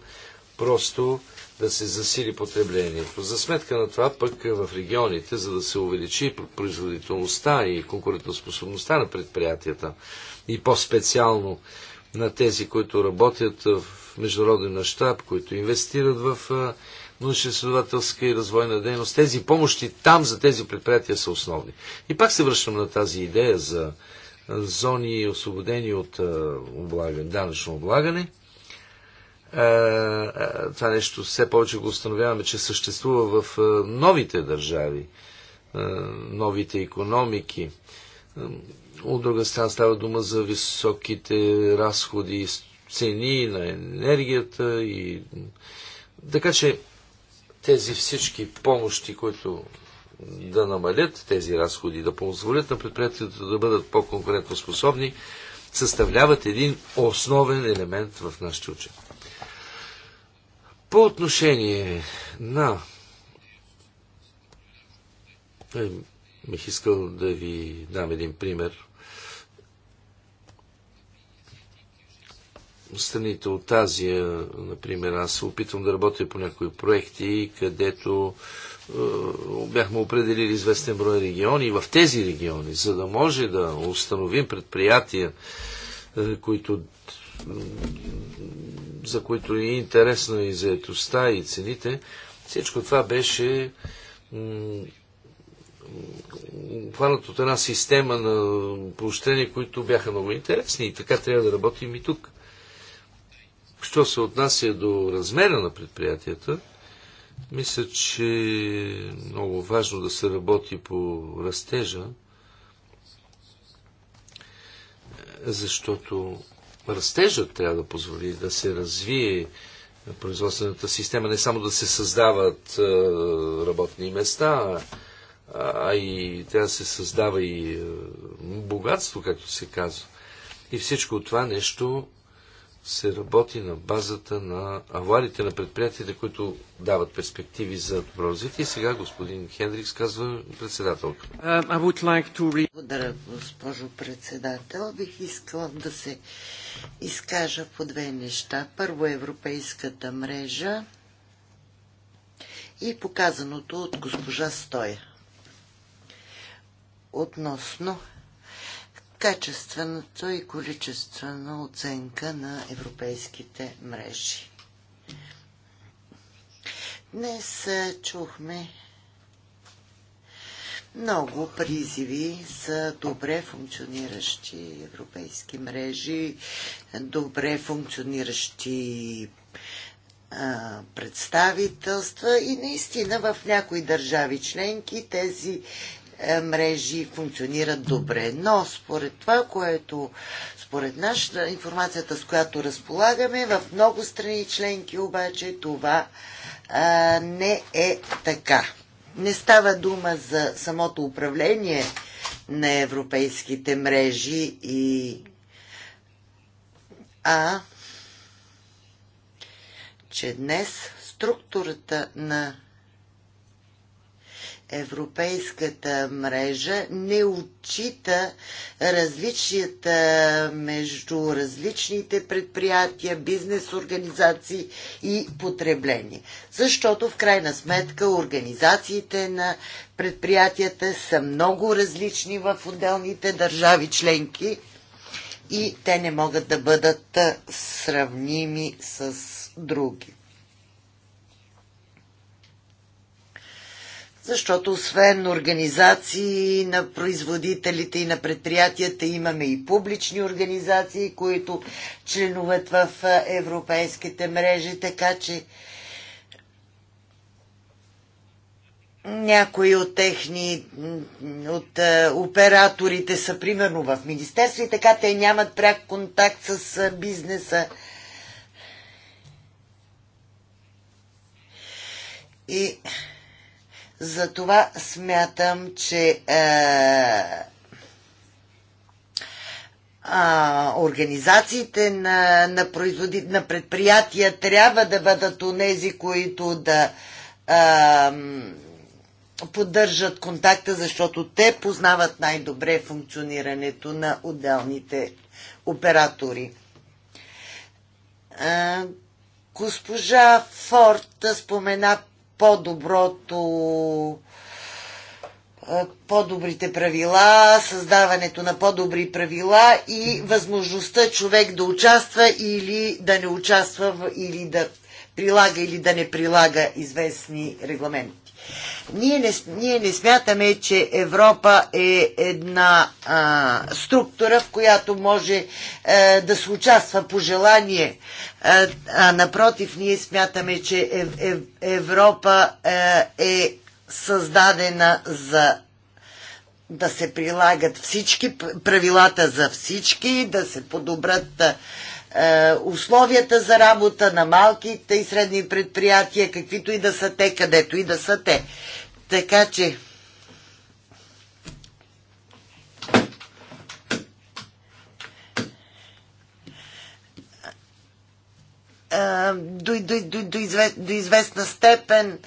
просто да се засили потреблението. За сметка на това пък е в регионите, за да се увеличи производителността и конкурентоспособността на предприятията и по-специално на тези, които работят в международен мащаб, които инвестират в научно-изследователска и развойна дейност, тези помощи там за тези предприятия са основни. И пак се връщам на тази идея за зони освободени от облагане, данъчно облагане. Това нещо все повече го установяваме, че съществува в новите държави, новите економики. От друга страна става дума за високите разходи и цени на енергията и така че тези всички помощи, които да намалят тези разходи, да позволят на предприятията да бъдат по-конкурентно способни, съставляват един основен елемент в нашите учения. По отношение на... Бих искал да ви дам един пример. Страните от Азия, например, аз се опитвам да работя по някои проекти, където е, бяхме определили известен брой региони. В тези региони, за да може да установим предприятия, е, които, за които е интересна и заетостта и цените, всичко това беше хванат от една система на поощрения, които бяха много интересни и така трябва да работим и тук. Що се отнася до размера на предприятията, мисля, че е много важно да се работи по растежа, защото растежът трябва да позволи да се развие производствената система, не само да се създават е, работни места, а и трябва да се създава и е, богатство, както се казва. И всичко това нещо се работи на базата на аварите на предприятията, които дават перспективи за добро развитие. И сега господин Хендрикс казва председателка. Um, Благодаря, госпожо председател. Бих искала да се изкажа по две неща. Първо европейската мрежа и показаното от госпожа Стоя относно качественото и количествено оценка на европейските мрежи. Днес е, чухме много призиви за добре функциониращи европейски мрежи, добре функциониращи представителства и наистина в някои държави членки тези е, мрежи функционират добре. Но според това, което според нашата информацията, с която разполагаме, в много страни членки обаче това а, е, не е така. Не става дума за самото управление на европейските мрежи и а че днес структурата на Европейската мрежа не отчита различията между различните предприятия, бизнес организации и потребление. Защото в крайна сметка организациите на предприятията са много различни в отделните държави членки и те не могат да бъдат сравними с други. защото освен организации на производителите и на предприятията имаме и публични организации, които членуват в европейските мрежи, така че някои от техни, от операторите са примерно в Министерство и така те нямат пряк контакт с бизнеса. И затова смятам, че е, а, организациите на, на, производи, на предприятия трябва да бъдат онези, които да а, поддържат контакта, защото те познават най-добре функционирането на отделните оператори. А, госпожа Форд спомена по-доброто е, по-добрите правила, създаването на по-добри правила и възможността човек да участва или да не участва или да прилага или да не прилага известни регламенти. Ние не, ние не смятаме, че Европа е една а, структура, в която може а, е, да се участва по желание. А, а напротив, ние смятаме, че ев, ев, Европа а, е, е създадена за да се прилагат всички правилата за всички, да се подобрат е, условията за работа на малките и средни предприятия, каквито и да са те, където и да са те. Така че. Е, до, до, до, до, известна степен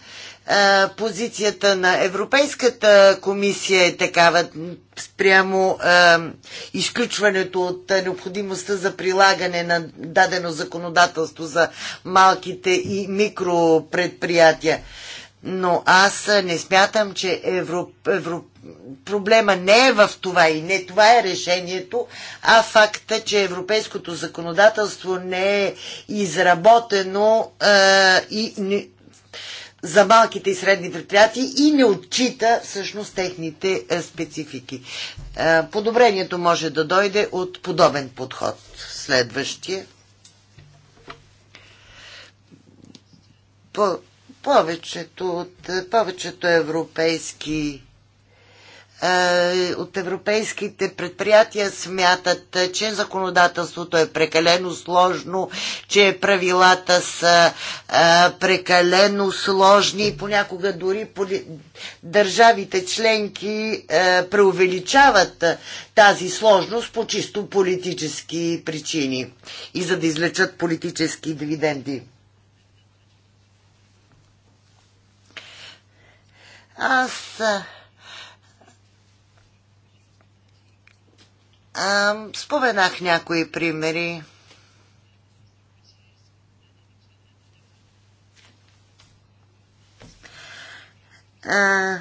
позицията на Европейската комисия е такава спрямо изключването от необходимостта за прилагане на дадено законодателство за малките и микропредприятия. Но аз не смятам, че проблема не е в това и не това е решението, а факта, че европейското законодателство не е изработено е, и за малките и средни предприятия и не отчита всъщност техните е, специфики. Е, подобрението може да дойде от подобен подход. Следващия. По повечето, от, е, повечето европейски е, от европейските предприятия смятат, че законодателството е прекалено сложно, че правилата са е, прекалено сложни и понякога дори държавите членки е, преувеличават тази сложност по чисто политически причини и за да излечат политически дивиденди. Аз А, споменах някои примери. А,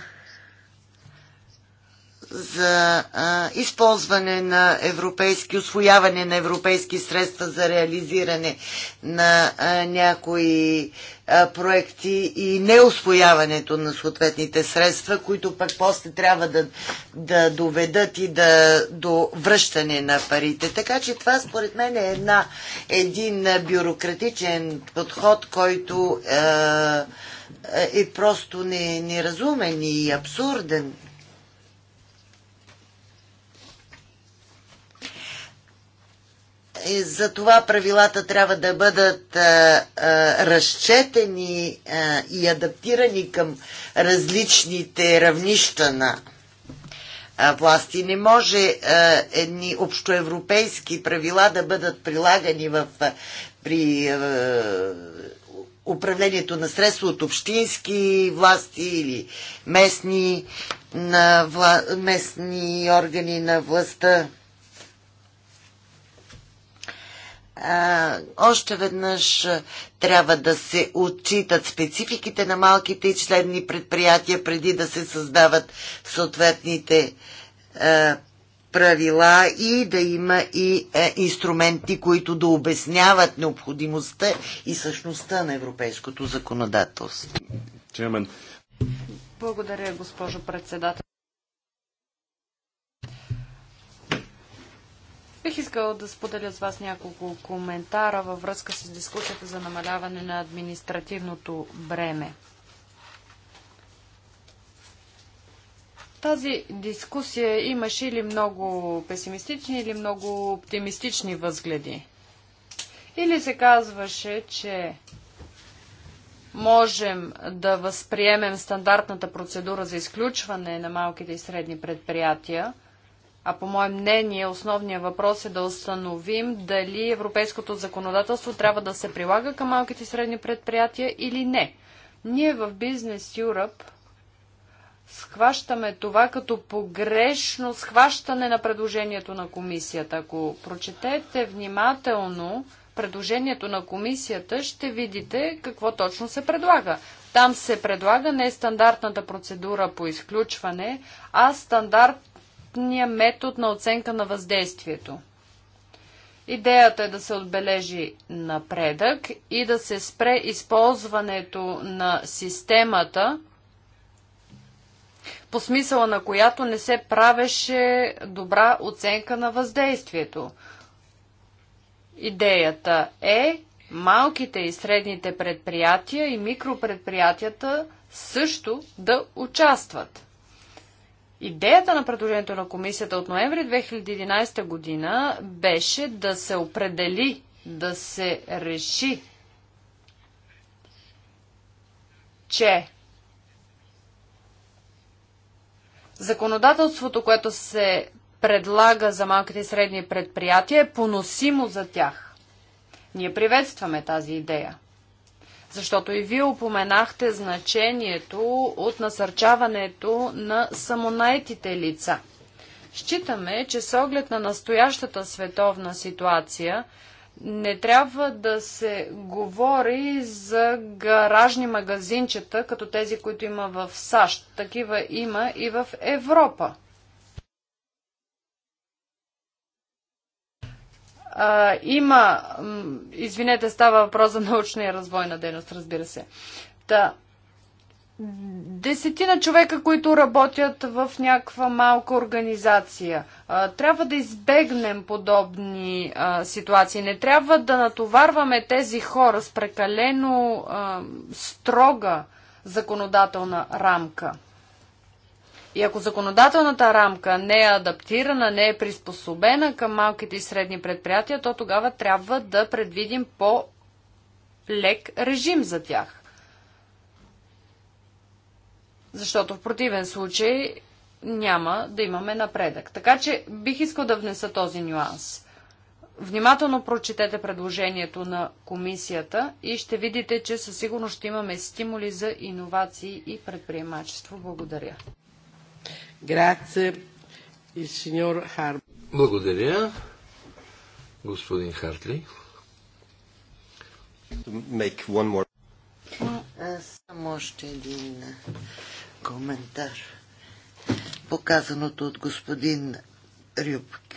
за а, използване на европейски, освояване на европейски средства за реализиране на а, някои а, проекти и неосвояването на съответните средства, които пък после трябва да, да доведат и да, до връщане на парите. Така че това според мен е една, един бюрократичен подход, който а, е просто неразумен и абсурден. И за това правилата трябва да бъдат а, а, разчетени а, и адаптирани към различните равнища на а, власти. Не може а, едни общоевропейски правила да бъдат прилагани в, а, при а, управлението на средства от общински власти или местни, на вла... местни органи на властта. още веднъж трябва да се отчитат спецификите на малките и членни предприятия преди да се създават съответните правила и да има и е, инструменти, които да обясняват необходимостта и същността на европейското законодателство. Благодаря, госпожо председател. Бих искала да споделя с вас няколко коментара във връзка с дискусията за намаляване на административното бреме. Тази дискусия имаше или много песимистични, или много оптимистични възгледи. Или се казваше, че можем да възприемем стандартната процедура за изключване на малките и средни предприятия – а по мое мнение, основният въпрос е да установим дали европейското законодателство трябва да се прилага към малките и средни предприятия или не. Ние в Бизнес Europe схващаме това като погрешно схващане на предложението на комисията. Ако прочетете внимателно предложението на комисията, ще видите какво точно се предлага. Там се предлага не стандартната процедура по изключване, а стандарт общия метод на оценка на въздействието. Идеята е да се отбележи напредък и да се спре използването на системата, по смисъла на която не се правеше добра оценка на въздействието. Идеята е малките и средните предприятия и микропредприятията също да участват. Идеята на предложението на комисията от ноември 2011 година беше да се определи, да се реши, че законодателството, което се предлага за малките и средни предприятия, е поносимо за тях. Ние приветстваме тази идея. Защото и вие упоменахте значението от насърчаването на самонайтите лица. Считаме, че с оглед на настоящата световна ситуация, не трябва да се говори за гаражни магазинчета, като тези, които има в САЩ. Такива има и в Европа. има, извинете, става въпрос за научна и развойна дейност, разбира се. Та, десетина човека, които работят в някаква малка организация. Трябва да избегнем подобни ситуации. Не трябва да натоварваме тези хора с прекалено строга законодателна рамка. И ако законодателната рамка не е адаптирана, не е приспособена към малките и средни предприятия, то тогава трябва да предвидим по-лек режим за тях. Защото в противен случай няма да имаме напредък. Така че бих искал да внеса този нюанс. Внимателно прочетете предложението на комисията и ще видите, че със сигурност ще имаме стимули за иновации и предприемачество. Благодаря. Благодаря, господин Хартли. Само още един коментар. Показаното от господин Рюбк.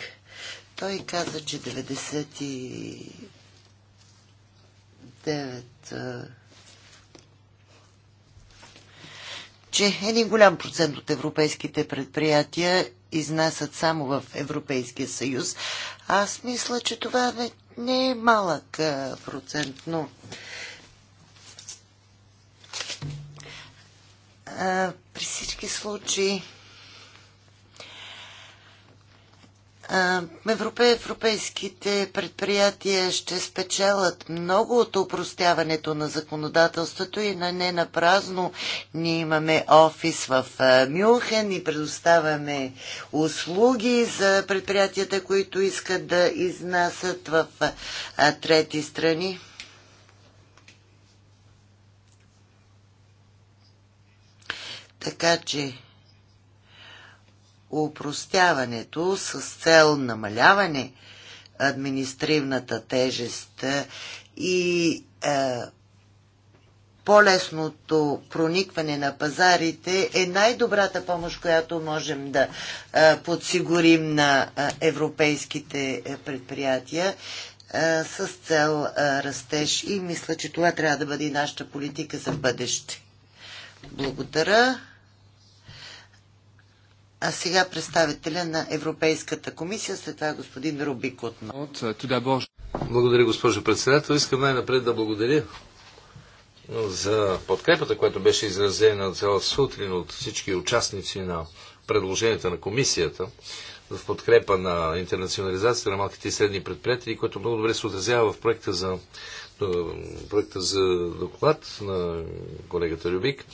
Той каза, че 99 че един голям процент от европейските предприятия изнасят само в Европейския съюз. Аз мисля, че това не, не е малък а, процент, но а, при всички случаи Европейските предприятия ще спечелят много от упростяването на законодателството и на не на празно ние имаме офис в Мюнхен и предоставяме услуги за предприятията, които искат да изнасят в трети страни. Така че упростяването с цел намаляване административната тежест и е, по-лесното проникване на пазарите е най-добрата помощ, която можем да е, подсигурим на е, европейските е, предприятия е, с цел е, растеж и мисля, че това трябва да бъде и нашата политика за бъдеще. Благодаря. А сега представителя на Европейската комисия, след това господин Рубик отново. Е, благодаря, госпожо председател. Искам най-напред да благодаря за подкрепата, която беше изразена цяла сутрин от всички участници на предложенията на комисията в подкрепа на интернационализацията на малките и средни предприятия, което много добре се отразява в проекта за, е, проекта за доклад на колегата Любик.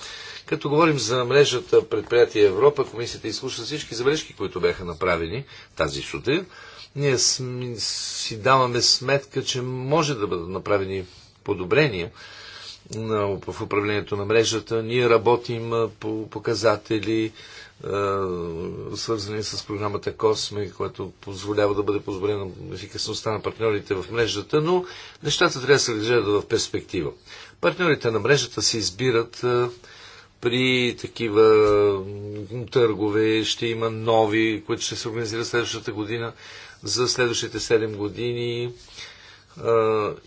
Като говорим за мрежата предприятия Европа, комисията изслуша всички забележки, които бяха направени тази сутрин. Ние си даваме сметка, че може да бъдат направени подобрения в управлението на мрежата. Ние работим по показатели, свързани с програмата Косме, която позволява да бъде позволена ефикасността на партньорите в мрежата, но нещата трябва да се гледат в перспектива. Партньорите на мрежата се избират при такива търгове, ще има нови, които ще се организират следващата година за следващите 7 години.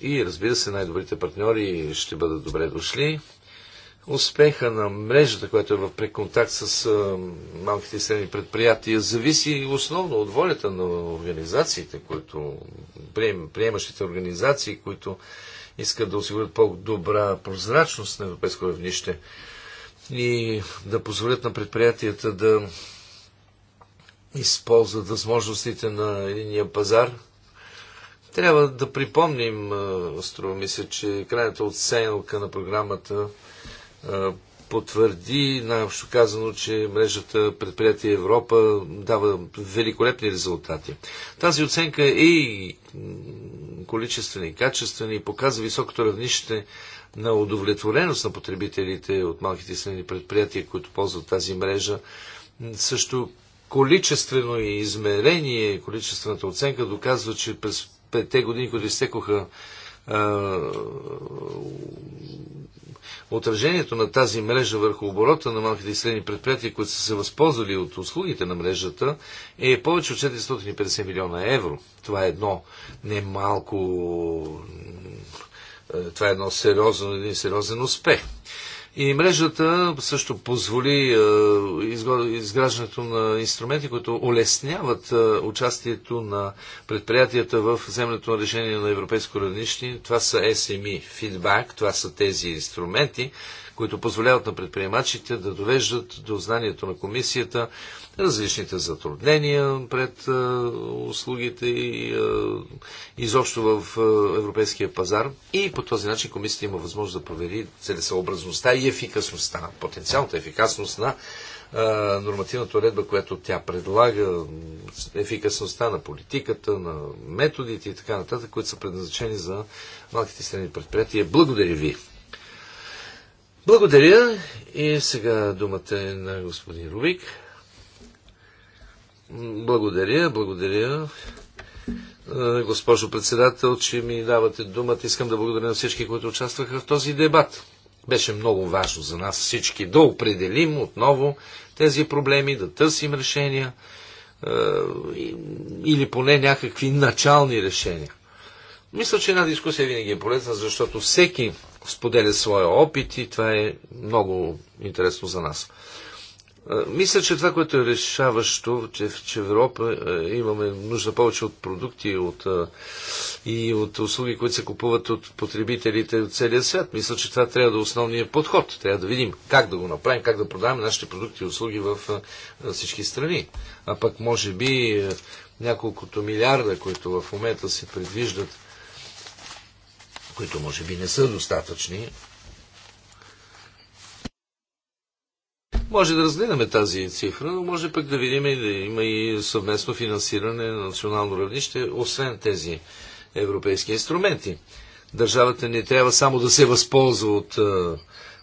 И разбира се, най-добрите партньори ще бъдат добре дошли. Успеха на мрежата, която е в преконтакт с малките и средни предприятия, зависи основно от волята на организациите, които, приемащите организации, които искат да осигурят по-добра прозрачност на европейско равнище и да позволят на предприятията да използват възможностите на единия пазар. Трябва да припомним, струва ми се, че крайната оценка на програмата потвърди, най-общо казано, че мрежата предприятия Европа дава великолепни резултати. Тази оценка е и количествена и качествена и показва високото равнище на удовлетвореност на потребителите от малките и средни предприятия, които ползват тази мрежа. Също количествено измерение, количествената оценка доказва, че през петте години, които изтекоха отражението на тази мрежа върху оборота на малките и средни предприятия, които са се възползвали от услугите на мрежата, е повече от 450 милиона евро. Това е едно немалко е, това е едно сериозно, един сериозен успех. И мрежата също позволи е, изграждането на инструменти, които улесняват е, участието на предприятията в вземането на решение на европейско равнище. Това са SME Feedback, това са тези инструменти, които позволяват на предприемачите да довеждат до знанието на комисията различните затруднения пред услугите и изобщо в европейския пазар. И по този начин комисията има възможност да провери целесообразността и ефикасността, потенциалната ефикасност на нормативната уредба, която тя предлага, ефикасността на политиката, на методите и така нататък, които са предназначени за малките страни предприятия. Благодаря ви! Благодаря и сега думата е на господин Рубик. Благодаря, благодаря. Госпожо председател, че ми давате думата. Искам да благодаря на всички, които участваха в този дебат. Беше много важно за нас всички да определим отново тези проблеми, да търсим решения или поне някакви начални решения. Мисля, че една дискусия винаги е полезна, защото всеки споделя своя опит и това е много интересно за нас. Мисля, че това, което е решаващо, че в Европа е, имаме нужда повече от продукти от, и от услуги, които се купуват от потребителите от целия свят. Мисля, че това трябва да е основният подход. Трябва да видим как да го направим, как да продаваме нашите продукти и услуги в всички страни. А пък, може би, е, няколкото милиарда, които в момента се предвиждат, които може би не са достатъчни, Може да разгледаме тази цифра, но може пък да видим и да има и съвместно финансиране на национално равнище, освен тези европейски инструменти. Държавата не трябва само да се възползва от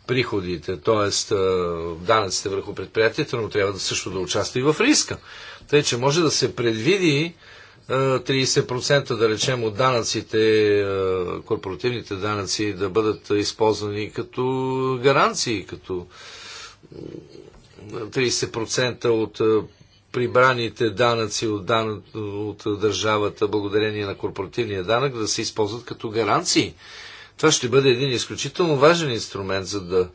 приходите, т.е. данъците върху предприятията, но трябва да също да участва и в риска. Тъй, че може да се предвиди 30% да речем от данъците, корпоративните данъци да бъдат използвани като гаранции, като 30% от прибраните данъци от, дан... от държавата благодарение на корпоративния данък да се използват като гаранции. Това ще бъде един изключително важен инструмент, за да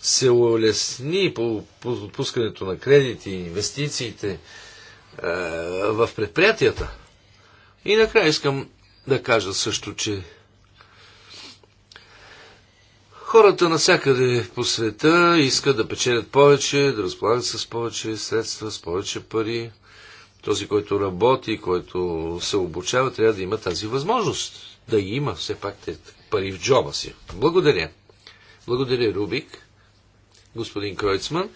се улесни по, по отпускането на кредити, инвестициите е, в предприятията. И накрая искам да кажа също, че Хората навсякъде по света искат да печелят повече, да разполагат с повече средства, с повече пари. Този, който работи, който се обучава, трябва да има тази възможност. Да има все пак те пари в джоба си. Благодаря. Благодаря, Рубик. Господин Кройцман.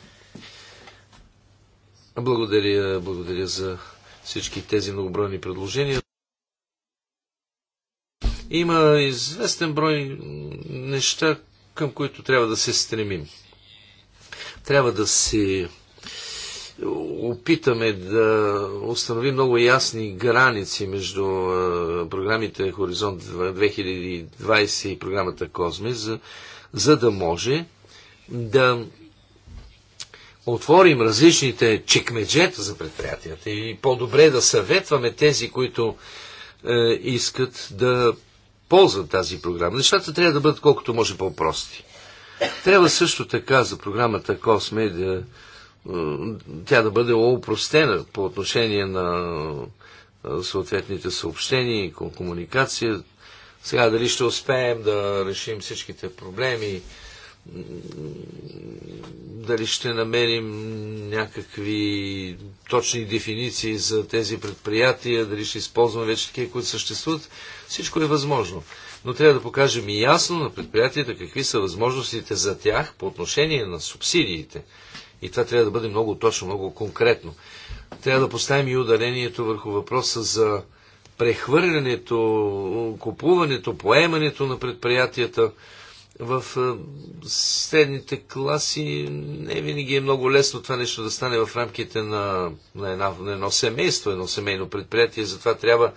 Благодаря, благодаря за всички тези многобройни предложения. Има известен брой неща, към които трябва да се стремим. Трябва да се опитаме да установим много ясни граници между програмите Хоризонт 2020 и програмата Козме, за, за да може да отворим различните чекмеджета за предприятията и по-добре да съветваме тези, които е, искат да ползват тази програма. Нещата трябва да бъдат колкото може по-прости. Трябва също така за програмата Косме да тя да бъде опростена по отношение на съответните съобщения и комуникация. Сега дали ще успеем да решим всичките проблеми, дали ще намерим някакви точни дефиниции за тези предприятия, дали ще използваме вече такива, които съществуват. Всичко е възможно. Но трябва да покажем и ясно на предприятията какви са възможностите за тях по отношение на субсидиите. И това трябва да бъде много точно, много конкретно. Трябва да поставим и ударението върху въпроса за прехвърлянето, купуването, поемането на предприятията в е, средните класи не винаги е много лесно това нещо да стане в рамките на, на, една, на едно семейство, едно семейно предприятие. Затова трябва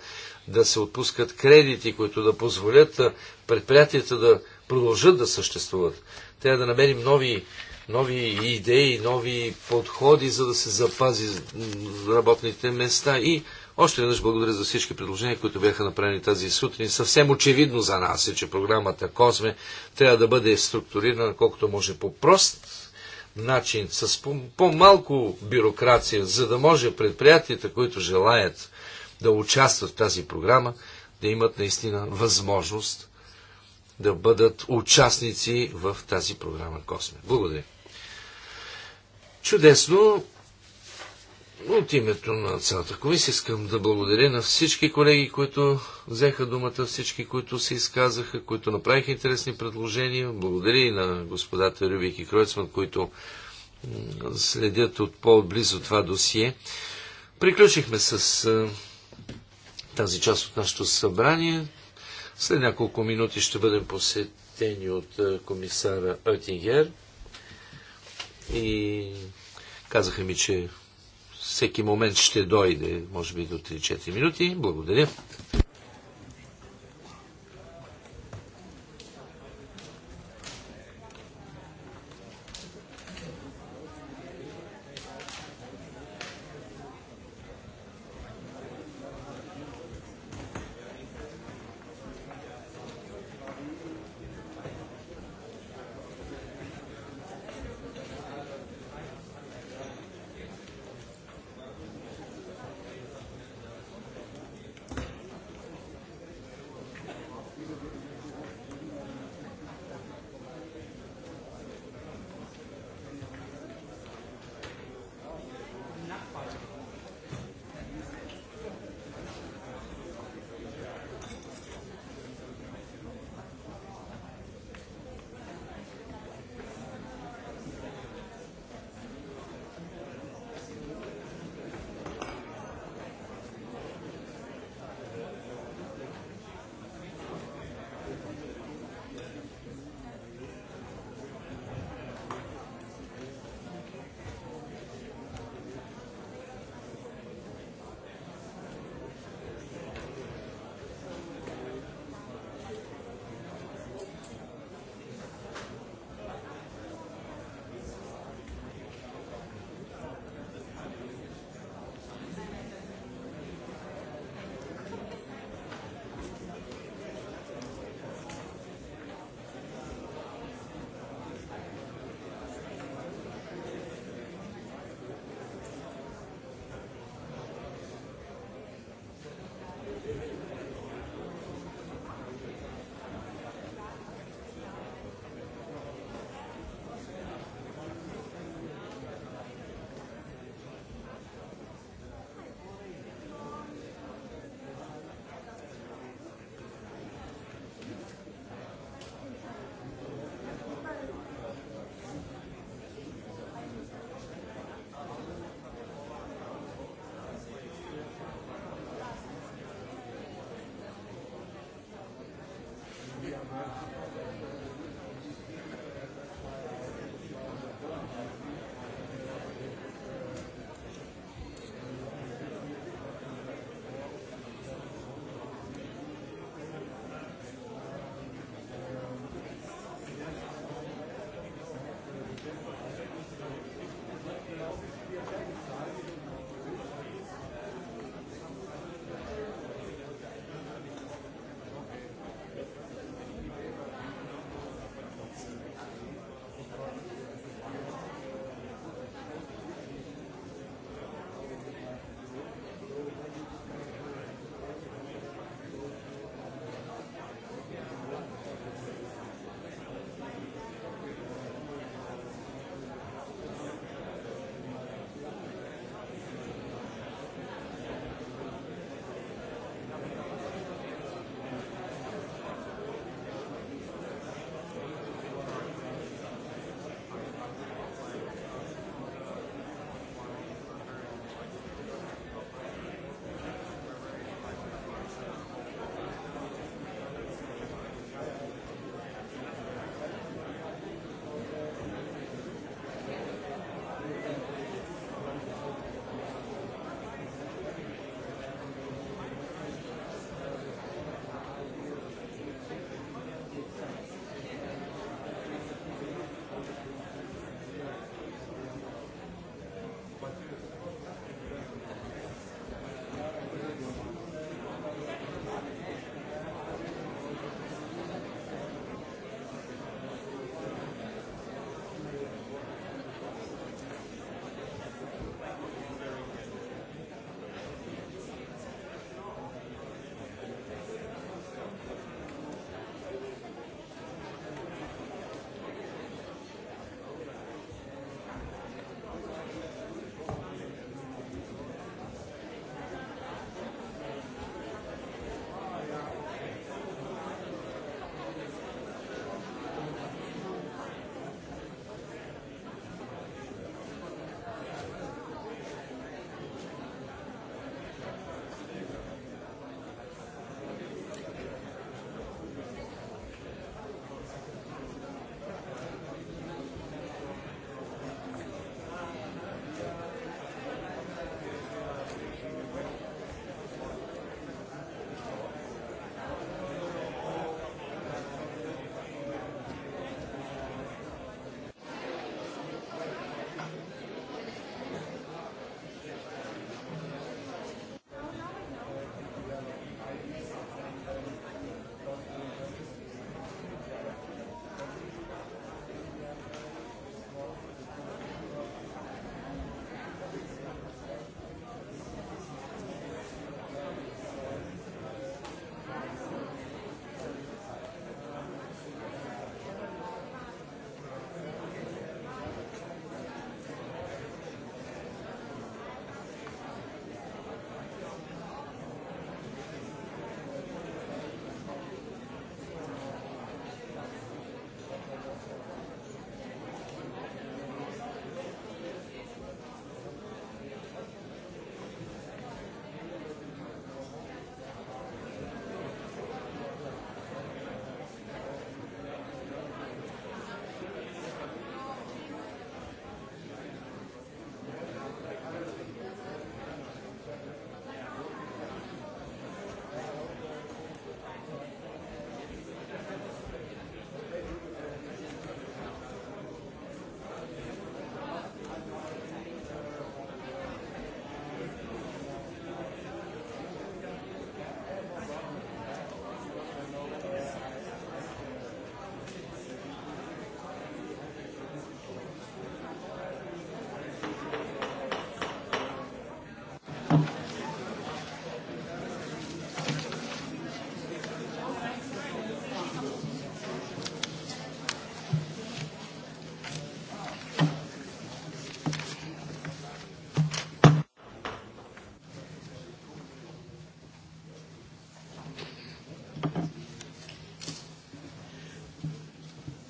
да се отпускат кредити, които да позволят предприятията да продължат да съществуват. Трябва да намерим нови, нови идеи, нови подходи, за да се запази работните места. И още веднъж благодаря за всички предложения, които бяха направени тази сутрин. Съвсем очевидно за нас е, че програмата Козме трябва да бъде структурирана колкото може по-прост начин, с по-малко бюрокрация, за да може предприятията, които желаят да участват в тази програма, да имат наистина възможност да бъдат участници в тази програма Косме. Благодаря. Чудесно! От името на цялата комисия искам да благодаря на всички колеги, които взеха думата, всички, които се изказаха, които направиха интересни предложения. Благодаря и на господата Рюбик и Кройцман, които следят от по-близо това досие. Приключихме с тази част от нашето събрание. След няколко минути ще бъдем посетени от е, комисара Оттингер. И казаха ми, че всеки момент ще дойде, може би до 3-4 минути. Благодаря.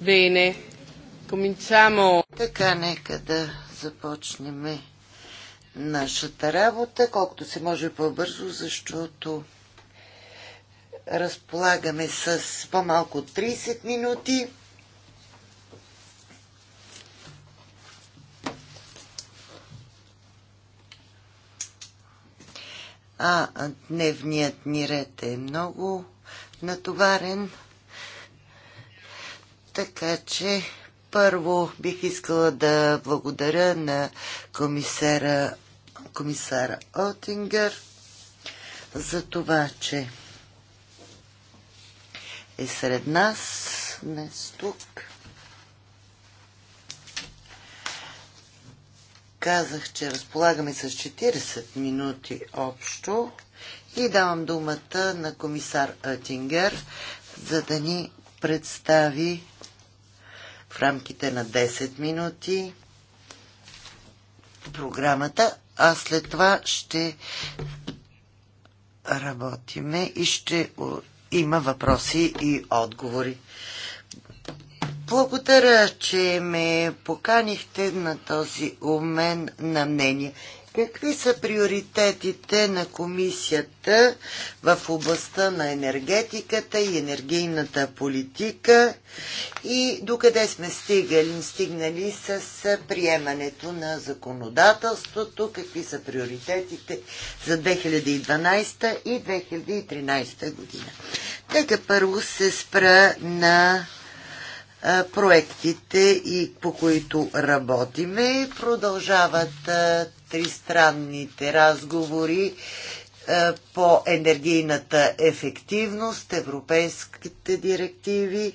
Bene. Cominciamo. Така, нека да започнем нашата работа, колкото се може по-бързо, защото разполагаме с по-малко 30 минути. А дневният ни ред е много натоварен. Така че първо бих искала да благодаря на комисара, комисара Отингър за това, че е сред нас днес тук. Казах, че разполагаме с 40 минути общо и давам думата на комисар Атингер, за да ни представи в рамките на 10 минути програмата, а след това ще работиме и ще има въпроси и отговори. Благодаря, че ме поканихте на този умен на мнение. Какви са приоритетите на комисията в областта на енергетиката и енергийната политика и докъде сме стигали, стигнали с приемането на законодателството? Какви са приоритетите за 2012 и 2013 година? Нека първо се спра на проектите и по които работиме. Продължават тристранните разговори е, по енергийната ефективност, европейските директиви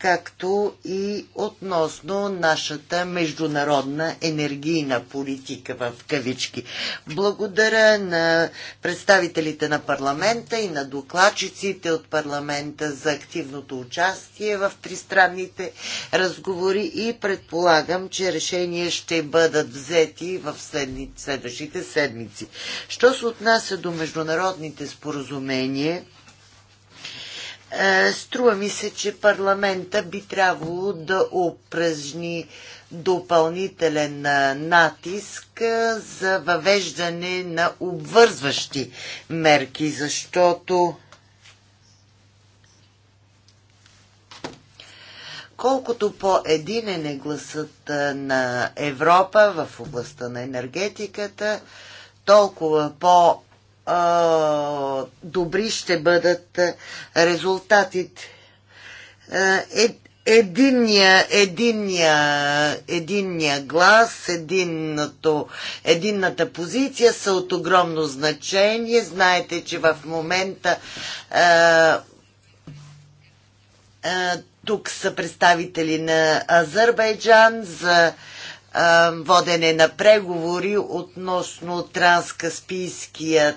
както и относно нашата международна енергийна политика в кавички. Благодаря на представителите на парламента и на докладчиците от парламента за активното участие в тристранните разговори и предполагам, че решения ще бъдат взети в следващите седмици. Що се отнася до международните споразумения, е, струва ми се, че парламента би трябвало да упражни допълнителен е, натиск е, за въвеждане на обвързващи мерки, защото колкото по-единен е гласът на Европа в областта на енергетиката, толкова по- добри ще бъдат резултатите. единния, единния, единния глас, единното, единната позиция са от огромно значение. Знаете, че в момента а, а, тук са представители на Азербайджан за а, водене на преговори относно Транскаспийският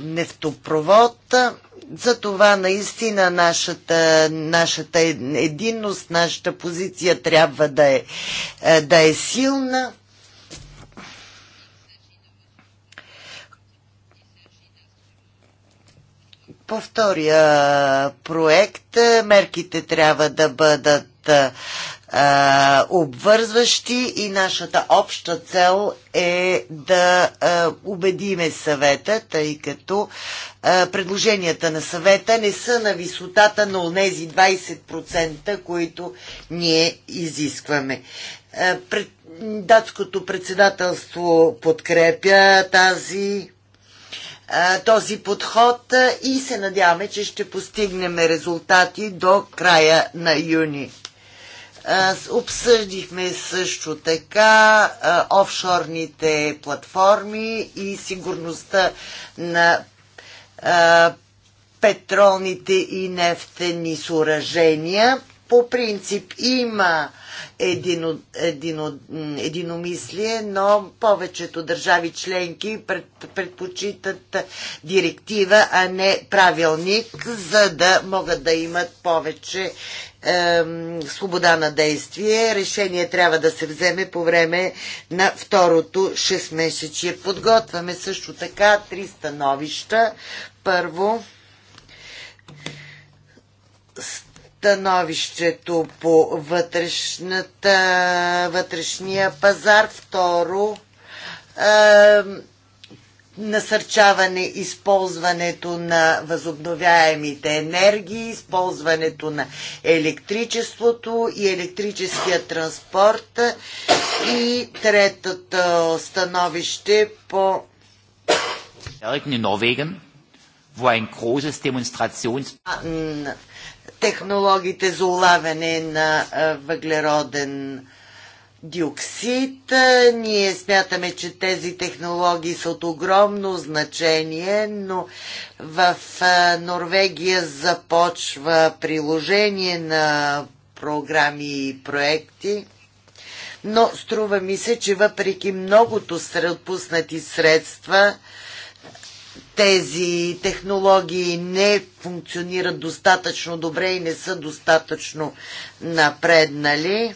нефтопровод. За това наистина нашата, нашата единност, нашата позиция трябва да е, да е силна. По втория проект мерките трябва да бъдат а, е, обвързващи и нашата обща цел е да а, е, убедиме съвета, тъй като а, е, предложенията на съвета не са на висотата на тези 20%, които ние изискваме. А, пред, датското председателство подкрепя тази този подход и се надяваме, че ще постигнем резултати до края на юни. Обсъдихме също така офшорните платформи и сигурността на петролните и нефтени съоръжения. По принцип има едино, едино, единомислие, но повечето държави членки пред, предпочитат директива, а не правилник, за да могат да имат повече е, свобода на действие. Решение трябва да се вземе по време на второто 6 месечие. Подготвяме също така три становища. Първо, становището по вътрешната, вътрешния пазар. Второ, е, насърчаване използването на възобновяемите енергии, използването на електричеството и електрическия транспорт и третото становище по Технологите за улавяне на въглероден диоксид. Ние смятаме, че тези технологии са от огромно значение, но в Норвегия започва приложение на програми и проекти. Но струва ми се, че въпреки многото отпуснати средства, тези технологии не функционират достатъчно добре и не са достатъчно напреднали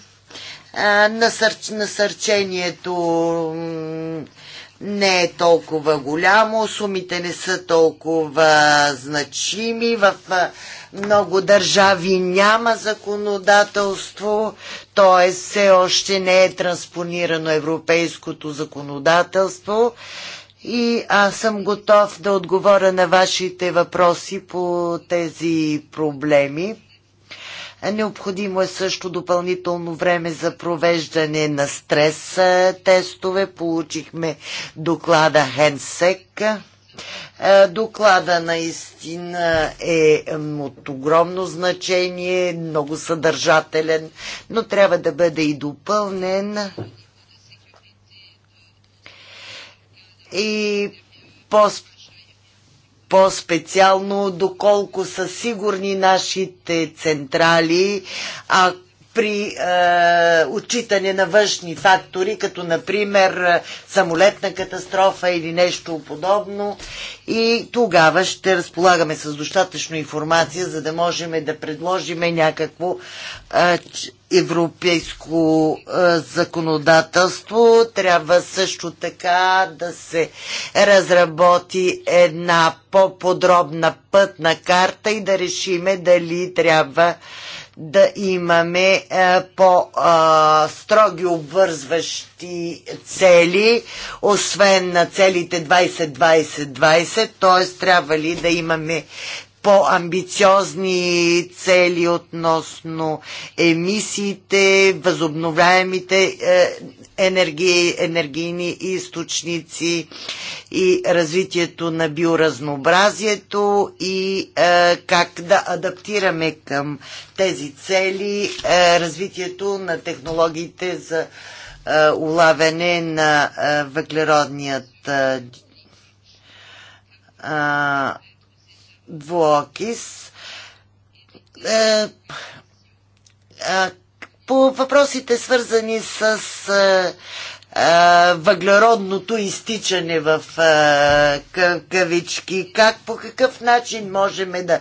насър... насърчението не е толкова голямо, сумите не са толкова значими, в много държави няма законодателство, т.е. все още не е транспонирано европейското законодателство и аз съм готов да отговоря на вашите въпроси по тези проблеми. Необходимо е също допълнително време за провеждане на стрес тестове. Получихме доклада Хенсек. Доклада наистина е от огромно значение, много съдържателен, но трябва да бъде и допълнен. И по по-специално доколко са сигурни нашите централи, ако при е, отчитане на външни фактори, като например самолетна катастрофа или нещо подобно. И тогава ще разполагаме с достатъчно информация, за да можем да предложим някакво е, европейско е, законодателство. Трябва също така да се разработи една по-подробна пътна карта и да решиме дали трябва да имаме е, по-строги обвързващи цели, освен на целите 20-20-20, т.е. трябва ли да имаме по-амбициозни цели относно емисиите, възобновяемите е, енергии, енергийни източници и развитието на биоразнообразието и е, как да адаптираме към тези цели е, развитието на технологиите за е, улавяне на е, въглеродният е, двуокис. Е, е, по въпросите свързани с въглеродното изтичане в кавички. Как, по какъв начин можем да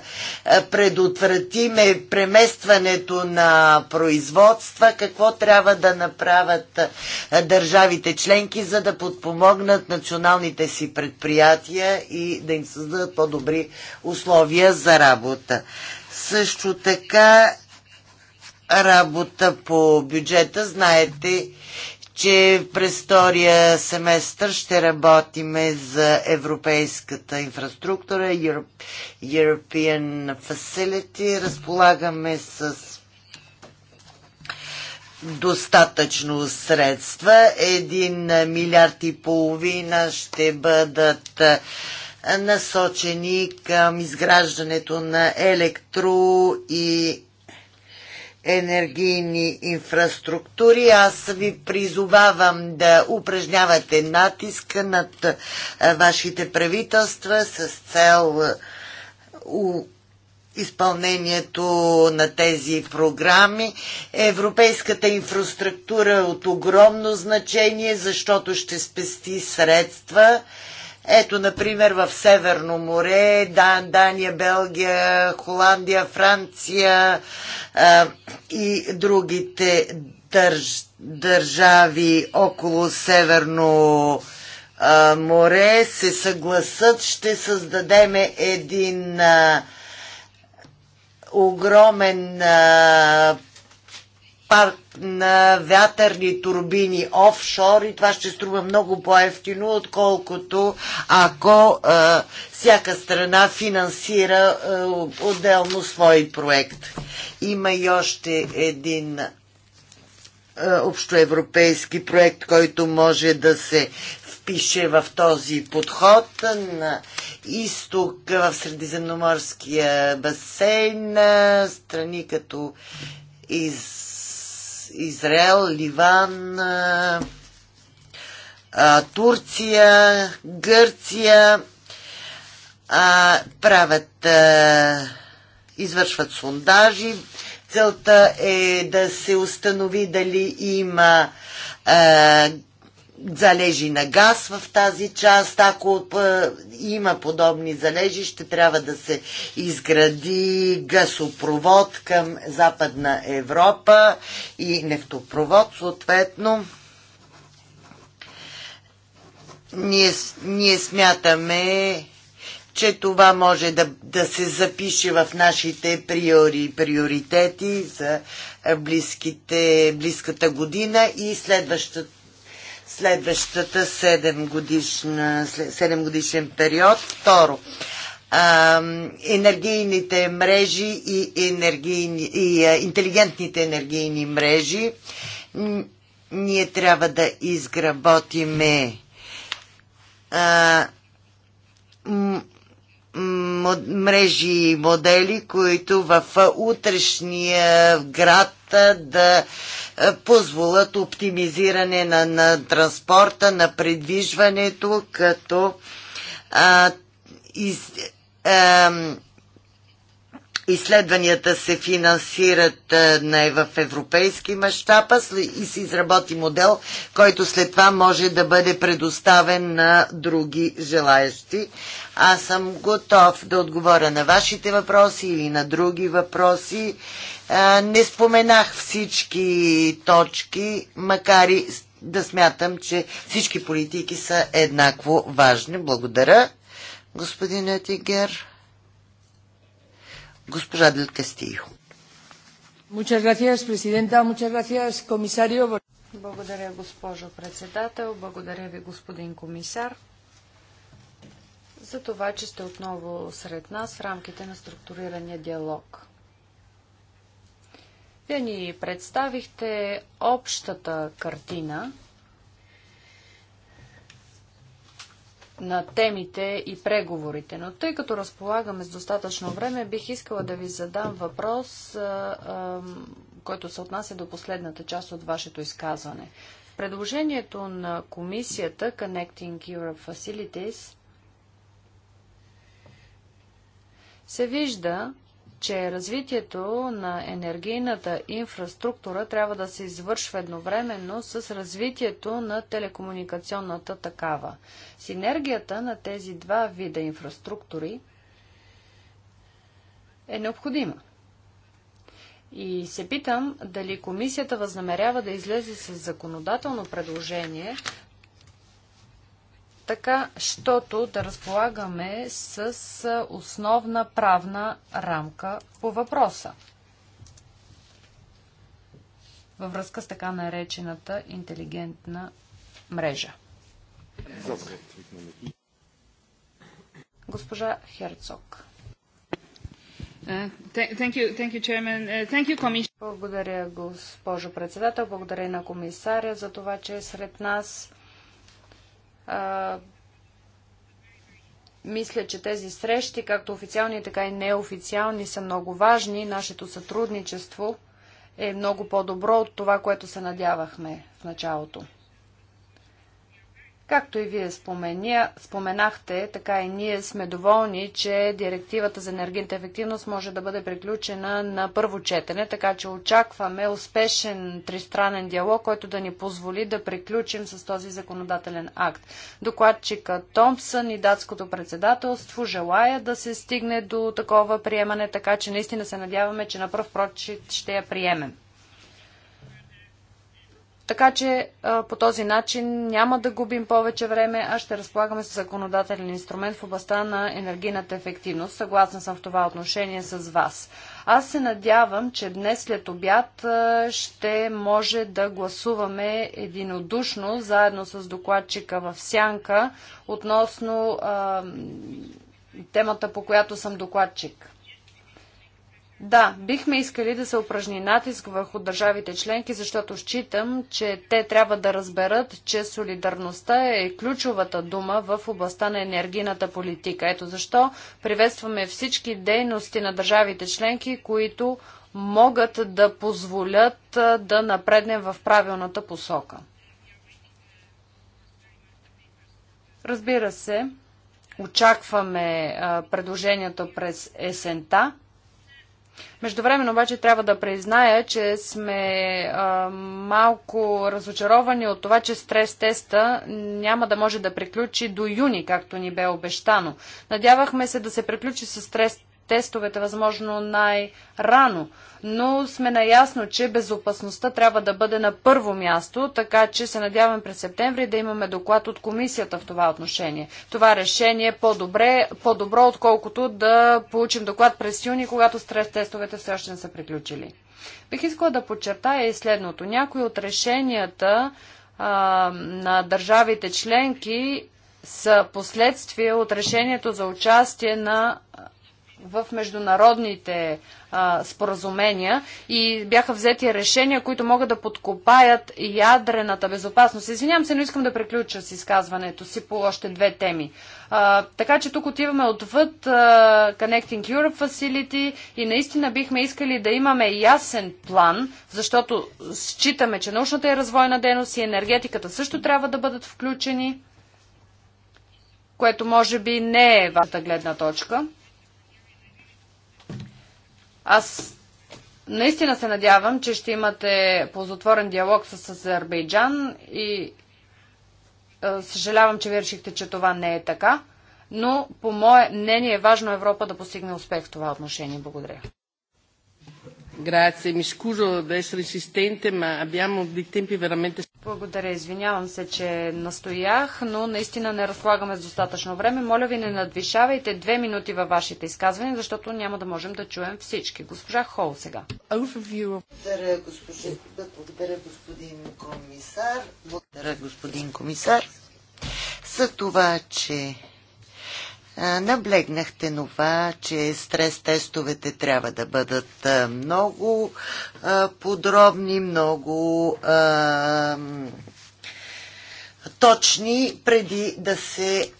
предотвратиме преместването на производства? Какво трябва да направят държавите членки, за да подпомогнат националните си предприятия и да им създадат по-добри условия за работа? Също така работа по бюджета. Знаете, че през втория семестър ще работиме за европейската инфраструктура, European Facility. Разполагаме с достатъчно средства. Един милиард и половина ще бъдат насочени към изграждането на електро и енергийни инфраструктури. Аз ви призовавам да упражнявате натиска над вашите правителства с цел изпълнението на тези програми. Европейската инфраструктура е от огромно значение, защото ще спести средства ето, например, в Северно море, Дан, Дания, Белгия, Холандия, Франция а, и другите държ, държави около Северно а, море се съгласат, ще създадеме един а, огромен а, парк на вятърни турбини офшор и това ще струва много по-ефтино, отколкото ако а, всяка страна финансира а, отделно свой проект. Има и още един а, общоевропейски проект, който може да се впише в този подход на изток в Средиземноморския басейн, страни като из Израел, Ливан, Турция, Гърция правят, извършват сондажи. Целта е да се установи дали има залежи на газ в тази част. Ако е, има подобни залежи, ще трябва да се изгради газопровод към Западна Европа и нефтопровод, съответно. Ние, ние смятаме, че това може да, да се запише в нашите приори, приоритети за близките, близката година и следващата следващата 7, годишна, 7 годишен период. Второ, енергийните мрежи и, енергийни, и интелигентните енергийни мрежи. Ние трябва да изгработиме мрежи и модели, които в утрешния град да позволят оптимизиране на, на транспорта, на предвижването, като а, из, а, изследванията се финансират не, в европейски мащаб и се изработи модел, който след това може да бъде предоставен на други желаящи. Аз съм готов да отговоря на вашите въпроси или на други въпроси. Не споменах всички точки, макар и да смятам, че всички политики са еднакво важни. Благодаря, господин Етигер. Госпожа Дел Кастио. Благодаря, госпожо председател. Благодаря ви, господин комисар, за това, че сте отново сред нас в рамките на структурирания диалог. Вие ни представихте общата картина на темите и преговорите. Но тъй като разполагаме с достатъчно време, бих искала да ви задам въпрос, който се отнася до последната част от вашето изказване. Предложението на комисията Connecting Europe Facilities се вижда, че развитието на енергийната инфраструктура трябва да се извършва едновременно с развитието на телекомуникационната такава. Синергията на тези два вида инфраструктури е необходима. И се питам дали комисията възнамерява да излезе с законодателно предложение, така, щото да разполагаме с основна правна рамка по въпроса във връзка с така наречената интелигентна мрежа. Госпожа Херцог. Е, е, Благодаря, госпожо председател. Благодаря и на комисаря за това, че е сред нас. А, мисля, че тези срещи, както официални, така и неофициални, са много важни. Нашето сътрудничество е много по-добро от това, което се надявахме в началото. Както и вие спомения, споменахте, така и ние сме доволни, че директивата за енергийната ефективност може да бъде приключена на първо четене, така че очакваме успешен тристранен диалог, който да ни позволи да приключим с този законодателен акт. Докладчика Томпсън и датското председателство желая да се стигне до такова приемане, така че наистина се надяваме, че на пръв прочит ще я приемем. Така че по този начин няма да губим повече време, а ще разполагаме с законодателен инструмент в областта на енергийната ефективност. Съгласна съм в това отношение с вас. Аз се надявам, че днес след обяд ще може да гласуваме единодушно, заедно с докладчика в Сянка, относно темата, по която съм докладчик. Да, бихме искали да се упражни натиск върху държавите членки, защото считам, че те трябва да разберат, че солидарността е ключовата дума в областта на енергийната политика. Ето защо приветстваме всички дейности на държавите членки, които могат да позволят да напреднем в правилната посока. Разбира се, очакваме предложението през есента Междувременно обаче трябва да призная, че сме а, малко разочаровани от това, че стрес теста няма да може да приключи до юни, както ни бе обещано. Надявахме се да се приключи с стрес тестовете възможно най-рано. Но сме наясно, че безопасността трябва да бъде на първо място, така че се надявам през септември да имаме доклад от комисията в това отношение. Това решение е по-добре, по-добро, отколкото да получим доклад през юни, когато стрес тестовете все още не са приключили. Бих искала да подчертая и следното. Някои от решенията а, на държавите членки са последствия от решението за участие на в международните а, споразумения и бяха взети решения, които могат да подкопаят ядрената безопасност. Извинявам се, но искам да приключа с изказването си по още две теми. А, така че тук отиваме отвъд а, Connecting Europe Facility и наистина бихме искали да имаме ясен план, защото считаме, че научната и развойна дейност и енергетиката също трябва да бъдат включени което може би не е вашата гледна точка. Аз наистина се надявам, че ще имате ползотворен диалог с Азербайджан и съжалявам, че ви решихте, че това не е така, но по мое мнение е важно Европа да постигне успех в това отношение. Благодаря. Grazie, mi scuso di essere insistente, ma abbiamo dei tempi veramente... Благодаря, извинявам се, че настоях, но наистина не разполагаме с достатъчно време. Моля ви, не надвишавайте две минути във вашите изказвания, защото няма да можем да чуем всички. Госпожа Хол сега. Благодаря, госпожа, благодаря господин комисар. Благодаря, господин комисар, за това, че Наблегнахте нова, това, че стрес-тестовете трябва да бъдат много подробни, много точни, преди да се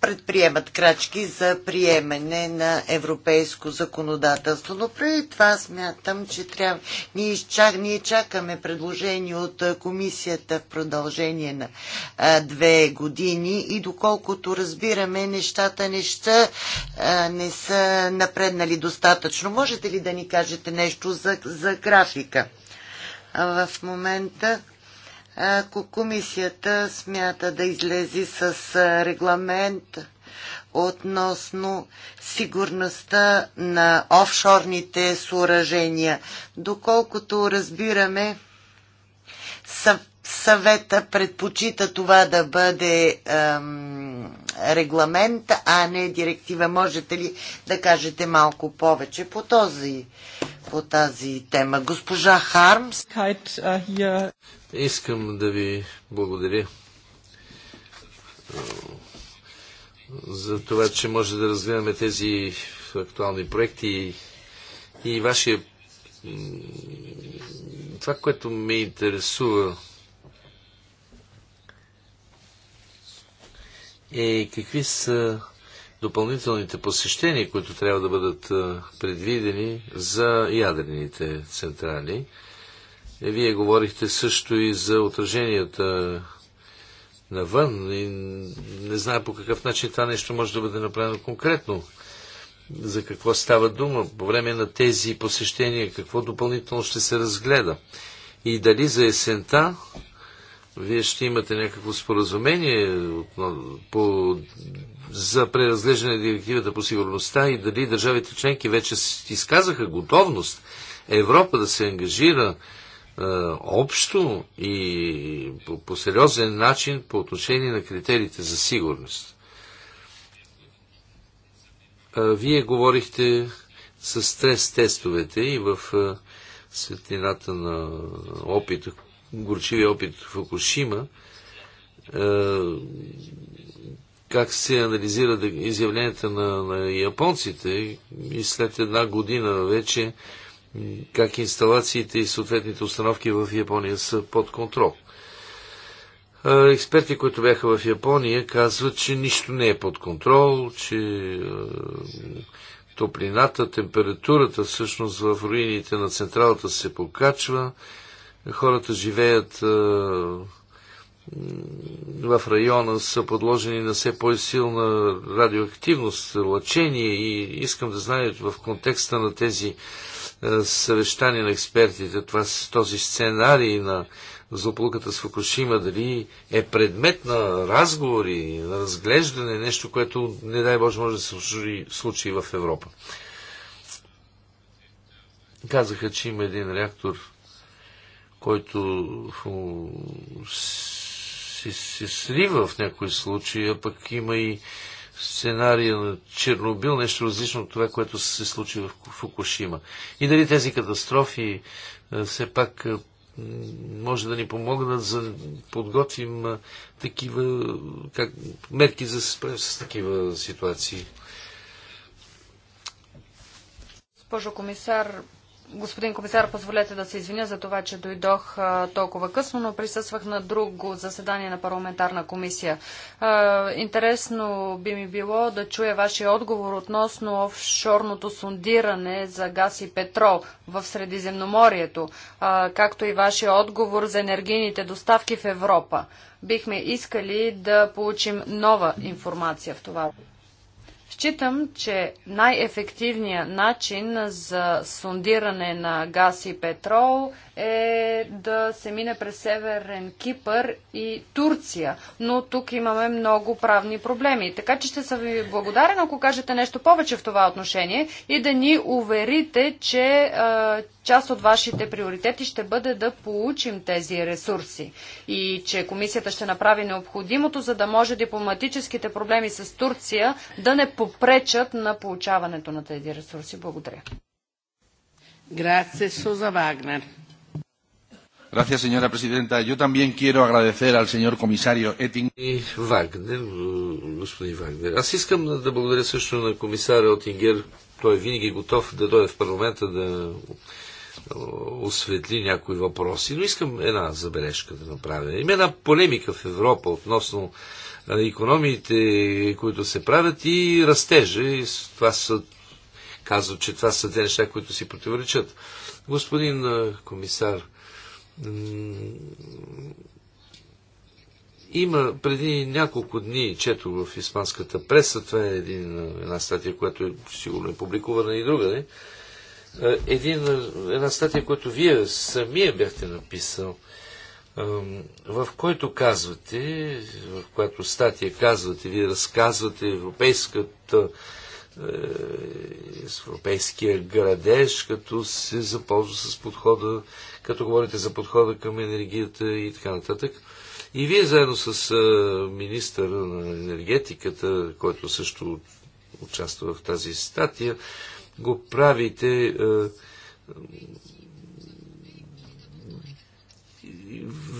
предприемат крачки за приемане на европейско законодателство. Но преди това смятам, че трябва... Ние, чак... Ние чакаме предложение от комисията в продължение на а, две години и доколкото разбираме, нещата неща а, не са напреднали достатъчно. Можете ли да ни кажете нещо за, за графика? А, в момента Комисията смята да излезе с регламент относно сигурността на офшорните съоръжения. Доколкото разбираме, съвета предпочита това да бъде ем, регламент, а не директива. Можете ли да кажете малко повече по този по тази тема. Госпожа Хармс. Искам да ви благодаря за това, че може да разгледаме тези актуални проекти и вашия това, което ме интересува е какви са допълнителните посещения, които трябва да бъдат предвидени за ядрените централи. Е, вие говорихте също и за отраженията навън и не знае по какъв начин това нещо може да бъде направено конкретно. За какво става дума по време на тези посещения, какво допълнително ще се разгледа и дали за есента вие ще имате някакво споразумение по, за преразглеждане на директивата по сигурността и дали държавите членки вече изказаха готовност Европа да се ангажира е, общо и по, по сериозен начин по отношение на критериите за сигурност. Вие говорихте с стрес-тестовете и в е, светлината на опит, горчивия опит в Окушима, е, как се анализира изявленията на, на японците и след една година вече как инсталациите и съответните установки в Япония са под контрол. Експерти, които бяха в Япония, казват, че нищо не е под контрол, че топлината, температурата всъщност в руините на централата се покачва. Хората живеят в района са подложени на все по-силна радиоактивност, лъчение и искам да знаят в контекста на тези е, съвещание на експертите, това, този сценарий на злополуката с Фукушима, дали е предмет на разговори, на разглеждане, нещо, което, не дай Боже, може да се случи в Европа. Казаха, че има един реактор, който се, се срива в някои случаи, а пък има и сценария на Чернобил, нещо различно от това, което се случи в Фукушима. И дали тези катастрофи е, все пак е, може да ни помогнат за подготвим е, такива как, мерки за да с такива ситуации. Госпожо комисар, Господин комисар, позволете да се извиня за това, че дойдох толкова късно, но присъствах на друго заседание на парламентарна комисия. Интересно би ми било да чуя вашия отговор относно офшорното сундиране за газ и петрол в Средиземноморието, както и вашия отговор за енергийните доставки в Европа. Бихме искали да получим нова информация в това. Считам, че най-ефективният начин за сондиране на газ и петрол – е да се мине през Северен Кипър и Турция. Но тук имаме много правни проблеми. Така че ще съм ви благодарен, ако кажете нещо повече в това отношение и да ни уверите, че е, част от вашите приоритети ще бъде да получим тези ресурси и че комисията ще направи необходимото, за да може дипломатическите проблеми с Турция да не попречат на получаването на тези ресурси. Благодаря. Grazie Sosa Wagner. Gracias, señora presidenta. Yo también quiero agradecer al señor комисарио Етингер. Вагнер, господин Вагнер. Аз искам да благодаря също на комисаря Отингер. Той е винаги готов да дойде в парламента да осветли някои въпроси. Но искам една забележка да направя. Има една полемика в Европа относно економиите, които се правят и растежа. И това са, казват, че това са те неща, които си противоречат. Господин комисар, има преди няколко дни, чето в испанската преса, това е един, една статия, която е, сигурно е публикувана и не? Е, един, една статия, която вие самия бяхте написал, в който казвате, в която статия казвате, вие разказвате европейската е, с европейския градеж, като се запозва с подхода, като говорите за подхода към енергията и така нататък. И вие заедно с е, министър на енергетиката, който също участва в тази статия, го правите е,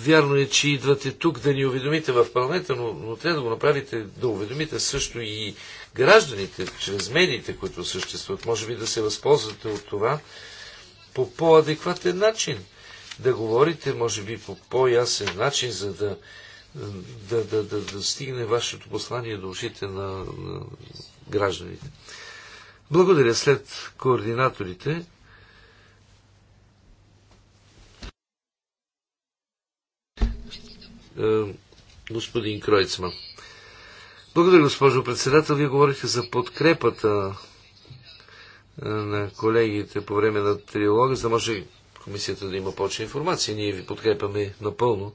вярно е, че идвате тук да ни уведомите в парламента, но, но трябва да го направите, да уведомите също и гражданите, чрез медиите, които съществуват, може би да се възползвате от това по по-адекватен начин. Да говорите, може би, по по-ясен начин, за да, да, да, да, да стигне вашето послание до ушите на, на гражданите. Благодаря след координаторите. Е, господин Кройцман. Благодаря, госпожо председател. Вие говорихте за подкрепата на колегите по време на трилога, за да може комисията да има повече информация. Ние ви подкрепяме напълно,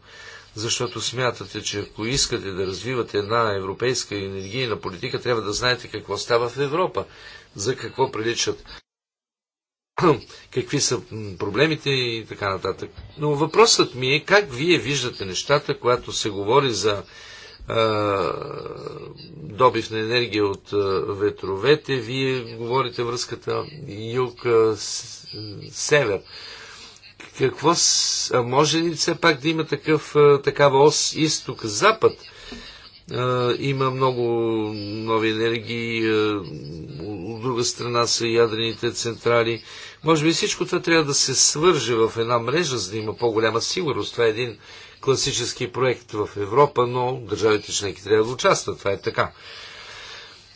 защото смятате, че ако искате да развивате една европейска енергийна политика, трябва да знаете какво става в Европа, за какво приличат какви са проблемите и така нататък. Но въпросът ми е как вие виждате нещата, когато се говори за добив на енергия от ветровете. Вие говорите връзката юг-север. Какво а може ли все пак да има такъв, такава ос изток-запад? Има много нови енергии, от друга страна са ядрените централи. Може би всичко това трябва да се свърже в една мрежа, за да има по-голяма сигурност. Това е един класически проект в Европа, но държавите членки трябва да участват. Това е така.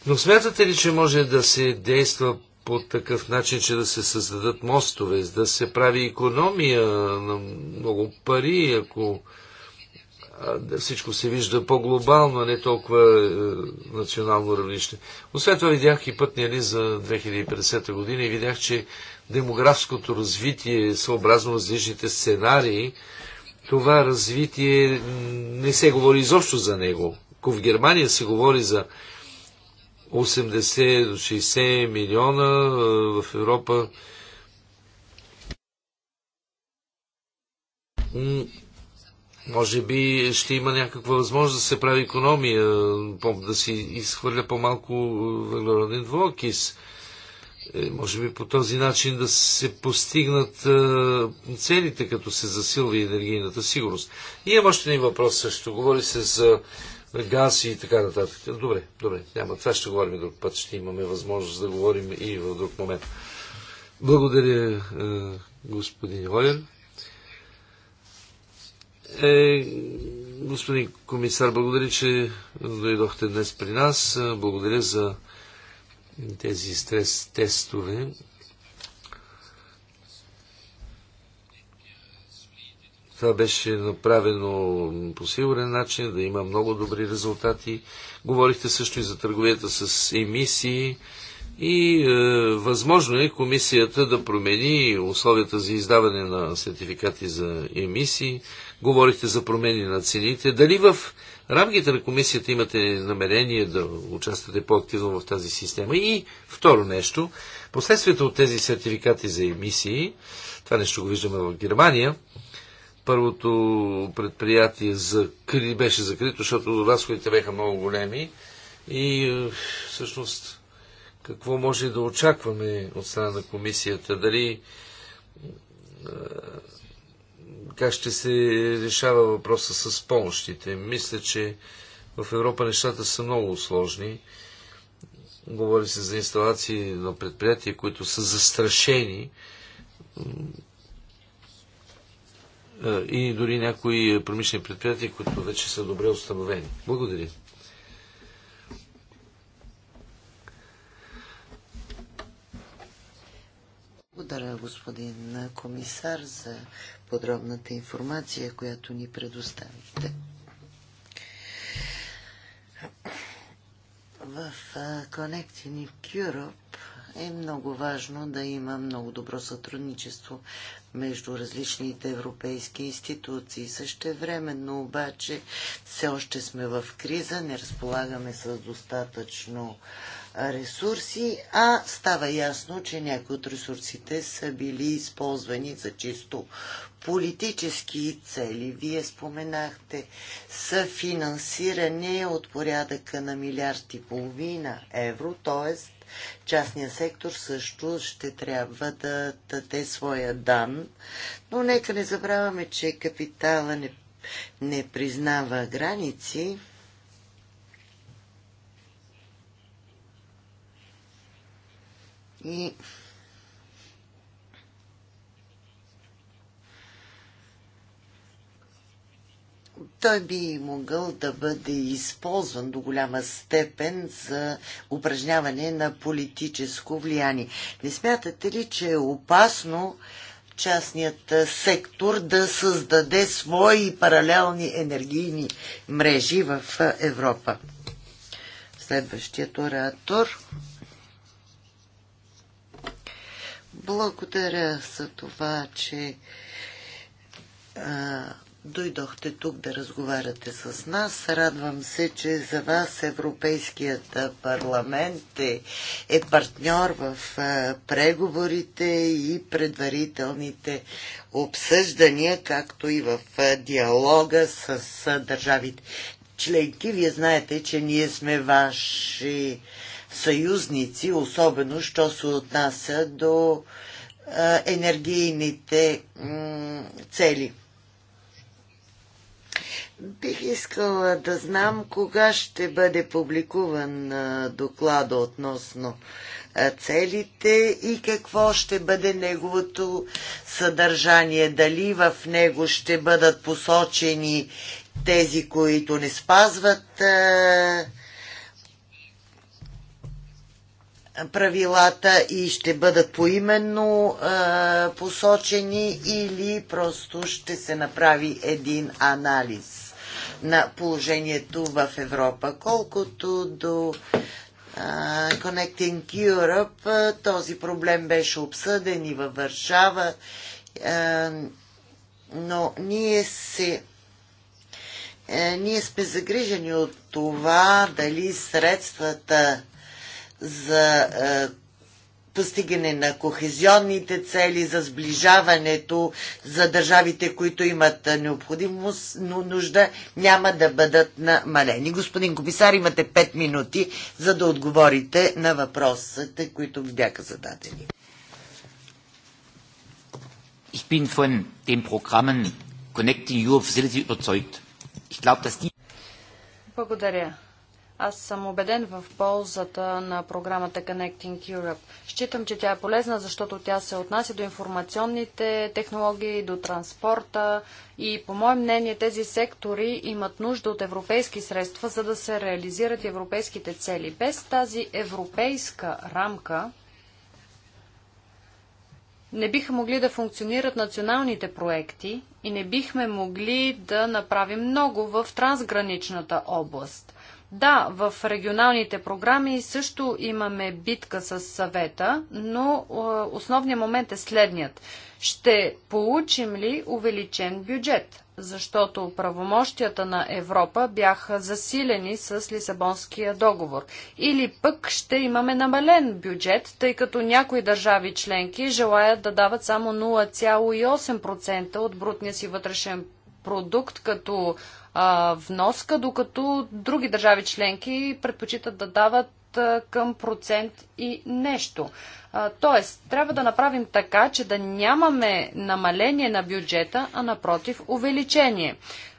Но смятате ли, че може да се действа по такъв начин, че да се създадат мостове, да се прави економия на много пари, ако всичко се вижда по-глобално, а не толкова е, национално равнище. Освен това видях и пътния лист за 2050 година и видях, че демографското развитие съобразно различните сценарии това развитие не се говори изобщо за него. Ако в Германия се говори за 80 до 60 милиона, в Европа може би ще има някаква възможност да се прави економия, да си изхвърля по-малко въглероден двуокис. Е, може би по този начин да се постигнат е, целите, като се засилва и енергийната сигурност. И има още един въпрос също. Говори се за газ и така нататък. Добре, добре, няма. Това ще говорим друг път. Ще имаме възможност да говорим и в друг момент. Благодаря, е, господин Олен. Е, господин комисар, благодаря, че дойдохте днес при нас. Благодаря за тези стрес тестове. Това беше направено по сигурен начин, да има много добри резултати. Говорихте също и за търговията с емисии и е, възможно е комисията да промени условията за издаване на сертификати за емисии. Говорихте за промени на цените. Дали в рамките на комисията имате намерение да участвате по-активно в тази система? И второ нещо, последствията от тези сертификати за емисии, това нещо го виждаме в Германия, първото предприятие за, беше закрито, защото разходите беха много големи и е, всъщност какво може да очакваме от страна на комисията? Дали е, как ще се решава въпроса с помощите. Мисля, че в Европа нещата са много сложни. Говори се за инсталации на предприятия, които са застрашени и дори някои промишлени предприятия, които вече са добре установени. Благодаря. Благодаря, господин комисар, за подробната информация, която ни предоставите. В Connecting Europe е много важно да има много добро сътрудничество между различните европейски институции. Същевременно обаче все още сме в криза, не разполагаме с достатъчно ресурси, а става ясно, че някои от ресурсите са били използвани за чисто политически цели. Вие споменахте са финансиране от порядъка на милиард и половина евро, т.е. частният сектор също ще трябва да даде своя дан. Но нека не забравяме, че капитала не, не признава граници И той би могъл да бъде използван до голяма степен за упражняване на политическо влияние. Не смятате ли, че е опасно частният сектор да създаде свои паралелни енергийни мрежи в Европа? Следващият оратор. Благодаря за това, че а, дойдохте тук да разговаряте с нас. Радвам се, че за вас Европейският парламент е, е партньор в а, преговорите и предварителните обсъждания, както и в а, диалога с а, държавите членки. Вие знаете, че ние сме ваши съюзници, особено, що се отнася до енергийните цели. Бих искала да знам кога ще бъде публикуван доклада относно целите и какво ще бъде неговото съдържание. Дали в него ще бъдат посочени тези, които не спазват правилата и ще бъдат поименно а, посочени или просто ще се направи един анализ на положението в Европа. Колкото до а, Connecting Europe, този проблем беше обсъден и във Варшава, но ние се е, ние сме загрижени от това дали средствата за е, постигане на кохезионните цели, за сближаването, за държавите, които имат е, необходимост, но нужда няма да бъдат намалени. Господин комисар, имате 5 минути, за да отговорите на въпросите, които ви бяха зададени. Ich bin von den Programmen Connecting Europe Facility überzeugt. Ich glaube, dass die Благодаря. Аз съм убеден в ползата на програмата Connecting Europe. Считам, че тя е полезна, защото тя се отнася до информационните технологии, до транспорта и, по мое мнение, тези сектори имат нужда от европейски средства, за да се реализират европейските цели. Без тази европейска рамка не биха могли да функционират националните проекти и не бихме могли да направим много в трансграничната област – да, в регионалните програми също имаме битка с съвета, но основният момент е следният. Ще получим ли увеличен бюджет? Защото правомощията на Европа бяха засилени с Лисабонския договор. Или пък ще имаме намален бюджет, тъй като някои държави членки желаят да дават само 0,8% от брутния си вътрешен продукт като а, вноска, докато други държави членки предпочитат да дават а, към процент и нещо. А, тоест, трябва да направим така, че да нямаме намаление на бюджета, а напротив увеличение.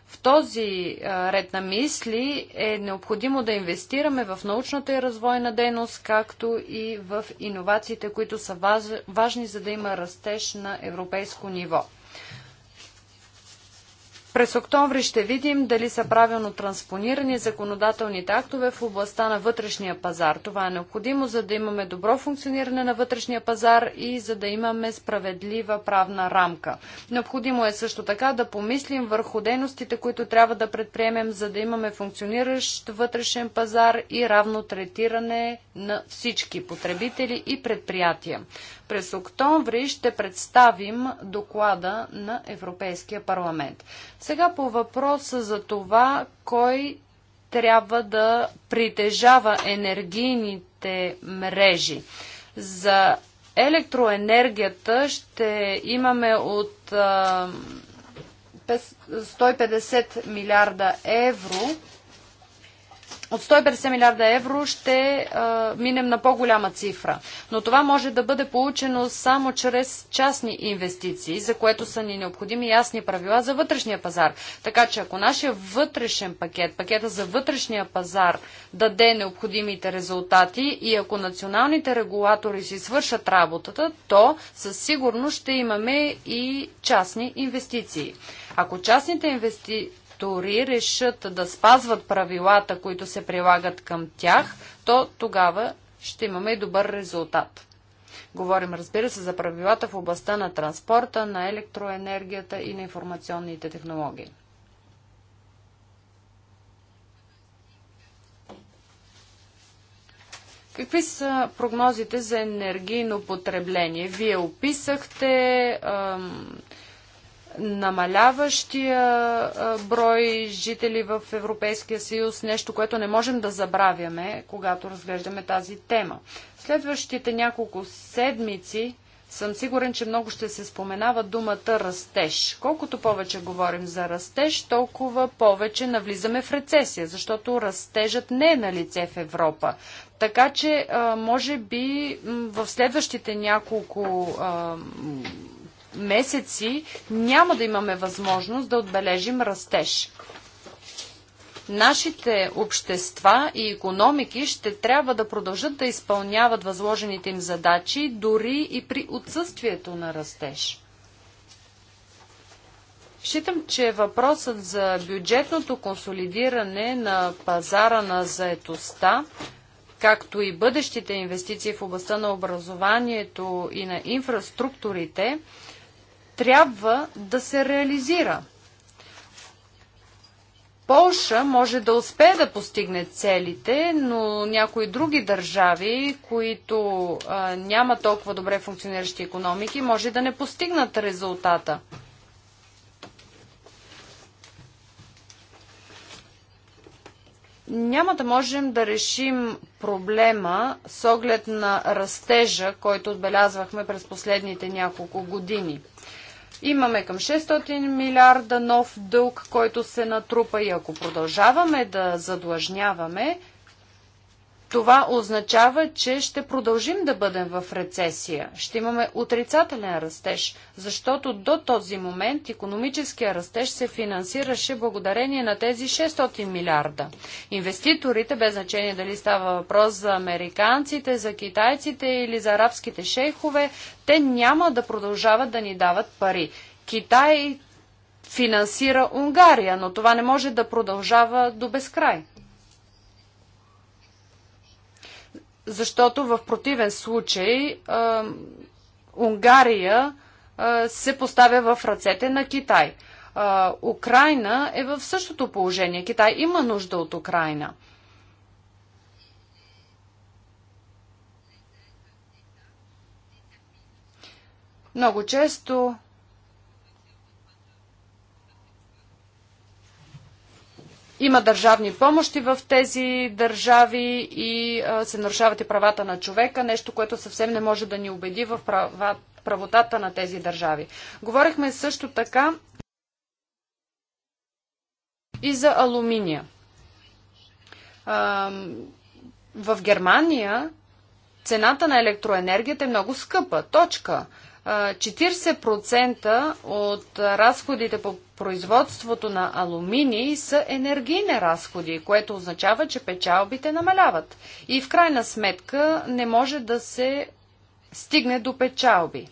В този ред на мисли е необходимо да инвестираме в научната и развойна дейност, както и в иновациите, които са важни, за да има растеж на европейско ниво. През октомври ще видим дали са правилно транспонирани законодателните актове в областта на вътрешния пазар. Това е необходимо, за да имаме добро функциониране на вътрешния пазар и за да имаме справедлива правна рамка. Необходимо е също така да помислим върху дейностите, които трябва да предприемем, за да имаме функциониращ вътрешен пазар и равно третиране на всички потребители и предприятия. През октомври ще представим доклада на Европейския парламент. Сега по въпроса за това, кой трябва да притежава енергийните мрежи. За електроенергията ще имаме от 150 милиарда евро от 150 милиарда евро ще а, минем на по-голяма цифра. Но това може да бъде получено само чрез частни инвестиции, за което са ни необходими ясни правила за вътрешния пазар. Така че ако нашия вътрешен пакет, пакета за вътрешния пазар даде необходимите резултати и ако националните регулатори си свършат работата, то със сигурност ще имаме и частни инвестиции. Ако частните инвести фактори решат да спазват правилата, които се прилагат към тях, то тогава ще имаме и добър резултат. Говорим, разбира се, за правилата в областта на транспорта, на електроенергията и на информационните технологии. Какви са прогнозите за енергийно потребление? Вие описахте ам, намаляващия брой жители в Европейския съюз, нещо, което не можем да забравяме, когато разглеждаме тази тема. Следващите няколко седмици съм сигурен, че много ще се споменава думата растеж. Колкото повече говорим за растеж, толкова повече навлизаме в рецесия, защото растежът не е на лице в Европа. Така че, може би, в следващите няколко месеци няма да имаме възможност да отбележим растеж. Нашите общества и економики ще трябва да продължат да изпълняват възложените им задачи дори и при отсъствието на растеж. Считам, че въпросът за бюджетното консолидиране на пазара на заетостта, както и бъдещите инвестиции в областта на образованието и на инфраструктурите, трябва да се реализира. Полша може да успее да постигне целите, но някои други държави, които а, няма толкова добре функциониращи економики, може да не постигнат резултата. Няма да можем да решим проблема с оглед на растежа, който отбелязвахме през последните няколко години – Имаме към 600 милиарда нов дълг, който се натрупа и ако продължаваме да задлъжняваме, това означава, че ще продължим да бъдем в рецесия. Ще имаме отрицателен растеж, защото до този момент економическия растеж се финансираше благодарение на тези 600 милиарда. Инвеститорите, без значение дали става въпрос за американците, за китайците или за арабските шейхове, те няма да продължават да ни дават пари. Китай финансира Унгария, но това не може да продължава до безкрай. защото в противен случай а, Унгария а, се поставя в ръцете на Китай. А, Украина е в същото положение. Китай има нужда от Украина. Много често Има държавни помощи в тези държави и се нарушават и правата на човека, нещо, което съвсем не може да ни убеди в правотата на тези държави. Говорихме също така и за алуминия. В Германия цената на електроенергията е много скъпа. Точка. 40% от разходите по производството на алуминий са енергийни разходи, което означава, че печалбите намаляват. И в крайна сметка не може да се стигне до печалби.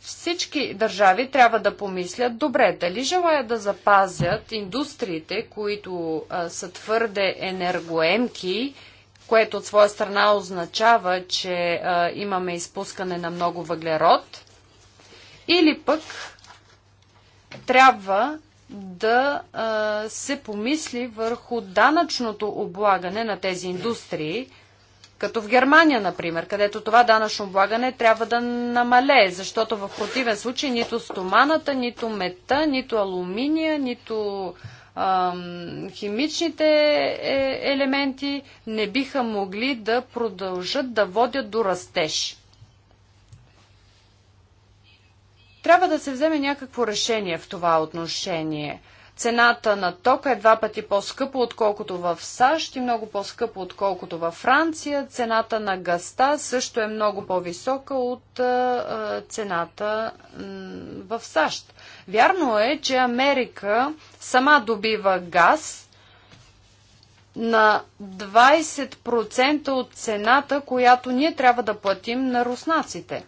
Всички държави трябва да помислят добре дали желаят да запазят индустриите, които а, са твърде енергоемки, което от своя страна означава, че а, имаме изпускане на много въглерод, или пък трябва да а, се помисли върху данъчното облагане на тези индустрии, като в Германия, например, където това данъчно облагане трябва да намалее, защото в противен случай нито стоманата, нито мета, нито алуминия, нито химичните е, елементи не биха могли да продължат да водят до растеж. Трябва да се вземе някакво решение в това отношение – Цената на тока е два пъти по-скъпа, отколкото в САЩ и много по-скъпа, отколкото във Франция. Цената на Гаста също е много по-висока от цената в САЩ. Вярно е, че Америка сама добива газ на 20% от цената, която ние трябва да платим на руснаците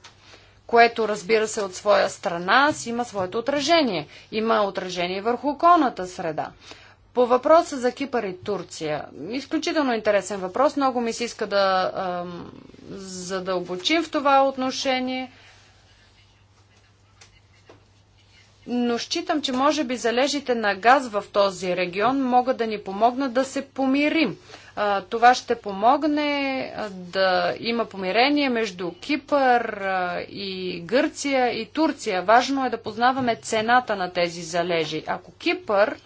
което разбира се от своя страна си има своето отражение. Има отражение върху околната среда. По въпроса за Кипър и Турция. Изключително интересен въпрос. Много ми се иска да ам, задълбочим в това отношение. Но считам, че може би залежите на газ в този регион могат да ни помогнат да се помирим. Това ще помогне да има помирение между Кипър и Гърция и Турция. Важно е да познаваме цената на тези залежи. Ако Кипър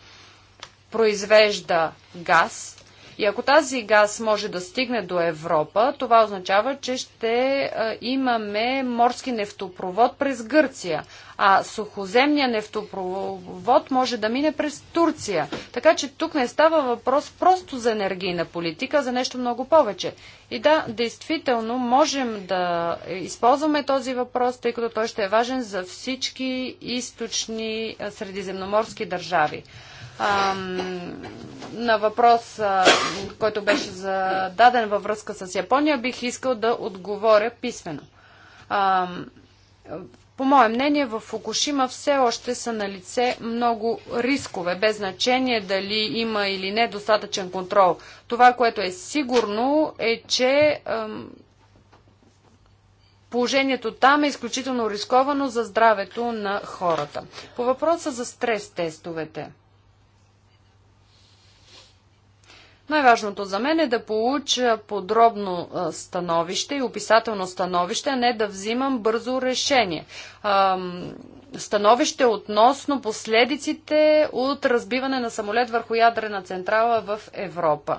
произвежда газ, и ако тази газ може да стигне до Европа, това означава, че ще имаме морски нефтопровод през Гърция, а сухоземния нефтопровод може да мине през Турция. Така че тук не става въпрос просто за енергийна политика, а за нещо много повече. И да, действително можем да използваме този въпрос, тъй като той ще е важен за всички източни средиземноморски държави ам, на въпрос, а, който беше зададен във връзка с Япония, бих искал да отговоря писменно. Ам, по мое мнение, в Фукушима все още са на лице много рискове, без значение дали има или не достатъчен контрол. Това, което е сигурно, е, че ам, положението там е изключително рисковано за здравето на хората. По въпроса за стрес тестовете – Най-важното за мен е да получа подробно становище и описателно становище, а не да взимам бързо решение. Становище относно последиците от разбиване на самолет върху ядрена централа в Европа.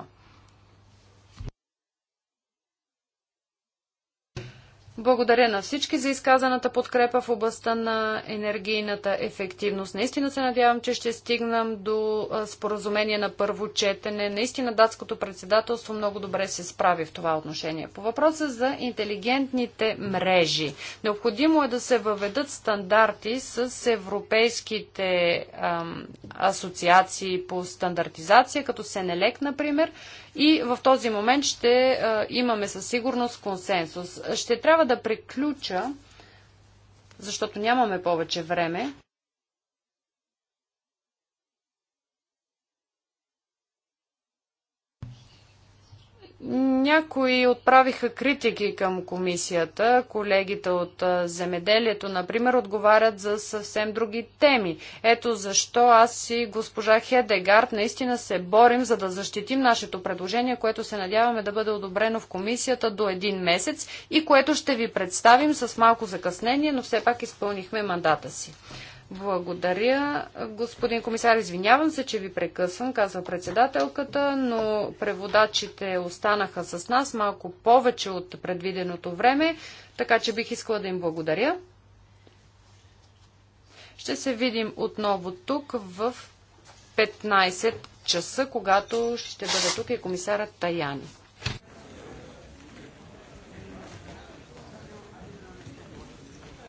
Благодаря на всички за изказаната подкрепа в областта на енергийната ефективност. Наистина се надявам, че ще стигнам до споразумение на първо четене. Наистина датското председателство много добре се справи в това отношение. По въпроса за интелигентните мрежи. Необходимо е да се въведат стандарти с европейските ам, асоциации по стандартизация, като Сенелек, например. И в този момент ще а, имаме със сигурност консенсус. Ще трябва трябва да приключа, защото нямаме повече време. Някои отправиха критики към комисията. Колегите от земеделието, например, отговарят за съвсем други теми. Ето защо аз и госпожа Хедегард наистина се борим за да защитим нашето предложение, което се надяваме да бъде одобрено в комисията до един месец и което ще ви представим с малко закъснение, но все пак изпълнихме мандата си. Благодаря. Господин комисар, извинявам се, че ви прекъсвам, казва председателката, но преводачите останаха с нас малко повече от предвиденото време, така че бих искала да им благодаря. Ще се видим отново тук в 15 часа, когато ще бъде тук и комисарът Таяни.